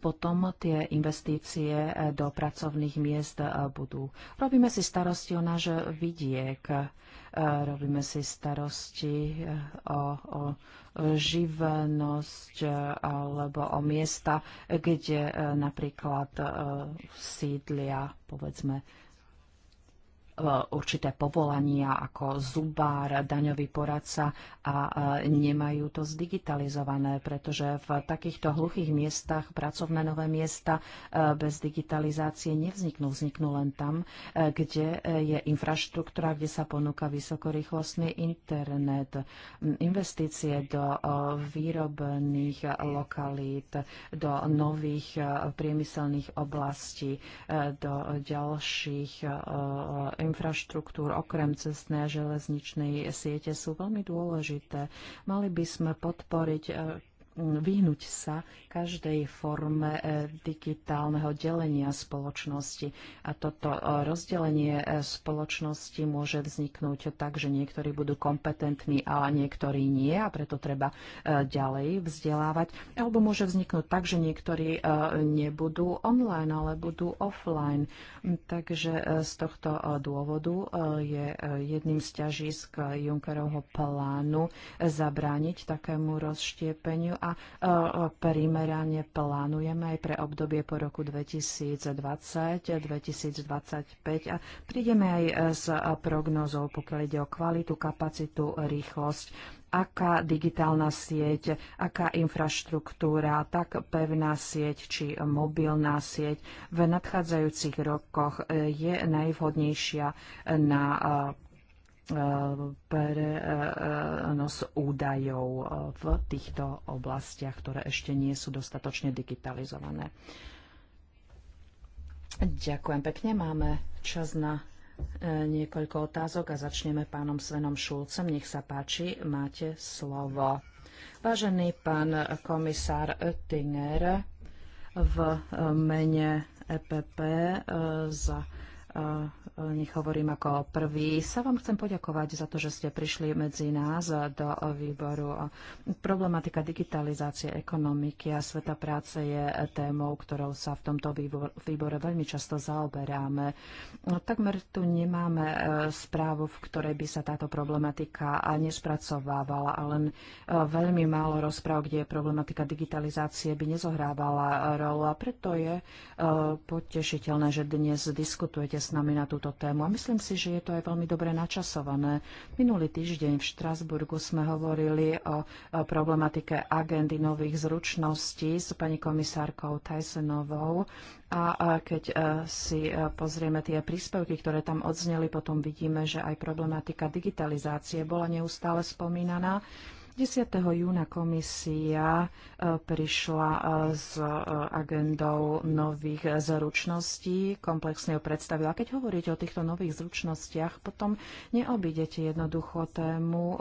Potom tie investície eh, do pracovných miest eh, budú. Robíme si starosti o náš vidiek, eh, robíme si starosti o, o živnosť alebo o miesta, kde napríklad sídlia povedzme Eh, určité povolania ako zubár, daňový poradca a eh, nemajú to zdigitalizované, pretože v takýchto hluchých miestach pracovné nové miesta eh, bez digitalizácie nevzniknú. Vzniknú len tam, kde je infraštruktúra, kde sa ponúka vysokorýchlostný internet, investície do výrobných lokalít, do nových priemyselných oblastí, do ďalších infraštruktúr okrem cestnej a železničnej siete sú veľmi dôležité. Mali by sme podporiť e, vyhnúť sa každej forme e, digitálneho delenia spoločnosti. A toto e, rozdelenie e, spoločnosti môže vzniknúť tak, že niektorí budú kompetentní a niektorí nie a preto treba ďalej vzdelávať. Alebo môže vzniknúť tak, že niektorí nebudú online, ale budú offline. Takže z tohto dôvodu je jedným z ťažísk Junckerovho plánu zabrániť takému rozštiepeniu a a e, e, primerane plánujeme aj pre obdobie po roku 2020-2025 a prídeme aj e, s prognozou, pokiaľ ide o kvalitu, kapacitu, rýchlosť aká digitálna sieť, aká infraštruktúra, tak pevná sieť či mobilná sieť v nadchádzajúcich rokoch je najvhodnejšia na pre nos údajov v týchto oblastiach, ktoré ešte nie sú dostatočne digitalizované. Ďakujem pekne. Máme čas na e, niekoľko otázok a začneme pánom Svenom Šulcem. Nech sa páči, máte slovo. Vážený pán komisár Oettinger, v e, mene EPP e, za E, nech hovorím ako prvý. Sa vám chcem poďakovať za to, že ste prišli medzi nás do výboru. Problematika digitalizácie ekonomiky a sveta práce je témou, ktorou sa v tomto výbore veľmi často zaoberáme. Takmer tu nemáme e, správu, v ktorej by sa táto problematika nespracovávala ale len e, veľmi málo rozpráv, kde je problematika digitalizácie by nezohrávala rolu. A preto je potešiteľné, že dnes diskutujete s nami na túto tému. A myslím si, že je to aj veľmi dobre načasované. Minulý týždeň v Štrasburgu sme hovorili o problematike agendy nových zručností s pani komisárkou Tysonovou. A keď e, si e, pozrieme tie príspevky, ktoré tam odzneli, potom vidíme, že aj problematika digitalizácie bola neustále spomínaná. 10. júna komisia e, prišla e, s e, agendou nových zručností, komplexne ju predstavila. Keď hovoríte o týchto nových zručnostiach, potom neobídete jednoducho tému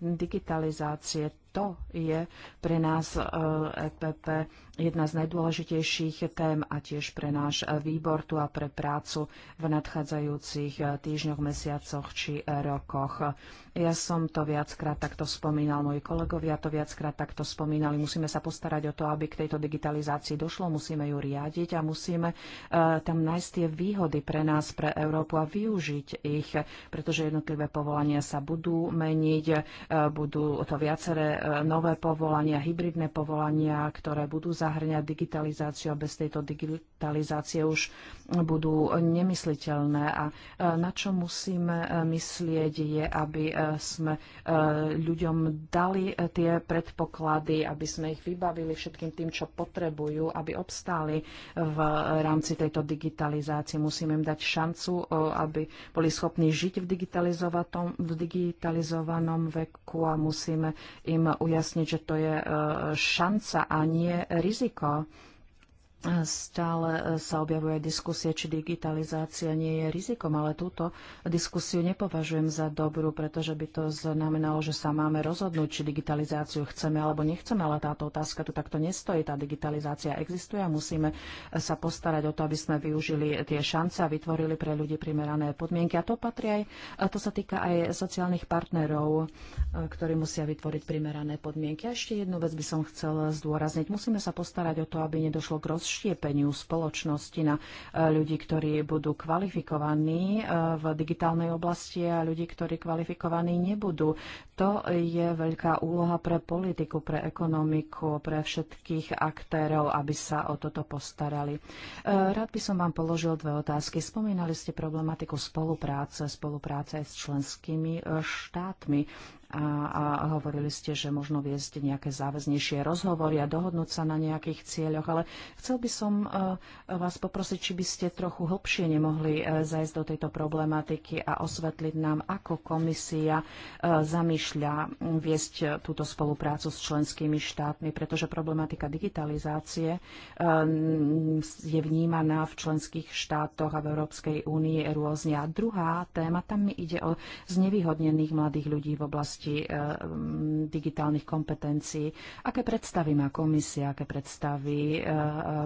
digitalizácie to je pre nás EPP e jedna z najdôležitejších tém a tiež pre náš výbor tu a pre prácu v nadchádzajúcich e, týždňoch, mesiacoch či e, rokoch. Ja som to viackrát takto spomínal, moji kolegovia to viackrát takto spomínali. Musíme sa postarať o to, aby k tejto digitalizácii došlo, musíme ju riadiť a musíme tam nájsť tie výhody pre nás, pre Európu a využiť ich, pretože jednotlivé povolania sa budú meniť, budú to viaceré nové povolania, hybridné povolania, ktoré budú zahrňať digitalizáciu a bez tejto digitalizácie už budú nemysliteľné. A e, na čo musíme e, myslieť je, aby e, sme ľuďom dali tie predpoklady, aby sme ich vybavili všetkým tým, čo potrebujú, aby obstáli v rámci tejto digitalizácie. Musíme im dať šancu, aby boli schopní žiť v digitalizovanom, v digitalizovanom veku a musíme im ujasniť, že to je e, šanca a nie riziko. Stále e, sa objavuje diskusie, či digitalizácia nie je rizikom, ale túto diskusiu nepovažujem za dobrú, pretože by to znamenalo, že sa máme rozhodnúť, či digitalizáciu chceme alebo nechceme, ale táto otázka tu takto nestojí. Tá digitalizácia existuje a musíme e, sa postarať o to, aby sme využili tie šance a vytvorili pre ľudí primerané podmienky. A to patrí aj, a to sa týka aj sociálnych partnerov, e, ktorí musia vytvoriť primerané podmienky. A ešte jednu vec by som chcel zdôrazniť. Musíme sa postarať o to, aby nedošlo k roz rozštiepeniu spoločnosti na e, ľudí, ktorí budú kvalifikovaní e, v digitálnej oblasti a ľudí, ktorí kvalifikovaní nebudú. To je veľká úloha pre politiku, pre ekonomiku, pre všetkých aktérov, aby sa o toto postarali. E, rád by som vám položil dve otázky. Spomínali ste problematiku spolupráce, spolupráce s členskými štátmi a, a hovorili ste, že možno viesť nejaké záväznejšie rozhovory a dohodnúť sa na nejakých cieľoch, ale chcel by som e, vás poprosiť, či by ste trochu hlbšie nemohli e, zajsť do tejto problematiky a osvetliť nám, ako komisia e, zamýšľa viesť túto spoluprácu s členskými štátmi, pretože problematika digitalizácie je vnímaná v členských štátoch a v Európskej únii rôzne. A druhá téma, tam mi ide o znevýhodnených mladých ľudí v oblasti oblasti eh, digitálnych kompetencií. Aké predstavy má komisia, aké predstavy eh,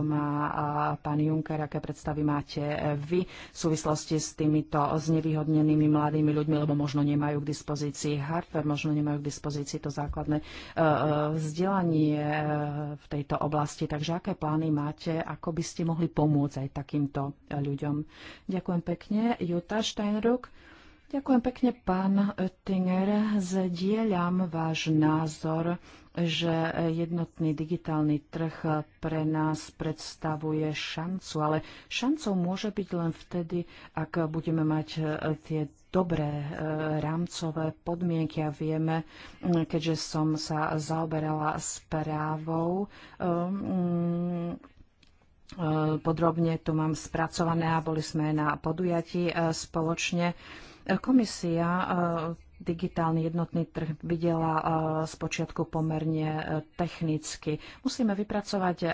má eh, pán Juncker, aké predstavy máte vy v súvislosti s týmito znevýhodnenými mladými ľuďmi, lebo možno nemajú k dispozícii hardware, možno nemajú k dispozícii to základné vzdelanie v tejto oblasti. Takže aké plány máte, ako by ste mohli pomôcť aj takýmto ľuďom? Ďakujem pekne. Juta Steinruck. Ďakujem pekne, pán Oettinger. Zdieľam váš názor, že jednotný digitálny trh pre nás predstavuje šancu, ale šancou môže byť len vtedy, ak budeme mať e, tie dobré e, rámcové podmienky a vieme, e, keďže som sa zaoberala správou, mm, podrobne tu mám spracované a boli sme na podujatí spoločne, Komisia digitálny jednotný trh videla eh, spočiatku pomerne eh, technicky. Musíme vypracovať eh,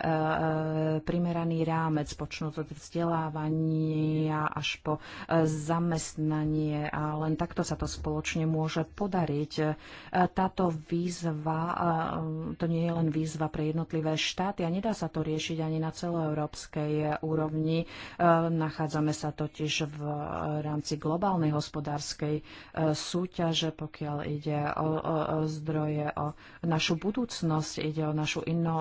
primeraný rámec, počnúť od vzdelávania až po zamestnanie a len takto sa to spoločne môže podariť. Táto výzva, to nie je len výzva pre jednotlivé štáty a nedá sa to riešiť ani na celoeurópskej úrovni. Nachádzame sa totiž v rámci globálnej hospodárskej súťaže že pokiaľ ide o, o, o zdroje, o našu budúcnosť, ide o našu ino,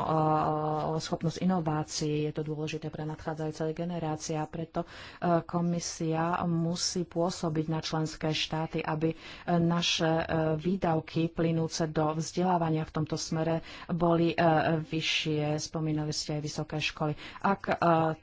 o schopnosť inovácií, je to dôležité pre nadchádzajúce generácie a preto e, komisia musí pôsobiť na členské štáty, aby e, naše e, výdavky plynúce do vzdelávania v tomto smere boli vyššie. Spomínali ste aj vysoké školy. Ak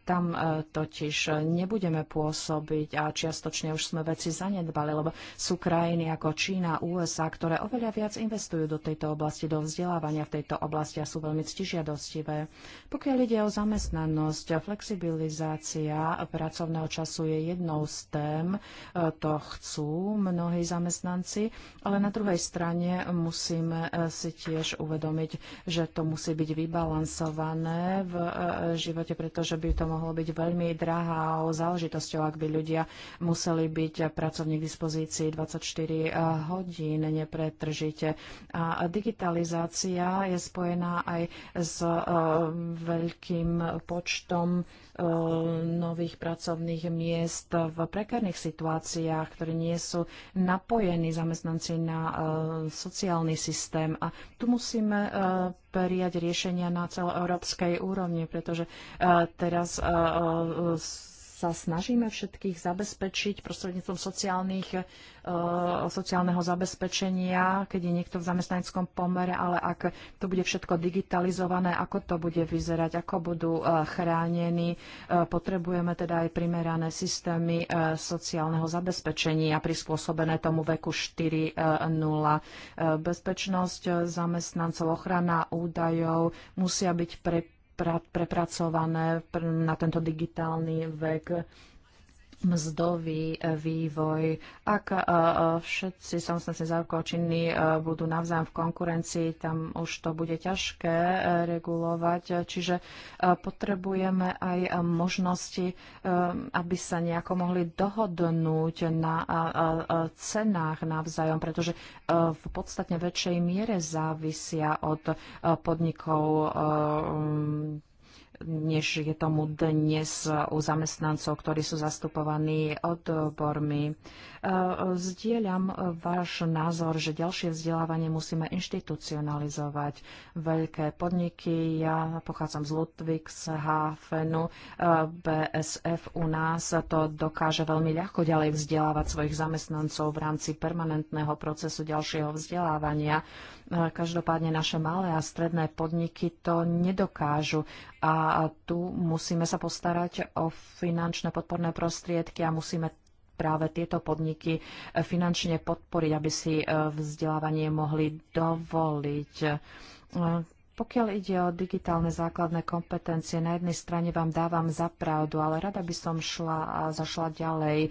tam totiž nebudeme pôsobiť a čiastočne už sme veci zanedbali, lebo sú krajiny ako Čína, USA, ktoré oveľa viac investujú do tejto oblasti, do vzdelávania v tejto oblasti a sú veľmi ctižiadostivé. Pokiaľ ide o zamestnanosť, flexibilizácia pracovného času je jednou z tém, e, to chcú mnohí zamestnanci, ale na druhej strane musíme e, si tiež uvedomiť, že to musí byť vybalansované v e, živote, pretože by to mohlo byť veľmi drahá záležitosťou, ak by ľudia museli byť pracovník k dispozícii 24 hodín nepretržite. A digitalizácia je spojená aj s e, veľkým počtom e, nových pracovných miest v prekárnych situáciách, ktoré nie sú napojení zamestnanci na e, sociálny systém. A tu musíme prijať riešenia na celoeurópskej úrovni, pretože teraz sa snažíme všetkých zabezpečiť prostredníctvom sociálnych, e, sociálneho zabezpečenia, keď je niekto v zamestnaneckom pomere, ale ak to bude všetko digitalizované, ako to bude vyzerať, ako budú e, chránení. E, potrebujeme teda aj primerané systémy sociálneho zabezpečenia prispôsobené tomu veku 4.0. Bezpečnosť zamestnancov, ochrana údajov musia byť pre prepracované na tento digitálny vek mzdový e, vývoj. Ak e, e, všetci samostatne zárokočinní budú navzájom v konkurencii, tam už to bude ťažké regulovať. Čiže potrebujeme aj možnosti, aby sa nejako mohli dohodnúť na cenách navzájom, pretože v podstatne väčšej miere závisia od podnikov než je tomu dnes u zamestnancov, ktorí sú zastupovaní odbormi. E, Zdieľam váš názor, že ďalšie vzdelávanie musíme inštitucionalizovať. Veľké podniky, ja pochádzam z Ludwigshafenu, e, BSF u nás to dokáže veľmi ľahko ďalej vzdelávať svojich zamestnancov v rámci permanentného procesu ďalšieho vzdelávania. Každopádne naše malé a stredné podniky to nedokážu a tu musíme sa postarať o finančné podporné prostriedky a musíme práve tieto podniky finančne podporiť, aby si e, vzdelávanie mohli dovoliť. E, pokiaľ ide o digitálne základné kompetencie, na jednej strane vám dávam za pravdu, ale rada by som šla a zašla ďalej. E,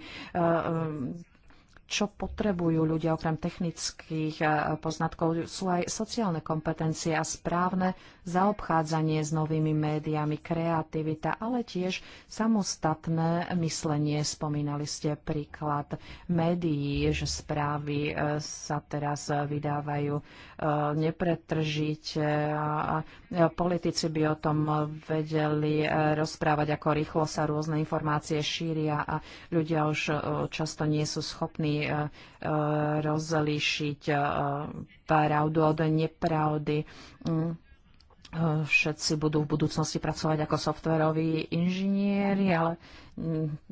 čo potrebujú ľudia okrem technických eh, poznatkov, sú aj sociálne kompetencie a správne zaobchádzanie s novými médiami, kreativita, ale tiež samostatné myslenie. Spomínali ste príklad médií, že správy eh, sa teraz vydávajú eh, nepretržite a politici by o tom vedeli rozprávať, ako rýchlo sa rôzne informácie šíria a ľudia už často nie sú schopní schopní e, e, rozlíšiť e, pravdu od nepravdy mm. všetci budú v budúcnosti pracovať ako softveroví inžinieri, ale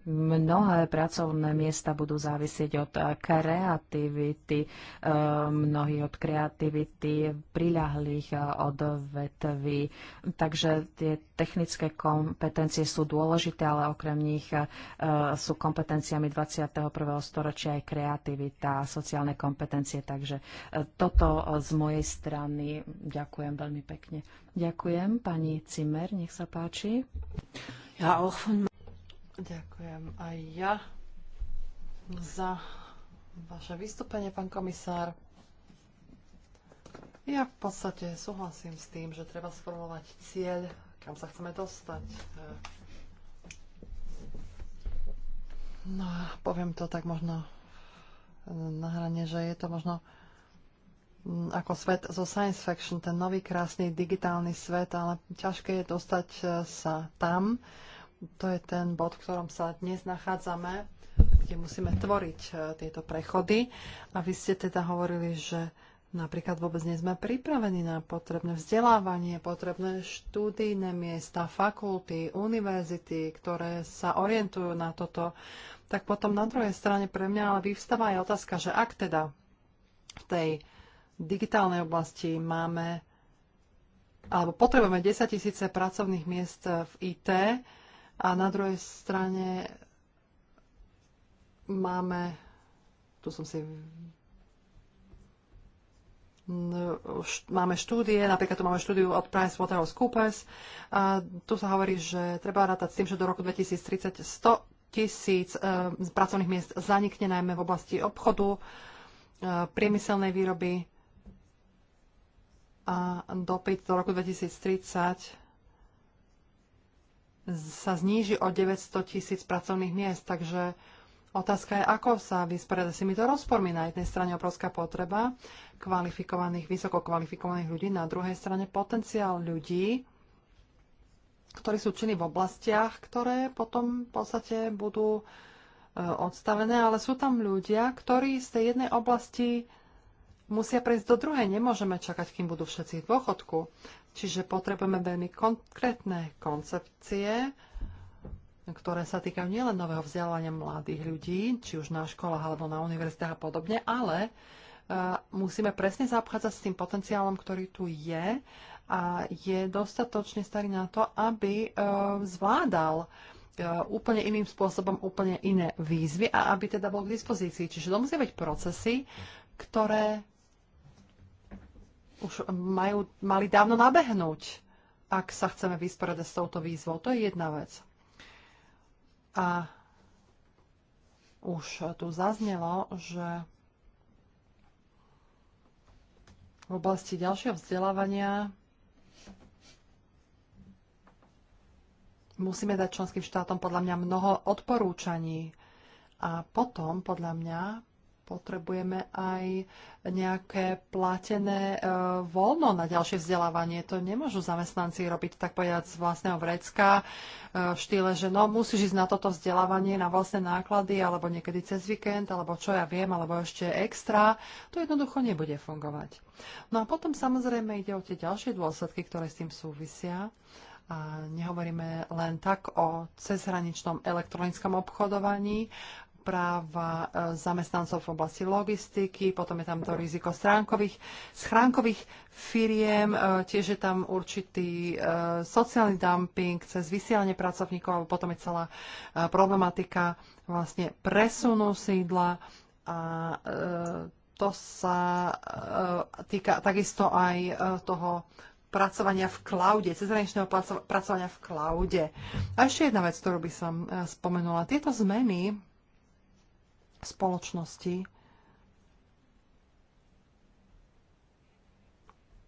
Mnohé pracovné miesta budú závisieť od kreativity, e, mnohí od kreativity priľahlých e, odvetví. Takže tie technické kompetencie sú dôležité, ale okrem nich e, sú kompetenciami 21. storočia aj kreativita, sociálne kompetencie. Takže toto z mojej strany ďakujem veľmi pekne. Ďakujem pani Cimer, nech sa páči. Ja auch von Ďakujem aj ja za vaše vystúpenie, pán komisár. Ja v podstate súhlasím s tým, že treba sformulovať cieľ, kam sa chceme dostať. No a poviem to tak možno na hrane, že je to možno mm, ako svet zo science fiction, ten nový krásny digitálny svet, ale ťažké je dostať e, sa tam to je ten bod, v ktorom sa dnes nachádzame, kde musíme tvoriť e, tieto prechody. A vy ste teda hovorili, že napríklad vôbec nie sme pripravení na potrebné vzdelávanie, potrebné štúdijné miesta, fakulty, univerzity, ktoré sa orientujú na toto. Tak potom na druhej strane pre mňa ale vyvstáva aj otázka, že ak teda v tej digitálnej oblasti máme alebo potrebujeme 10 tisíce pracovných miest v IT, a na druhej strane máme, tu som si máme štúdie, napríklad tu máme štúdiu od PricewaterhouseCoopers. A tu sa hovorí, že treba rátať s tým, že do roku 2030 100 tisíc e, pracovných miest zanikne najmä v oblasti obchodu, e, priemyselnej výroby a dopyt do roku 2030 sa zníži o 900 tisíc pracovných miest. Takže Otázka je, ako sa vysporiadať s týmito rozpormi. Na jednej strane obrovská potreba kvalifikovaných, vysoko kvalifikovaných ľudí, na druhej strane potenciál ľudí, ktorí sú činní v oblastiach, ktoré potom v podstate budú e, odstavené, ale sú tam ľudia, ktorí z tej jednej oblasti musia prejsť do druhej. Nemôžeme čakať, kým budú všetci v dôchodku. Čiže potrebujeme veľmi konkrétne koncepcie, ktoré sa týkajú nielen nového vzdelávania mladých ľudí, či už na školách alebo na univerzitách a podobne, ale e, musíme presne zaobchádzať s tým potenciálom, ktorý tu je a je dostatočne starý na to, aby e, zvládal e, úplne iným spôsobom úplne iné výzvy a aby teda bol k dispozícii. Čiže to musia byť procesy, ktoré už majú, mali dávno nabehnúť, ak sa chceme vysporiadať s touto výzvou. To je jedna vec. A už tu zaznelo, že v oblasti ďalšieho vzdelávania musíme dať členským štátom podľa mňa mnoho odporúčaní. A potom, podľa mňa, potrebujeme aj nejaké platené e, voľno na ďalšie vzdelávanie. To nemôžu zamestnanci robiť, tak povedať, z vlastného vrecka e, v štýle, že no, musíš ísť na toto vzdelávanie na vlastné náklady, alebo niekedy cez víkend, alebo čo ja viem, alebo ešte extra. To jednoducho nebude fungovať. No a potom samozrejme ide o tie ďalšie dôsledky, ktoré s tým súvisia. A nehovoríme len tak o cezhraničnom elektronickom obchodovaní, práva e, zamestnancov v oblasti logistiky, potom je tam to riziko stránkových, schránkových firiem, e, tiež je tam určitý e, sociálny dumping cez vysielanie pracovníkov, potom je celá problematika vlastne presunu sídla a to sa týka takisto aj toho pracovania v klaude, cezhraničného pracovania v klaude. A ešte jedna vec, ktorú by som spomenula. Tieto zmeny spoločnosti.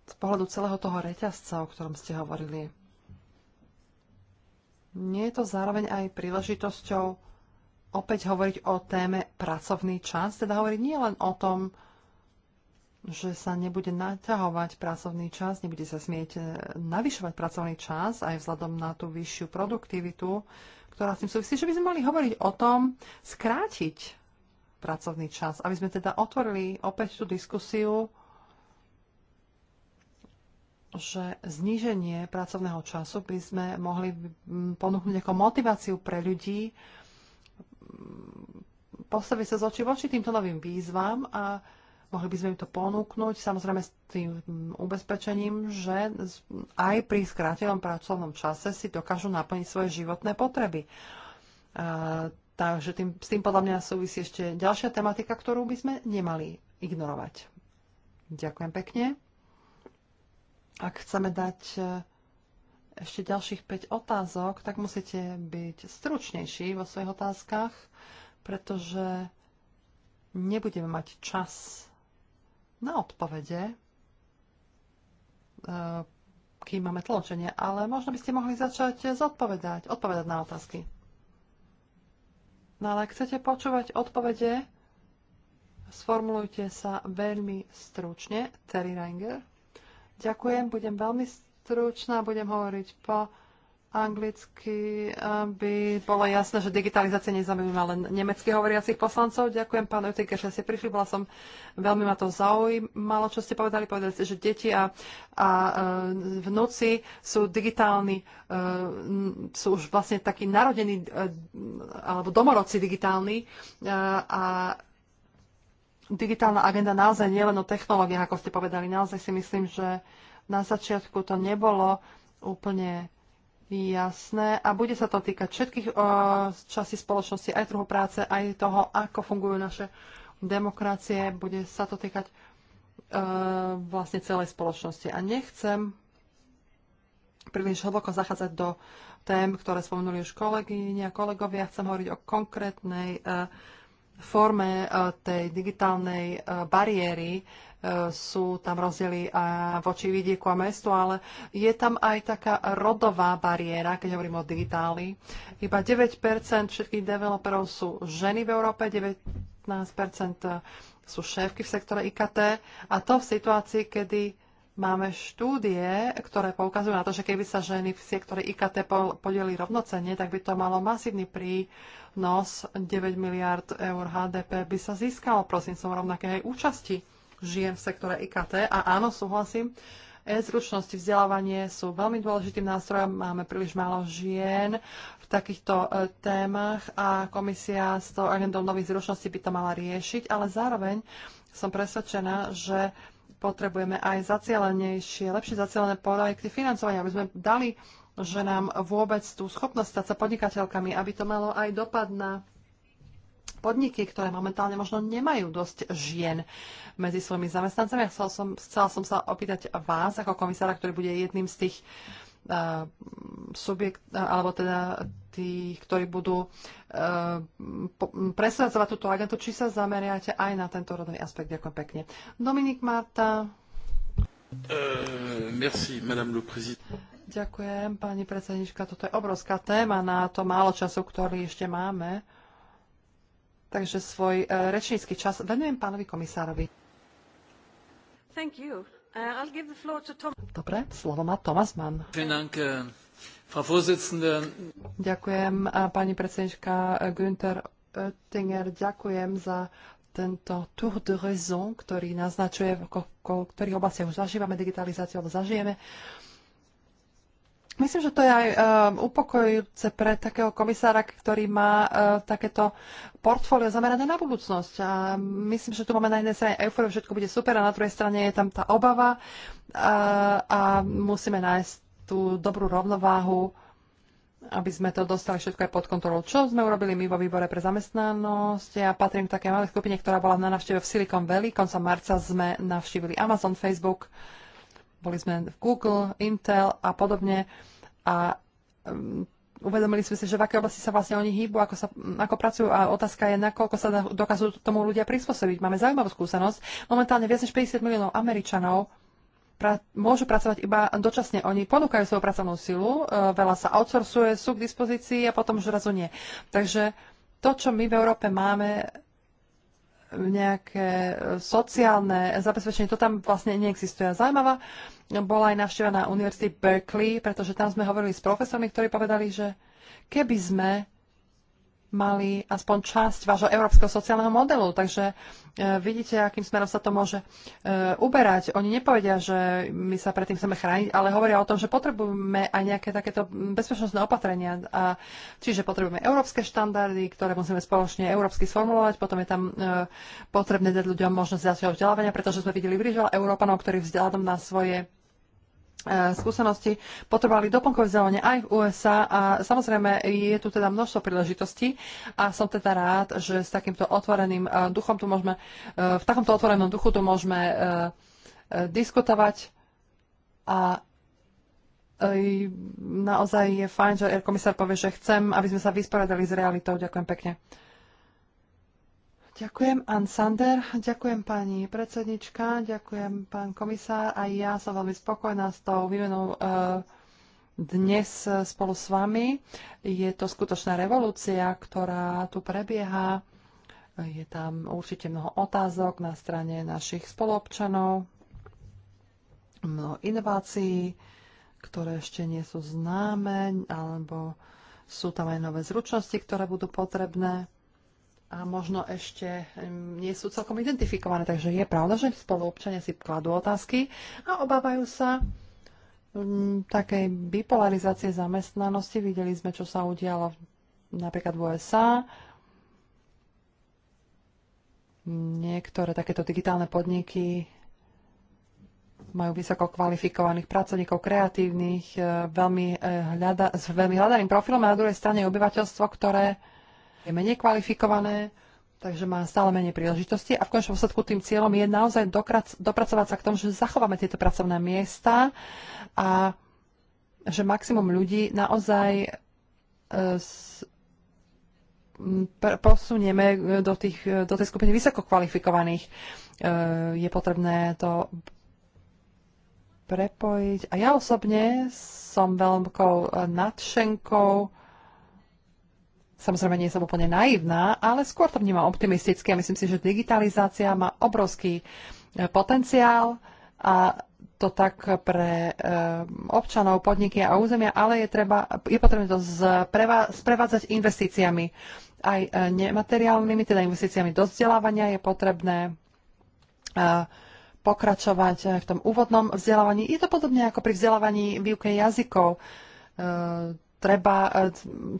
Z pohľadu celého toho reťazca, o ktorom ste hovorili, nie je to zároveň aj príležitosťou opäť hovoriť o téme pracovný čas, teda hovoriť nie len o tom, že sa nebude naťahovať pracovný čas, nebude sa smieť e, navyšovať pracovný čas aj vzhľadom na tú vyššiu produktivitu, ktorá s tým súvisí, že by sme mali hovoriť o tom, skrátiť pracovný čas. Aby sme teda otvorili opäť tú diskusiu, že zníženie pracovného času by sme mohli ponúknuť ako motiváciu pre ľudí mm, postaviť sa z očí voči týmto novým výzvam a mohli by sme im to ponúknuť, samozrejme s tým ubezpečením, že aj pri skrátenom pracovnom čase si dokážu naplniť svoje životné potreby. Takže tým, s tým podľa mňa súvisí ešte ďalšia tematika, ktorú by sme nemali ignorovať. Ďakujem pekne. Ak chceme dať eh, ešte ďalších 5 otázok, tak musíte byť stručnejší vo svojich otázkach, pretože nebudeme mať čas na odpovede, eh, kým máme tlmočenie, ale možno by ste mohli začať zodpovedať, odpovedať na otázky. No ale ak chcete počúvať odpovede, sformulujte sa veľmi stručne. Terry Ranger. Ďakujem, budem veľmi stručná, budem hovoriť po anglicky, aby bolo jasné, že digitalizácia nezaujíma len nemecky hovoriacich poslancov. Ďakujem pán Jutiker, že ste prišli. Bola som, veľmi ma to zaujímalo, čo ste povedali. Povedali ste, že deti a, a e, vnúci sú digitálni, e, sú už vlastne takí narodení e, alebo domorodci digitálni a digitálna agenda naozaj nie len o technológiách, ako ste povedali. Naozaj si myslím, že na začiatku to nebolo úplne jasné a bude sa to týkať všetkých eh, časí spoločnosti, aj trhu práce, aj toho, ako fungujú naše demokracie. Bude sa to týkať eh, vlastne celej spoločnosti. A nechcem príliš hlboko zachádzať do tém, ktoré spomenuli už kolegyne a kolegovia. Chcem hovoriť o konkrétnej uh, forme eh, tej digitálnej eh, bariéry eh, sú tam rozdiely voči vidieku a mestu, ale je tam aj taká rodová bariéra, keď hovorím o digitáli. Iba 9% všetkých developerov sú ženy v Európe, 19% sú šéfky v sektore IKT a to v situácii, kedy Máme štúdie, ktoré poukazujú na to, že keby sa ženy v sektore IKT podeli rovnocene, tak by to malo masívny prínos. 9 miliard eur HDP by sa získalo prosím som rovnakej účasti žien v sektore IKT. A áno, súhlasím, e-zručnosti, vzdelávanie sú veľmi dôležitým nástrojom. Máme príliš málo žien v takýchto e, témach a komisia s tou agendou nových zručností by to mala riešiť, ale zároveň som presvedčená, že potrebujeme aj zacielenejšie, lepšie zacielené projekty financovania, aby sme dali že nám vôbec tú schopnosť stať sa podnikateľkami, aby to malo aj dopad na podniky, ktoré momentálne možno nemajú dosť žien medzi svojimi zamestnancami. Ja chcel som, chcela som sa opýtať vás ako komisára, ktorý bude jedným z tých uh, subjekt, alebo teda tých, ktorí budú e, presadzovať túto agentu, či sa zameriate aj na tento rodový aspekt. Ďakujem pekne. Dominik Marta. Uh, merci, madame le président. Ďakujem, pani predsednička. Toto je obrovská téma na to málo času, ktorý ešte máme. Takže svoj e, rečnícky čas venujem pánovi komisárovi. Thank you. Uh, Dobre, slovo má Thomas Mann. Äh, ďakujem, pani predsednička Günther Oettinger, ďakujem za tento tour de raison, ktorý naznačuje, v ktorých oblastiach už zažívame digitalizáciu alebo zažijeme. Uh, Myslím, že to je aj uh, upokojujúce pre takého komisára, ktorý má uh, takéto portfólio zamerané na budúcnosť. A myslím, že tu máme na jednej strane euforiu, všetko bude super, a na druhej strane je tam tá obava uh, a musíme nájsť tú dobrú rovnováhu, aby sme to dostali všetko aj pod kontrolou. Čo sme urobili my vo výbore pre zamestnanosť? Ja patrím k také malej skupine, ktorá bola na návšteve v Silicon Valley. Koncom marca sme navštívili Amazon, Facebook, uh, boli sme v Google, Intel a podobne a um, uvedomili sme si, že v akej oblasti sa vlastne oni hýbu, ako, sa, um, ako pracujú a otázka je, nakoľko sa dokážu tomu ľudia prispôsobiť. Máme zaujímavú skúsenosť. Momentálne viac než 50 miliónov Američanov pra, môžu pracovať iba dočasne. Oni ponúkajú svoju pracovnú silu, e, veľa sa outsourcuje, sú k dispozícii a potom už razu nie. Takže to, čo my v Európe máme, nejaké e, sociálne zabezpečenie, to tam vlastne neexistuje. Zaujímavá bola aj návšteva na Univerzity Berkeley, pretože tam sme hovorili s profesormi, ktorí povedali, že keby sme mali aspoň časť vášho európskeho sociálneho modelu. Takže e, vidíte, akým smerom sa to môže e, uberať. Oni nepovedia, že my sa predtým chceme chrániť, ale hovoria o tom, že potrebujeme aj nejaké takéto bezpečnostné opatrenia. A, čiže potrebujeme európske štandardy, ktoré musíme spoločne európsky sformulovať. Potom je tam e, potrebné dať ľuďom možnosť ďalšieho vzdelávania, pretože sme videli prížal Európanov, ktorí vzdelávajú na svoje E, skúsenosti potrebovali doplnkové vzdelanie aj v USA a samozrejme je tu teda množstvo príležitostí a som teda rád, že s takýmto otvoreným e, duchom tu môžeme, e, v takomto otvorenom duchu tu môžeme diskutovať a naozaj je fajn, že komisár povie, že chcem, aby sme sa vysporiadali s realitou. Ďakujem pekne. Ďakujem, Ann Sander, ďakujem pani predsednička, ďakujem pán komisár. Aj ja som veľmi spokojná s tou výmenou e, dnes e, spolu s vami. Je to skutočná revolúcia, ktorá tu prebieha. Je tam určite mnoho otázok na strane našich spoluobčanov, mnoho inovácií, ktoré ešte nie sú známe, alebo sú tam aj nové zručnosti, ktoré budú potrebné a možno ešte nie sú celkom identifikované. Takže je pravda, že spoluobčania si kladú otázky a obávajú sa mm, takej bipolarizácie zamestnanosti. Videli sme, čo sa udialo napríklad v USA. Niektoré takéto digitálne podniky majú vysoko kvalifikovaných pracovníkov, kreatívnych, eh, veľmi, eh, hľada, s veľmi hľadaným profilom a na druhej strane obyvateľstvo, ktoré je menej kvalifikované, takže má stále menej príležitosti a v končnom dôsledku tým cieľom je naozaj dokrac, dopracovať sa k tomu, že zachováme tieto pracovné miesta a že maximum ľudí naozaj e, s, posunieme do, tých, do tej skupiny vysoko kvalifikovaných. E, je potrebné to prepojiť. A ja osobne som veľkou nadšenkou Samozrejme, nie som úplne naivná, ale skôr to vnímam optimisticky a myslím si, že digitalizácia má obrovský e, potenciál a to tak pre e, občanov, podniky a územia, ale je, treba, je potrebné to spreva, sprevádzať investíciami. Aj e, nemateriálnymi, teda investíciami do vzdelávania je potrebné pokračovať v tom úvodnom vzdelávaní. Je to podobne ako pri vzdelávaní výuke jazykov treba eh,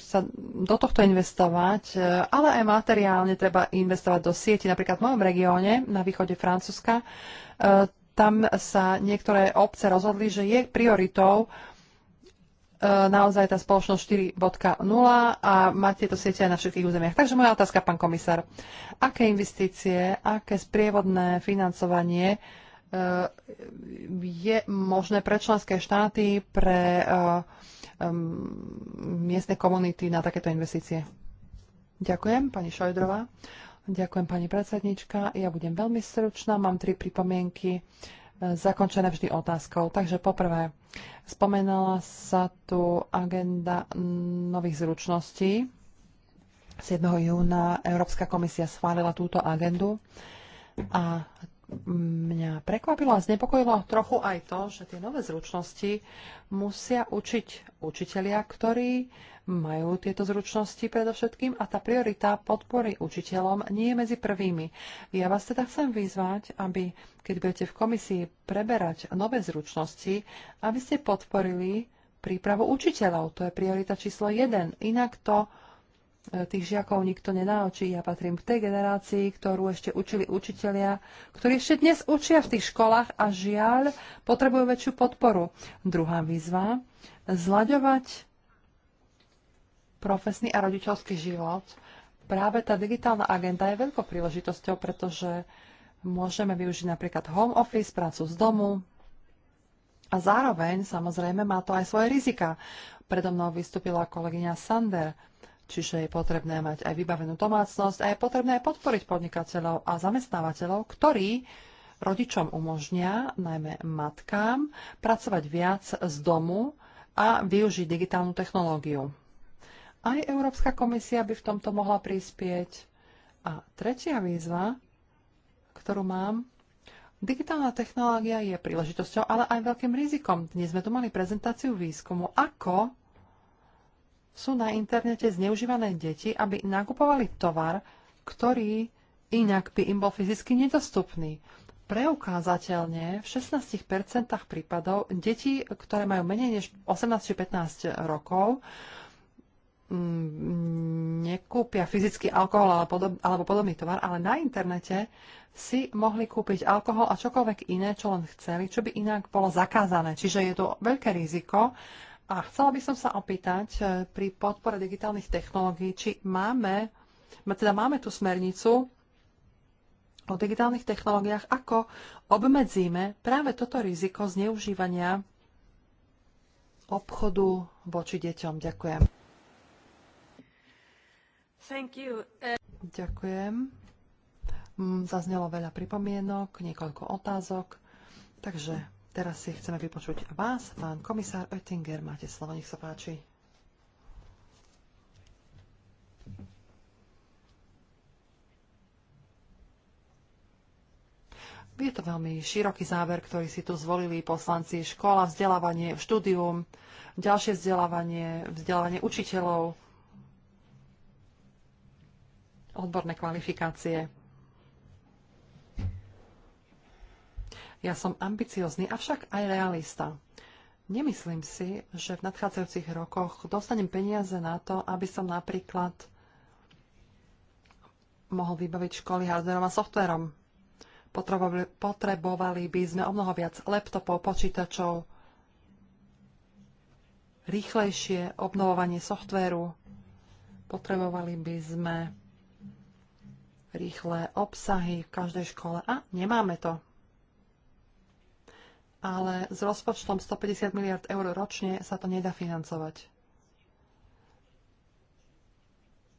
sa do tohto investovať, eh, ale aj materiálne treba investovať do sieti. Napríklad v mojom regióne na východe Francúzska, eh, tam sa niektoré obce rozhodli, že je prioritou naozaj tá spoločnosť 4.0 a mať tieto siete aj na všetkých územiach. Takže moja otázka, pán komisár. Aké investície, aké sprievodné financovanie je možné pre členské štáty, pre uh, miestne komunity na takéto investície. Ďakujem, pani Šojdrová. Ďakujem, pani predsednička. Ja budem veľmi stručná, mám tri pripomienky e, zakončené vždy otázkou. Takže poprvé, spomenala sa tu agenda nových zručností. 7. júna Európska komisia schválila túto agendu a mňa prekvapilo a znepokojilo trochu aj to, že tie nové zručnosti musia učiť učitelia, ktorí majú tieto zručnosti predovšetkým a tá priorita podpory učiteľom nie je medzi prvými. Ja vás teda chcem vyzvať, aby keď budete v komisii preberať nové zručnosti, aby ste podporili prípravu učiteľov. To je priorita číslo 1. Inak to E, tých žiakov nikto nenaučí. Ja patrím k tej generácii, ktorú ešte učili učitelia, ktorí ešte dnes učia v tých školách a žiaľ potrebujú väčšiu podporu. Druhá výzva, zlaďovať profesný a rodičovský život. Práve tá digitálna agenda je veľkou príležitosťou, pretože môžeme využiť napríklad home office, prácu z domu, a zároveň, samozrejme, má to aj svoje rizika. Predo mnou vystúpila kolegyňa Sander. Čiže je potrebné mať aj vybavenú domácnosť a je potrebné aj podporiť podnikateľov a zamestnávateľov, ktorí rodičom umožnia, najmä matkám, pracovať viac z domu a využiť digitálnu technológiu. Aj Európska komisia by v tomto mohla prispieť. A tretia výzva, ktorú mám, digitálna technológia je príležitosťou, ale aj veľkým rizikom. Dnes sme tu mali prezentáciu výskumu, ako sú na internete zneužívané deti, aby nakupovali tovar, ktorý inak by im bol fyzicky nedostupný. Preukázateľne v 16% prípadov deti, ktoré majú menej než 18 či 15 rokov, mm, nekúpia fyzicky alkohol alebo podobný tovar, ale na internete si mohli kúpiť alkohol a čokoľvek iné, čo len chceli, čo by inak bolo zakázané. Čiže je to veľké riziko a chcela by som sa opýtať e, pri podpore digitálnych technológií, či máme, teda máme tú smernicu o digitálnych technológiách, ako obmedzíme práve toto riziko zneužívania obchodu voči deťom. Ďakujem. Thank you. E, Ďakujem. Zaznelo veľa pripomienok, niekoľko otázok, takže Teraz si chceme vypočuť vás, pán komisár Oettinger. Máte slovo, nech sa páči. Je to veľmi široký záver, ktorý si tu zvolili poslanci. Škola, vzdelávanie, štúdium, ďalšie vzdelávanie, vzdelávanie učiteľov, odborné kvalifikácie. Ja som ambiciózny, avšak aj realista. Nemyslím si, že v nadchádzajúcich rokoch dostanem peniaze na to, aby som napríklad mohol vybaviť školy hardverom a softverom. Potrebovali, by sme o mnoho viac laptopov, počítačov, rýchlejšie obnovovanie softvéru, potrebovali by sme rýchle obsahy v každej škole a nemáme to ale s rozpočtom 150 miliard eur ročne sa to nedá financovať.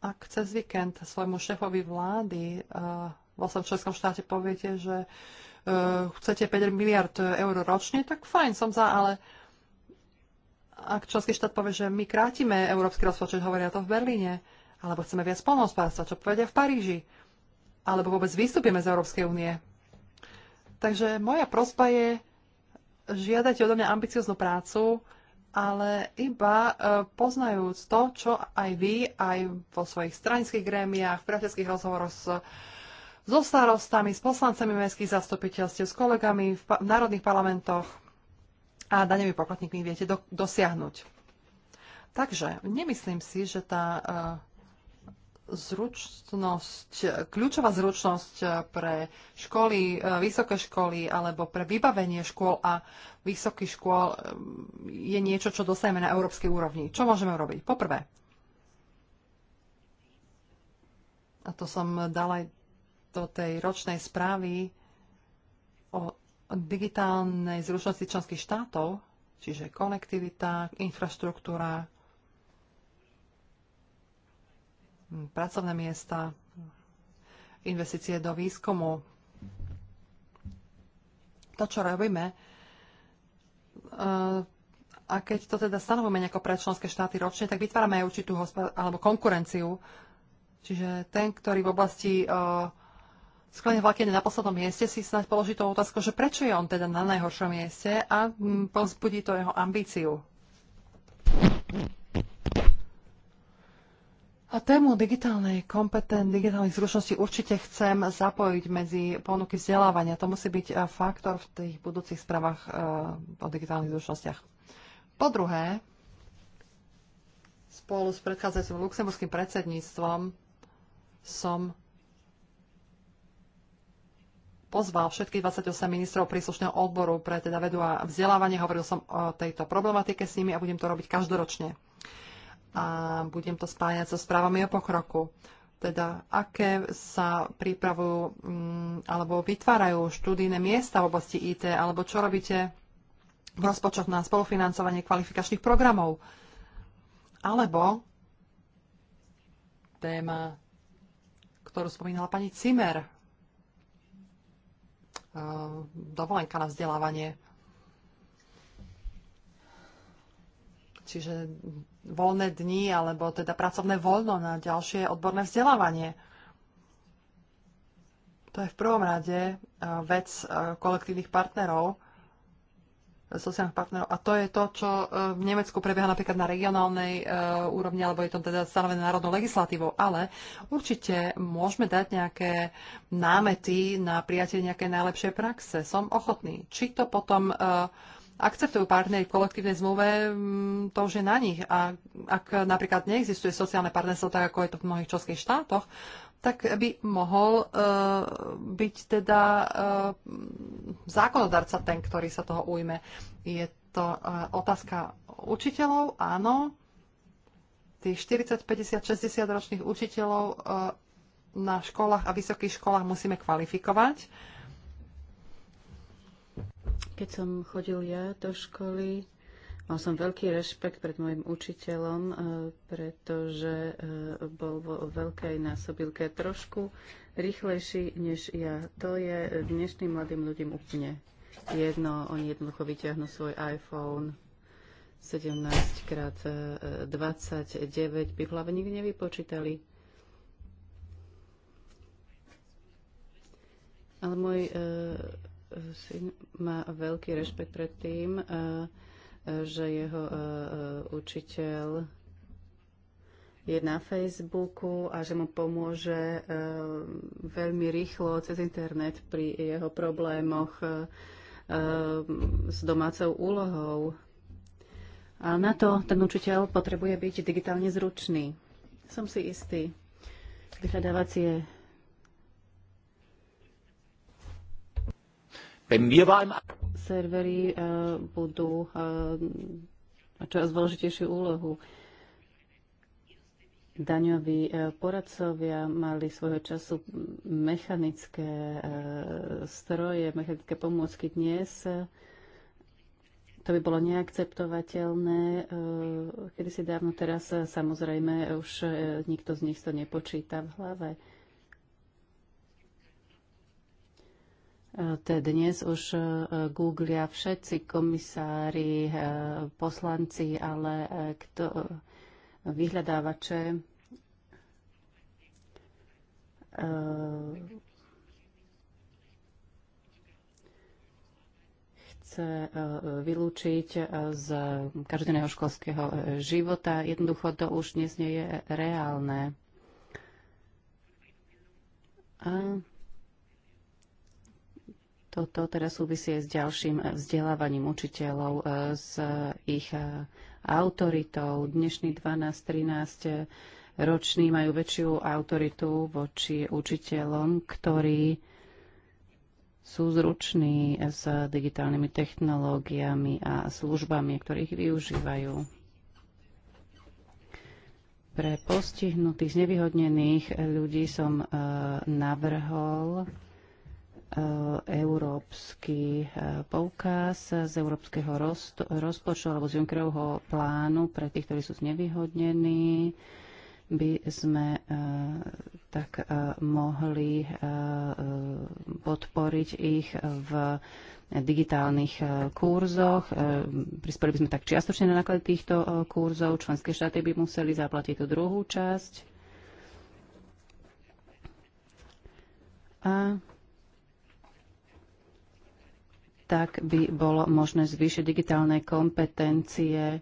Ak cez víkend svojmu šéfovi vlády uh, vo svojom českom štáte poviete, že uh, chcete 5 miliard eur ročne, tak fajn, som za, ale ak český štát povie, že my krátime európsky rozpočet, hovoria to v Berlíne, alebo chceme viac polnohospodárstva, čo povedia v Paríži, alebo vôbec vystúpime z Európskej únie. Takže moja prosba je, žiadate odo mňa ambicioznú prácu, ale iba e, poznajúc to, čo aj vy, aj vo svojich stranických grémiách, v priateľských rozhovoroch s so starostami, s poslancami mestských zastupiteľstiev, s kolegami v, pa- v národných parlamentoch a danými poplatníkmi viete do- dosiahnuť. Takže nemyslím si, že tá uh, zručnosť, kľúčová zručnosť pre školy, e, vysoké školy alebo pre vybavenie škôl a vysokých škôl e, je niečo, čo dosajeme na európskej úrovni. Čo môžeme urobiť? Poprvé, a to som dala do tej ročnej správy o digitálnej zručnosti členských štátov, čiže konektivita, infraštruktúra, pracovné miesta, investície do výskumu. To, čo robíme, e, a keď to teda stanovíme nejako pre členské štáty ročne, tak vytvárame aj určitú alebo konkurenciu. Čiže ten, ktorý v oblasti uh, e, sklenie vlákien na poslednom mieste, si snáď položí tú otázku, že prečo je on teda na najhoršom mieste a mm, pozbudí to jeho ambíciu. A tému digitálnej kompetent, digitálnych zručnosti určite chcem zapojiť medzi ponuky vzdelávania. To musí byť eh, faktor v tých budúcich správach eh, o digitálnych zručnostiach. Po druhé, spolu s predchádzajúcim luxemburským predsedníctvom som pozval všetkých 28 ministrov príslušného odboru pre teda vedu a vzdelávanie. Hovoril som o tejto problematike s nimi a budem to robiť každoročne a budem to spájať so správami o pokroku. Teda, aké sa pripravujú mm, alebo vytvárajú študijné miesta v oblasti IT, alebo čo robíte v rozpočtoch na spolufinancovanie kvalifikačných programov. Alebo téma, ktorú spomínala pani Cimer, e, dovolenka na vzdelávanie. Čiže voľné dni alebo teda pracovné voľno na ďalšie odborné vzdelávanie. To je v prvom rade e, vec e, kolektívnych partnerov, sociálnych partnerov. A to je to, čo e, v Nemecku prebieha napríklad na regionálnej úrovni, alebo je to teda stanovené národnou legislatívou. Ale určite môžeme dať nejaké námety na prijatie nejaké najlepšej praxe. Som ochotný. Či to potom uh, akceptujú partnery v kolektívnej zmluve, mm, to už je na nich. A ak napríklad neexistuje sociálne partnerstvo, tak ako je to v mnohých členských štátoch, tak by mohol uh, byť teda uh, zákonodarca ten, ktorý sa toho ujme. Je to uh, otázka učiteľov, áno. Tých 40, 50, 60 ročných učiteľov uh, na školách a vysokých školách musíme kvalifikovať. Uh, keď som chodil ja do školy, mal som veľký rešpekt pred môjim učiteľom, e, pretože e, bol vo veľkej násobilke trošku rýchlejší než ja. To je dnešným mladým ľuďom úplne jedno. Oni jednoducho vyťahnú svoj iPhone 17 krát 29 by v hlave nikdy nevypočítali. Ale môj e, syn má veľký rešpekt pred tým, e, že jeho e, e, učiteľ je na Facebooku a že mu pomôže veľmi rýchlo cez internet pri jeho problémoch s domácou úlohou. A na to ten učiteľ potrebuje byť digitálne zručný. Som si istý. Vyhľadávacie Servery eh, budú eh, čoraz dôležitejšiu úlohu. Daňoví eh, poradcovia mali svojho času mechanické stroje, mechanické pomôcky dnes. To by bolo neakceptovateľné. Kedy si dávno teraz samozrejme už nikto z nich to nepočíta v hlave. dnes už e, googlia všetci komisári, e, poslanci, ale e, kto, vyhľadávače chce vylúčiť z každodenného školského života. Jednoducho to už dnes nie je reálne. A toto teraz súvisí s ďalším vzdelávaním učiteľov, e, s ich e, autoritou. Dnešný 12-13 e, roční majú väčšiu autoritu voči učiteľom, ktorí sú zruční s digitálnymi technológiami a službami, ktorých využívajú. Pre postihnutých, znevýhodnených ľudí som navrhol E, európsky e, poukaz z európskeho rozpočtu alebo z Junckerovho plánu pre tých, ktorí sú znevýhodnení by sme e, tak mohli podporiť ich v digitálnych kurzoch. Prispeli by sme tak čiastočne na náklady týchto kurzov. Členské štáty by museli zaplatiť tú druhú časť. A tak by bolo možné zvýšiť digitálne kompetencie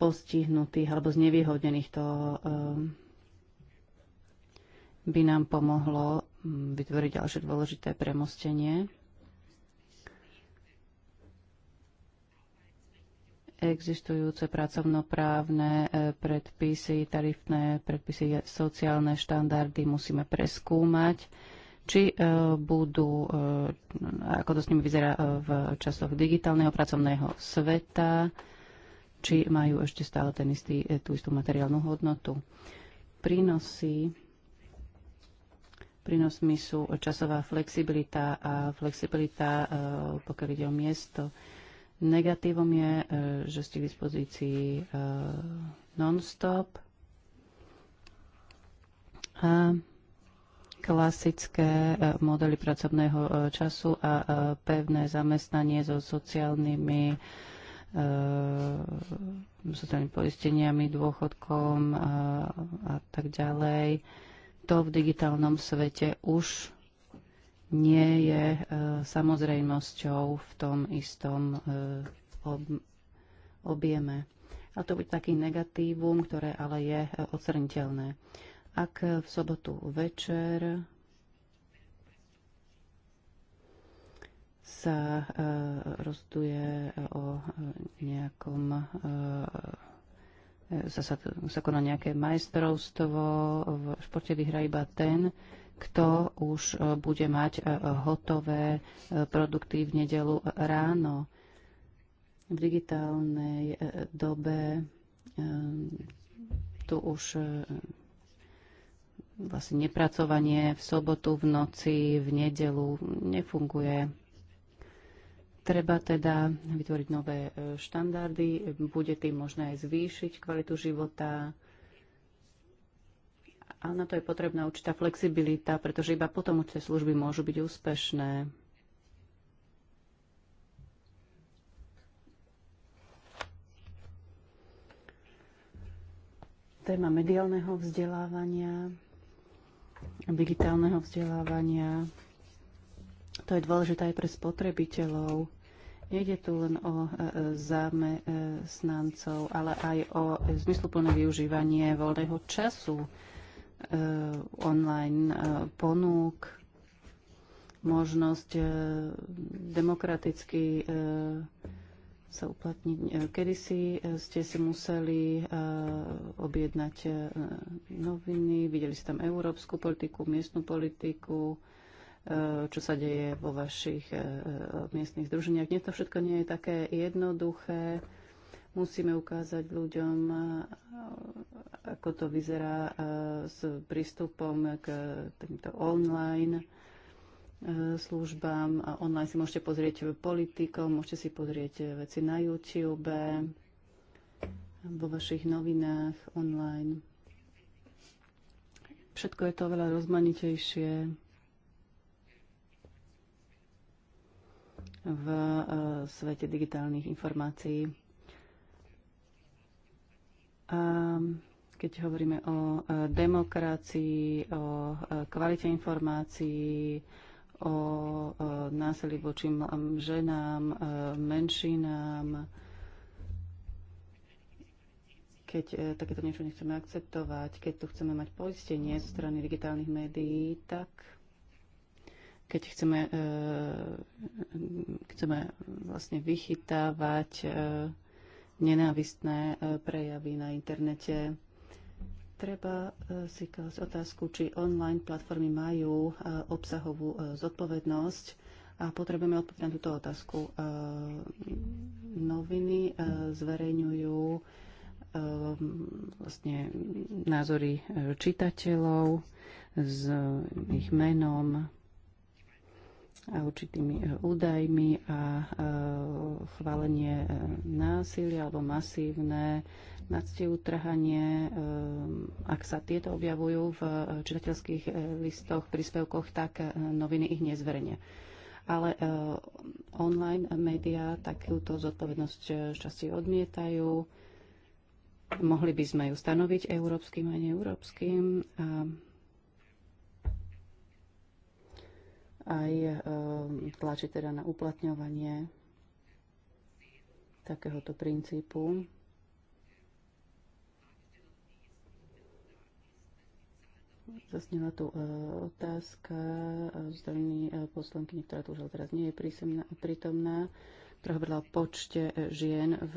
postihnutých alebo znevýhodnených. To ehm, by nám pomohlo mm, vytvoriť ďalšie dôležité premostenie. existujúce pracovnoprávne e, predpisy, tarifné predpisy, sociálne štandardy musíme preskúmať či e, budú, e, ako to s nimi vyzerá e, v časoch digitálneho pracovného sveta, či majú ešte stále ten istý, tú istú materiálnu hodnotu. Prínosy Prínosmi sú časová flexibilita a flexibilita, pokiaľ ide o miesto. Negatívom je, že ste k dispozícii non-stop. A klasické e, modely pracovného e, času a e, pevné zamestnanie so sociálnymi sociálnymi poisteniami, dôchodkom a, a tak ďalej. To v digitálnom svete už nie je e, samozrejmosťou v tom istom e, ob, objeme. A to bude taký negatívum, ktoré ale je e, oceniteľné. E, ak v sobotu večer sa e, rozduje o nejakom e, e, sa, sa, sa koná nejaké majstrovstvo, v športe vyhrá iba ten, kto už e, bude mať e, hotové produkty v nedelu ráno. V digitálnej dobe tu už vlastne nepracovanie v sobotu, v noci, v nedelu nefunguje. Treba teda vytvoriť nové e, štandardy, bude tým možné aj zvýšiť kvalitu života, ale na to je potrebná určitá flexibilita, pretože iba potom určité služby môžu byť úspešné. Téma mediálneho vzdelávania digitálneho vzdelávania. To je dôležité aj pre spotrebiteľov. Nejde tu len o e, e, zamestnancov, ale aj o zmysluplné využívanie voľného času, e, online ponúk, možnosť demokraticky sa uplatniť. E, si e, ste si museli e, objednať noviny, videli ste tam európsku politiku, miestnu politiku, čo sa deje vo vašich miestnych združeniach. Dnes to všetko nie je také jednoduché. Musíme ukázať ľuďom, ako to vyzerá s prístupom k týmto online Eh, službám. A online si môžete pozrieť politikov, môžete si pozrieť veci na YouTube, vo vašich novinách online. Všetko je to oveľa rozmanitejšie. v eh, svete digitálnych informácií. A keď hovoríme o eh, demokracii, o kvalite informácií, o násilí voči ženám, e, menšinám. Keď e, takéto niečo nechceme akceptovať, keď tu chceme mať poistenie zo strany digitálnych médií, tak keď chceme, e, chceme vlastne vychytávať nenávistné prejavy na internete, Treba e, si klásť otázku, či online platformy majú e, obsahovú e, zodpovednosť a potrebujeme odpovedať na túto otázku. Noviny zverejňujú vlastne názory čitateľov s ich menom a určitými údajmi a chválenie násilia alebo masívne 15 utrhanie, ehm, ak sa tieto objavujú v eh, čitateľských eh, listoch, príspevkoch, tak eh, noviny ich nezverejnia. Ale online médiá takúto zodpovednosť časti odmietajú. Mohli by sme ju stanoviť európskym a neeurópskym. A aj ehm, tlačiť teda na uplatňovanie takéhoto princípu. Zasnela tu e, otázka e, z strany e, poslanky, ktorá tu už teraz nie je prítomná, ktorá hovorila o počte žien v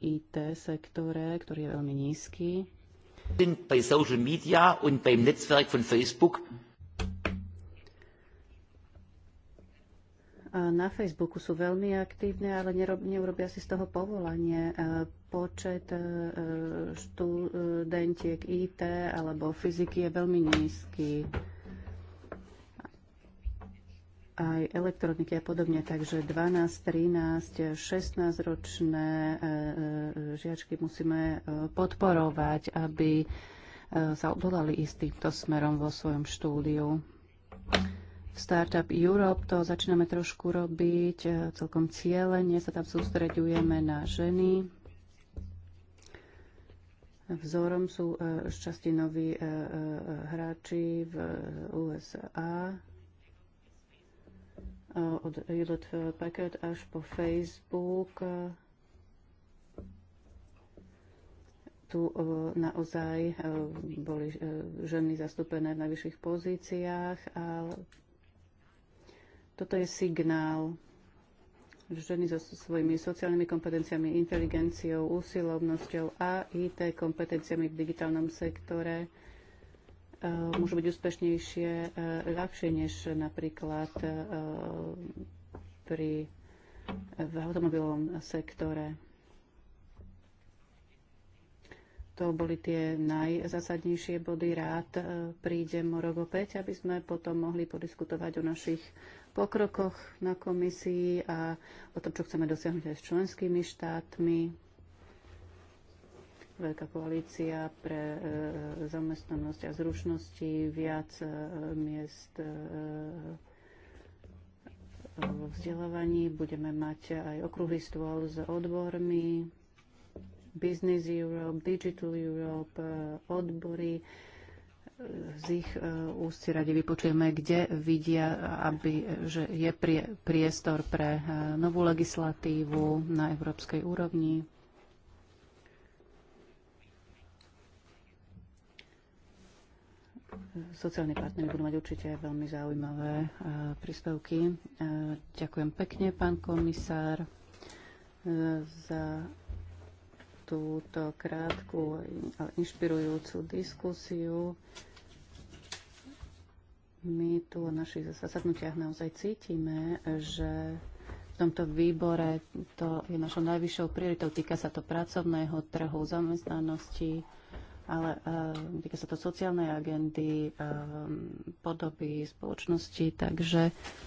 IT sektore, ktorý je veľmi nízky. Bei Social Media und beim Netzwerk von Facebook na Facebooku sú veľmi aktívne, ale nerob, neurobia si z toho povolanie. E, počet e, študentiek IT alebo fyziky je veľmi nízky. Aj elektroniky a podobne. Takže 12, 13, 16 ročné žiačky musíme e, podporovať, aby sa odolali ísť týmto smerom vo svojom štúdiu. V Startup Europe, to začíname trošku robiť e, celkom cieľene, sa tam sústreďujeme na ženy. Vzorom sú e, časti noví e, hráči v USA, od Hewlett Packard až po Facebook. Tu naozaj boli ženy zastúpené v najvyšších pozíciách, ale toto je signál ženy so svojimi sociálnymi kompetenciami, inteligenciou, úsilovnosťou a IT kompetenciami v digitálnom sektore e, môžu byť úspešnejšie e, ľahšie než napríklad e, pri, v automobilovom sektore. To boli tie najzasadnejšie body. Rád prídem rok opäť, aby sme potom mohli podiskutovať o našich pokrokoch na komisii a o tom, čo chceme dosiahnuť aj s členskými štátmi. Veľká koalícia pre e, zamestnanosť a zručnosti, viac e, miest e, vo vzdelávaní, budeme mať aj okrúhly stôl s odbormi, Business Europe, Digital Europe, e, odbory, z ich e, úst si radi vypočujeme, kde vidia, aby, že je prie, priestor pre e, novú legislatívu na európskej úrovni. Sociálni partneri budú mať určite veľmi zaujímavé e, príspevky. Ďakujem pekne, pán komisár, za túto krátku, inšpirujúcu diskusiu. My tu v našich zasadnutiach naozaj cítime, že v tomto výbore to je našou najvyššou prioritou. Týka sa to pracovného trhu, zamestnanosti, ale uh, týka sa to sociálnej agendy, eh, podoby spoločnosti, takže uh,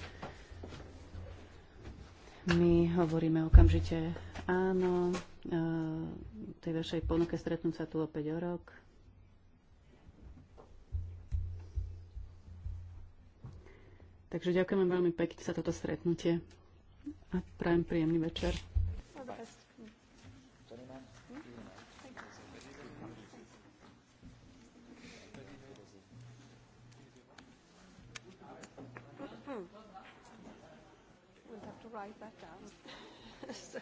my hovoríme okamžite áno, e, tej vašej ponuke stretnúť sa tu opäť o rok. Takže ďakujem veľmi pekne za toto stretnutie a prajem príjemný večer. write that down. so,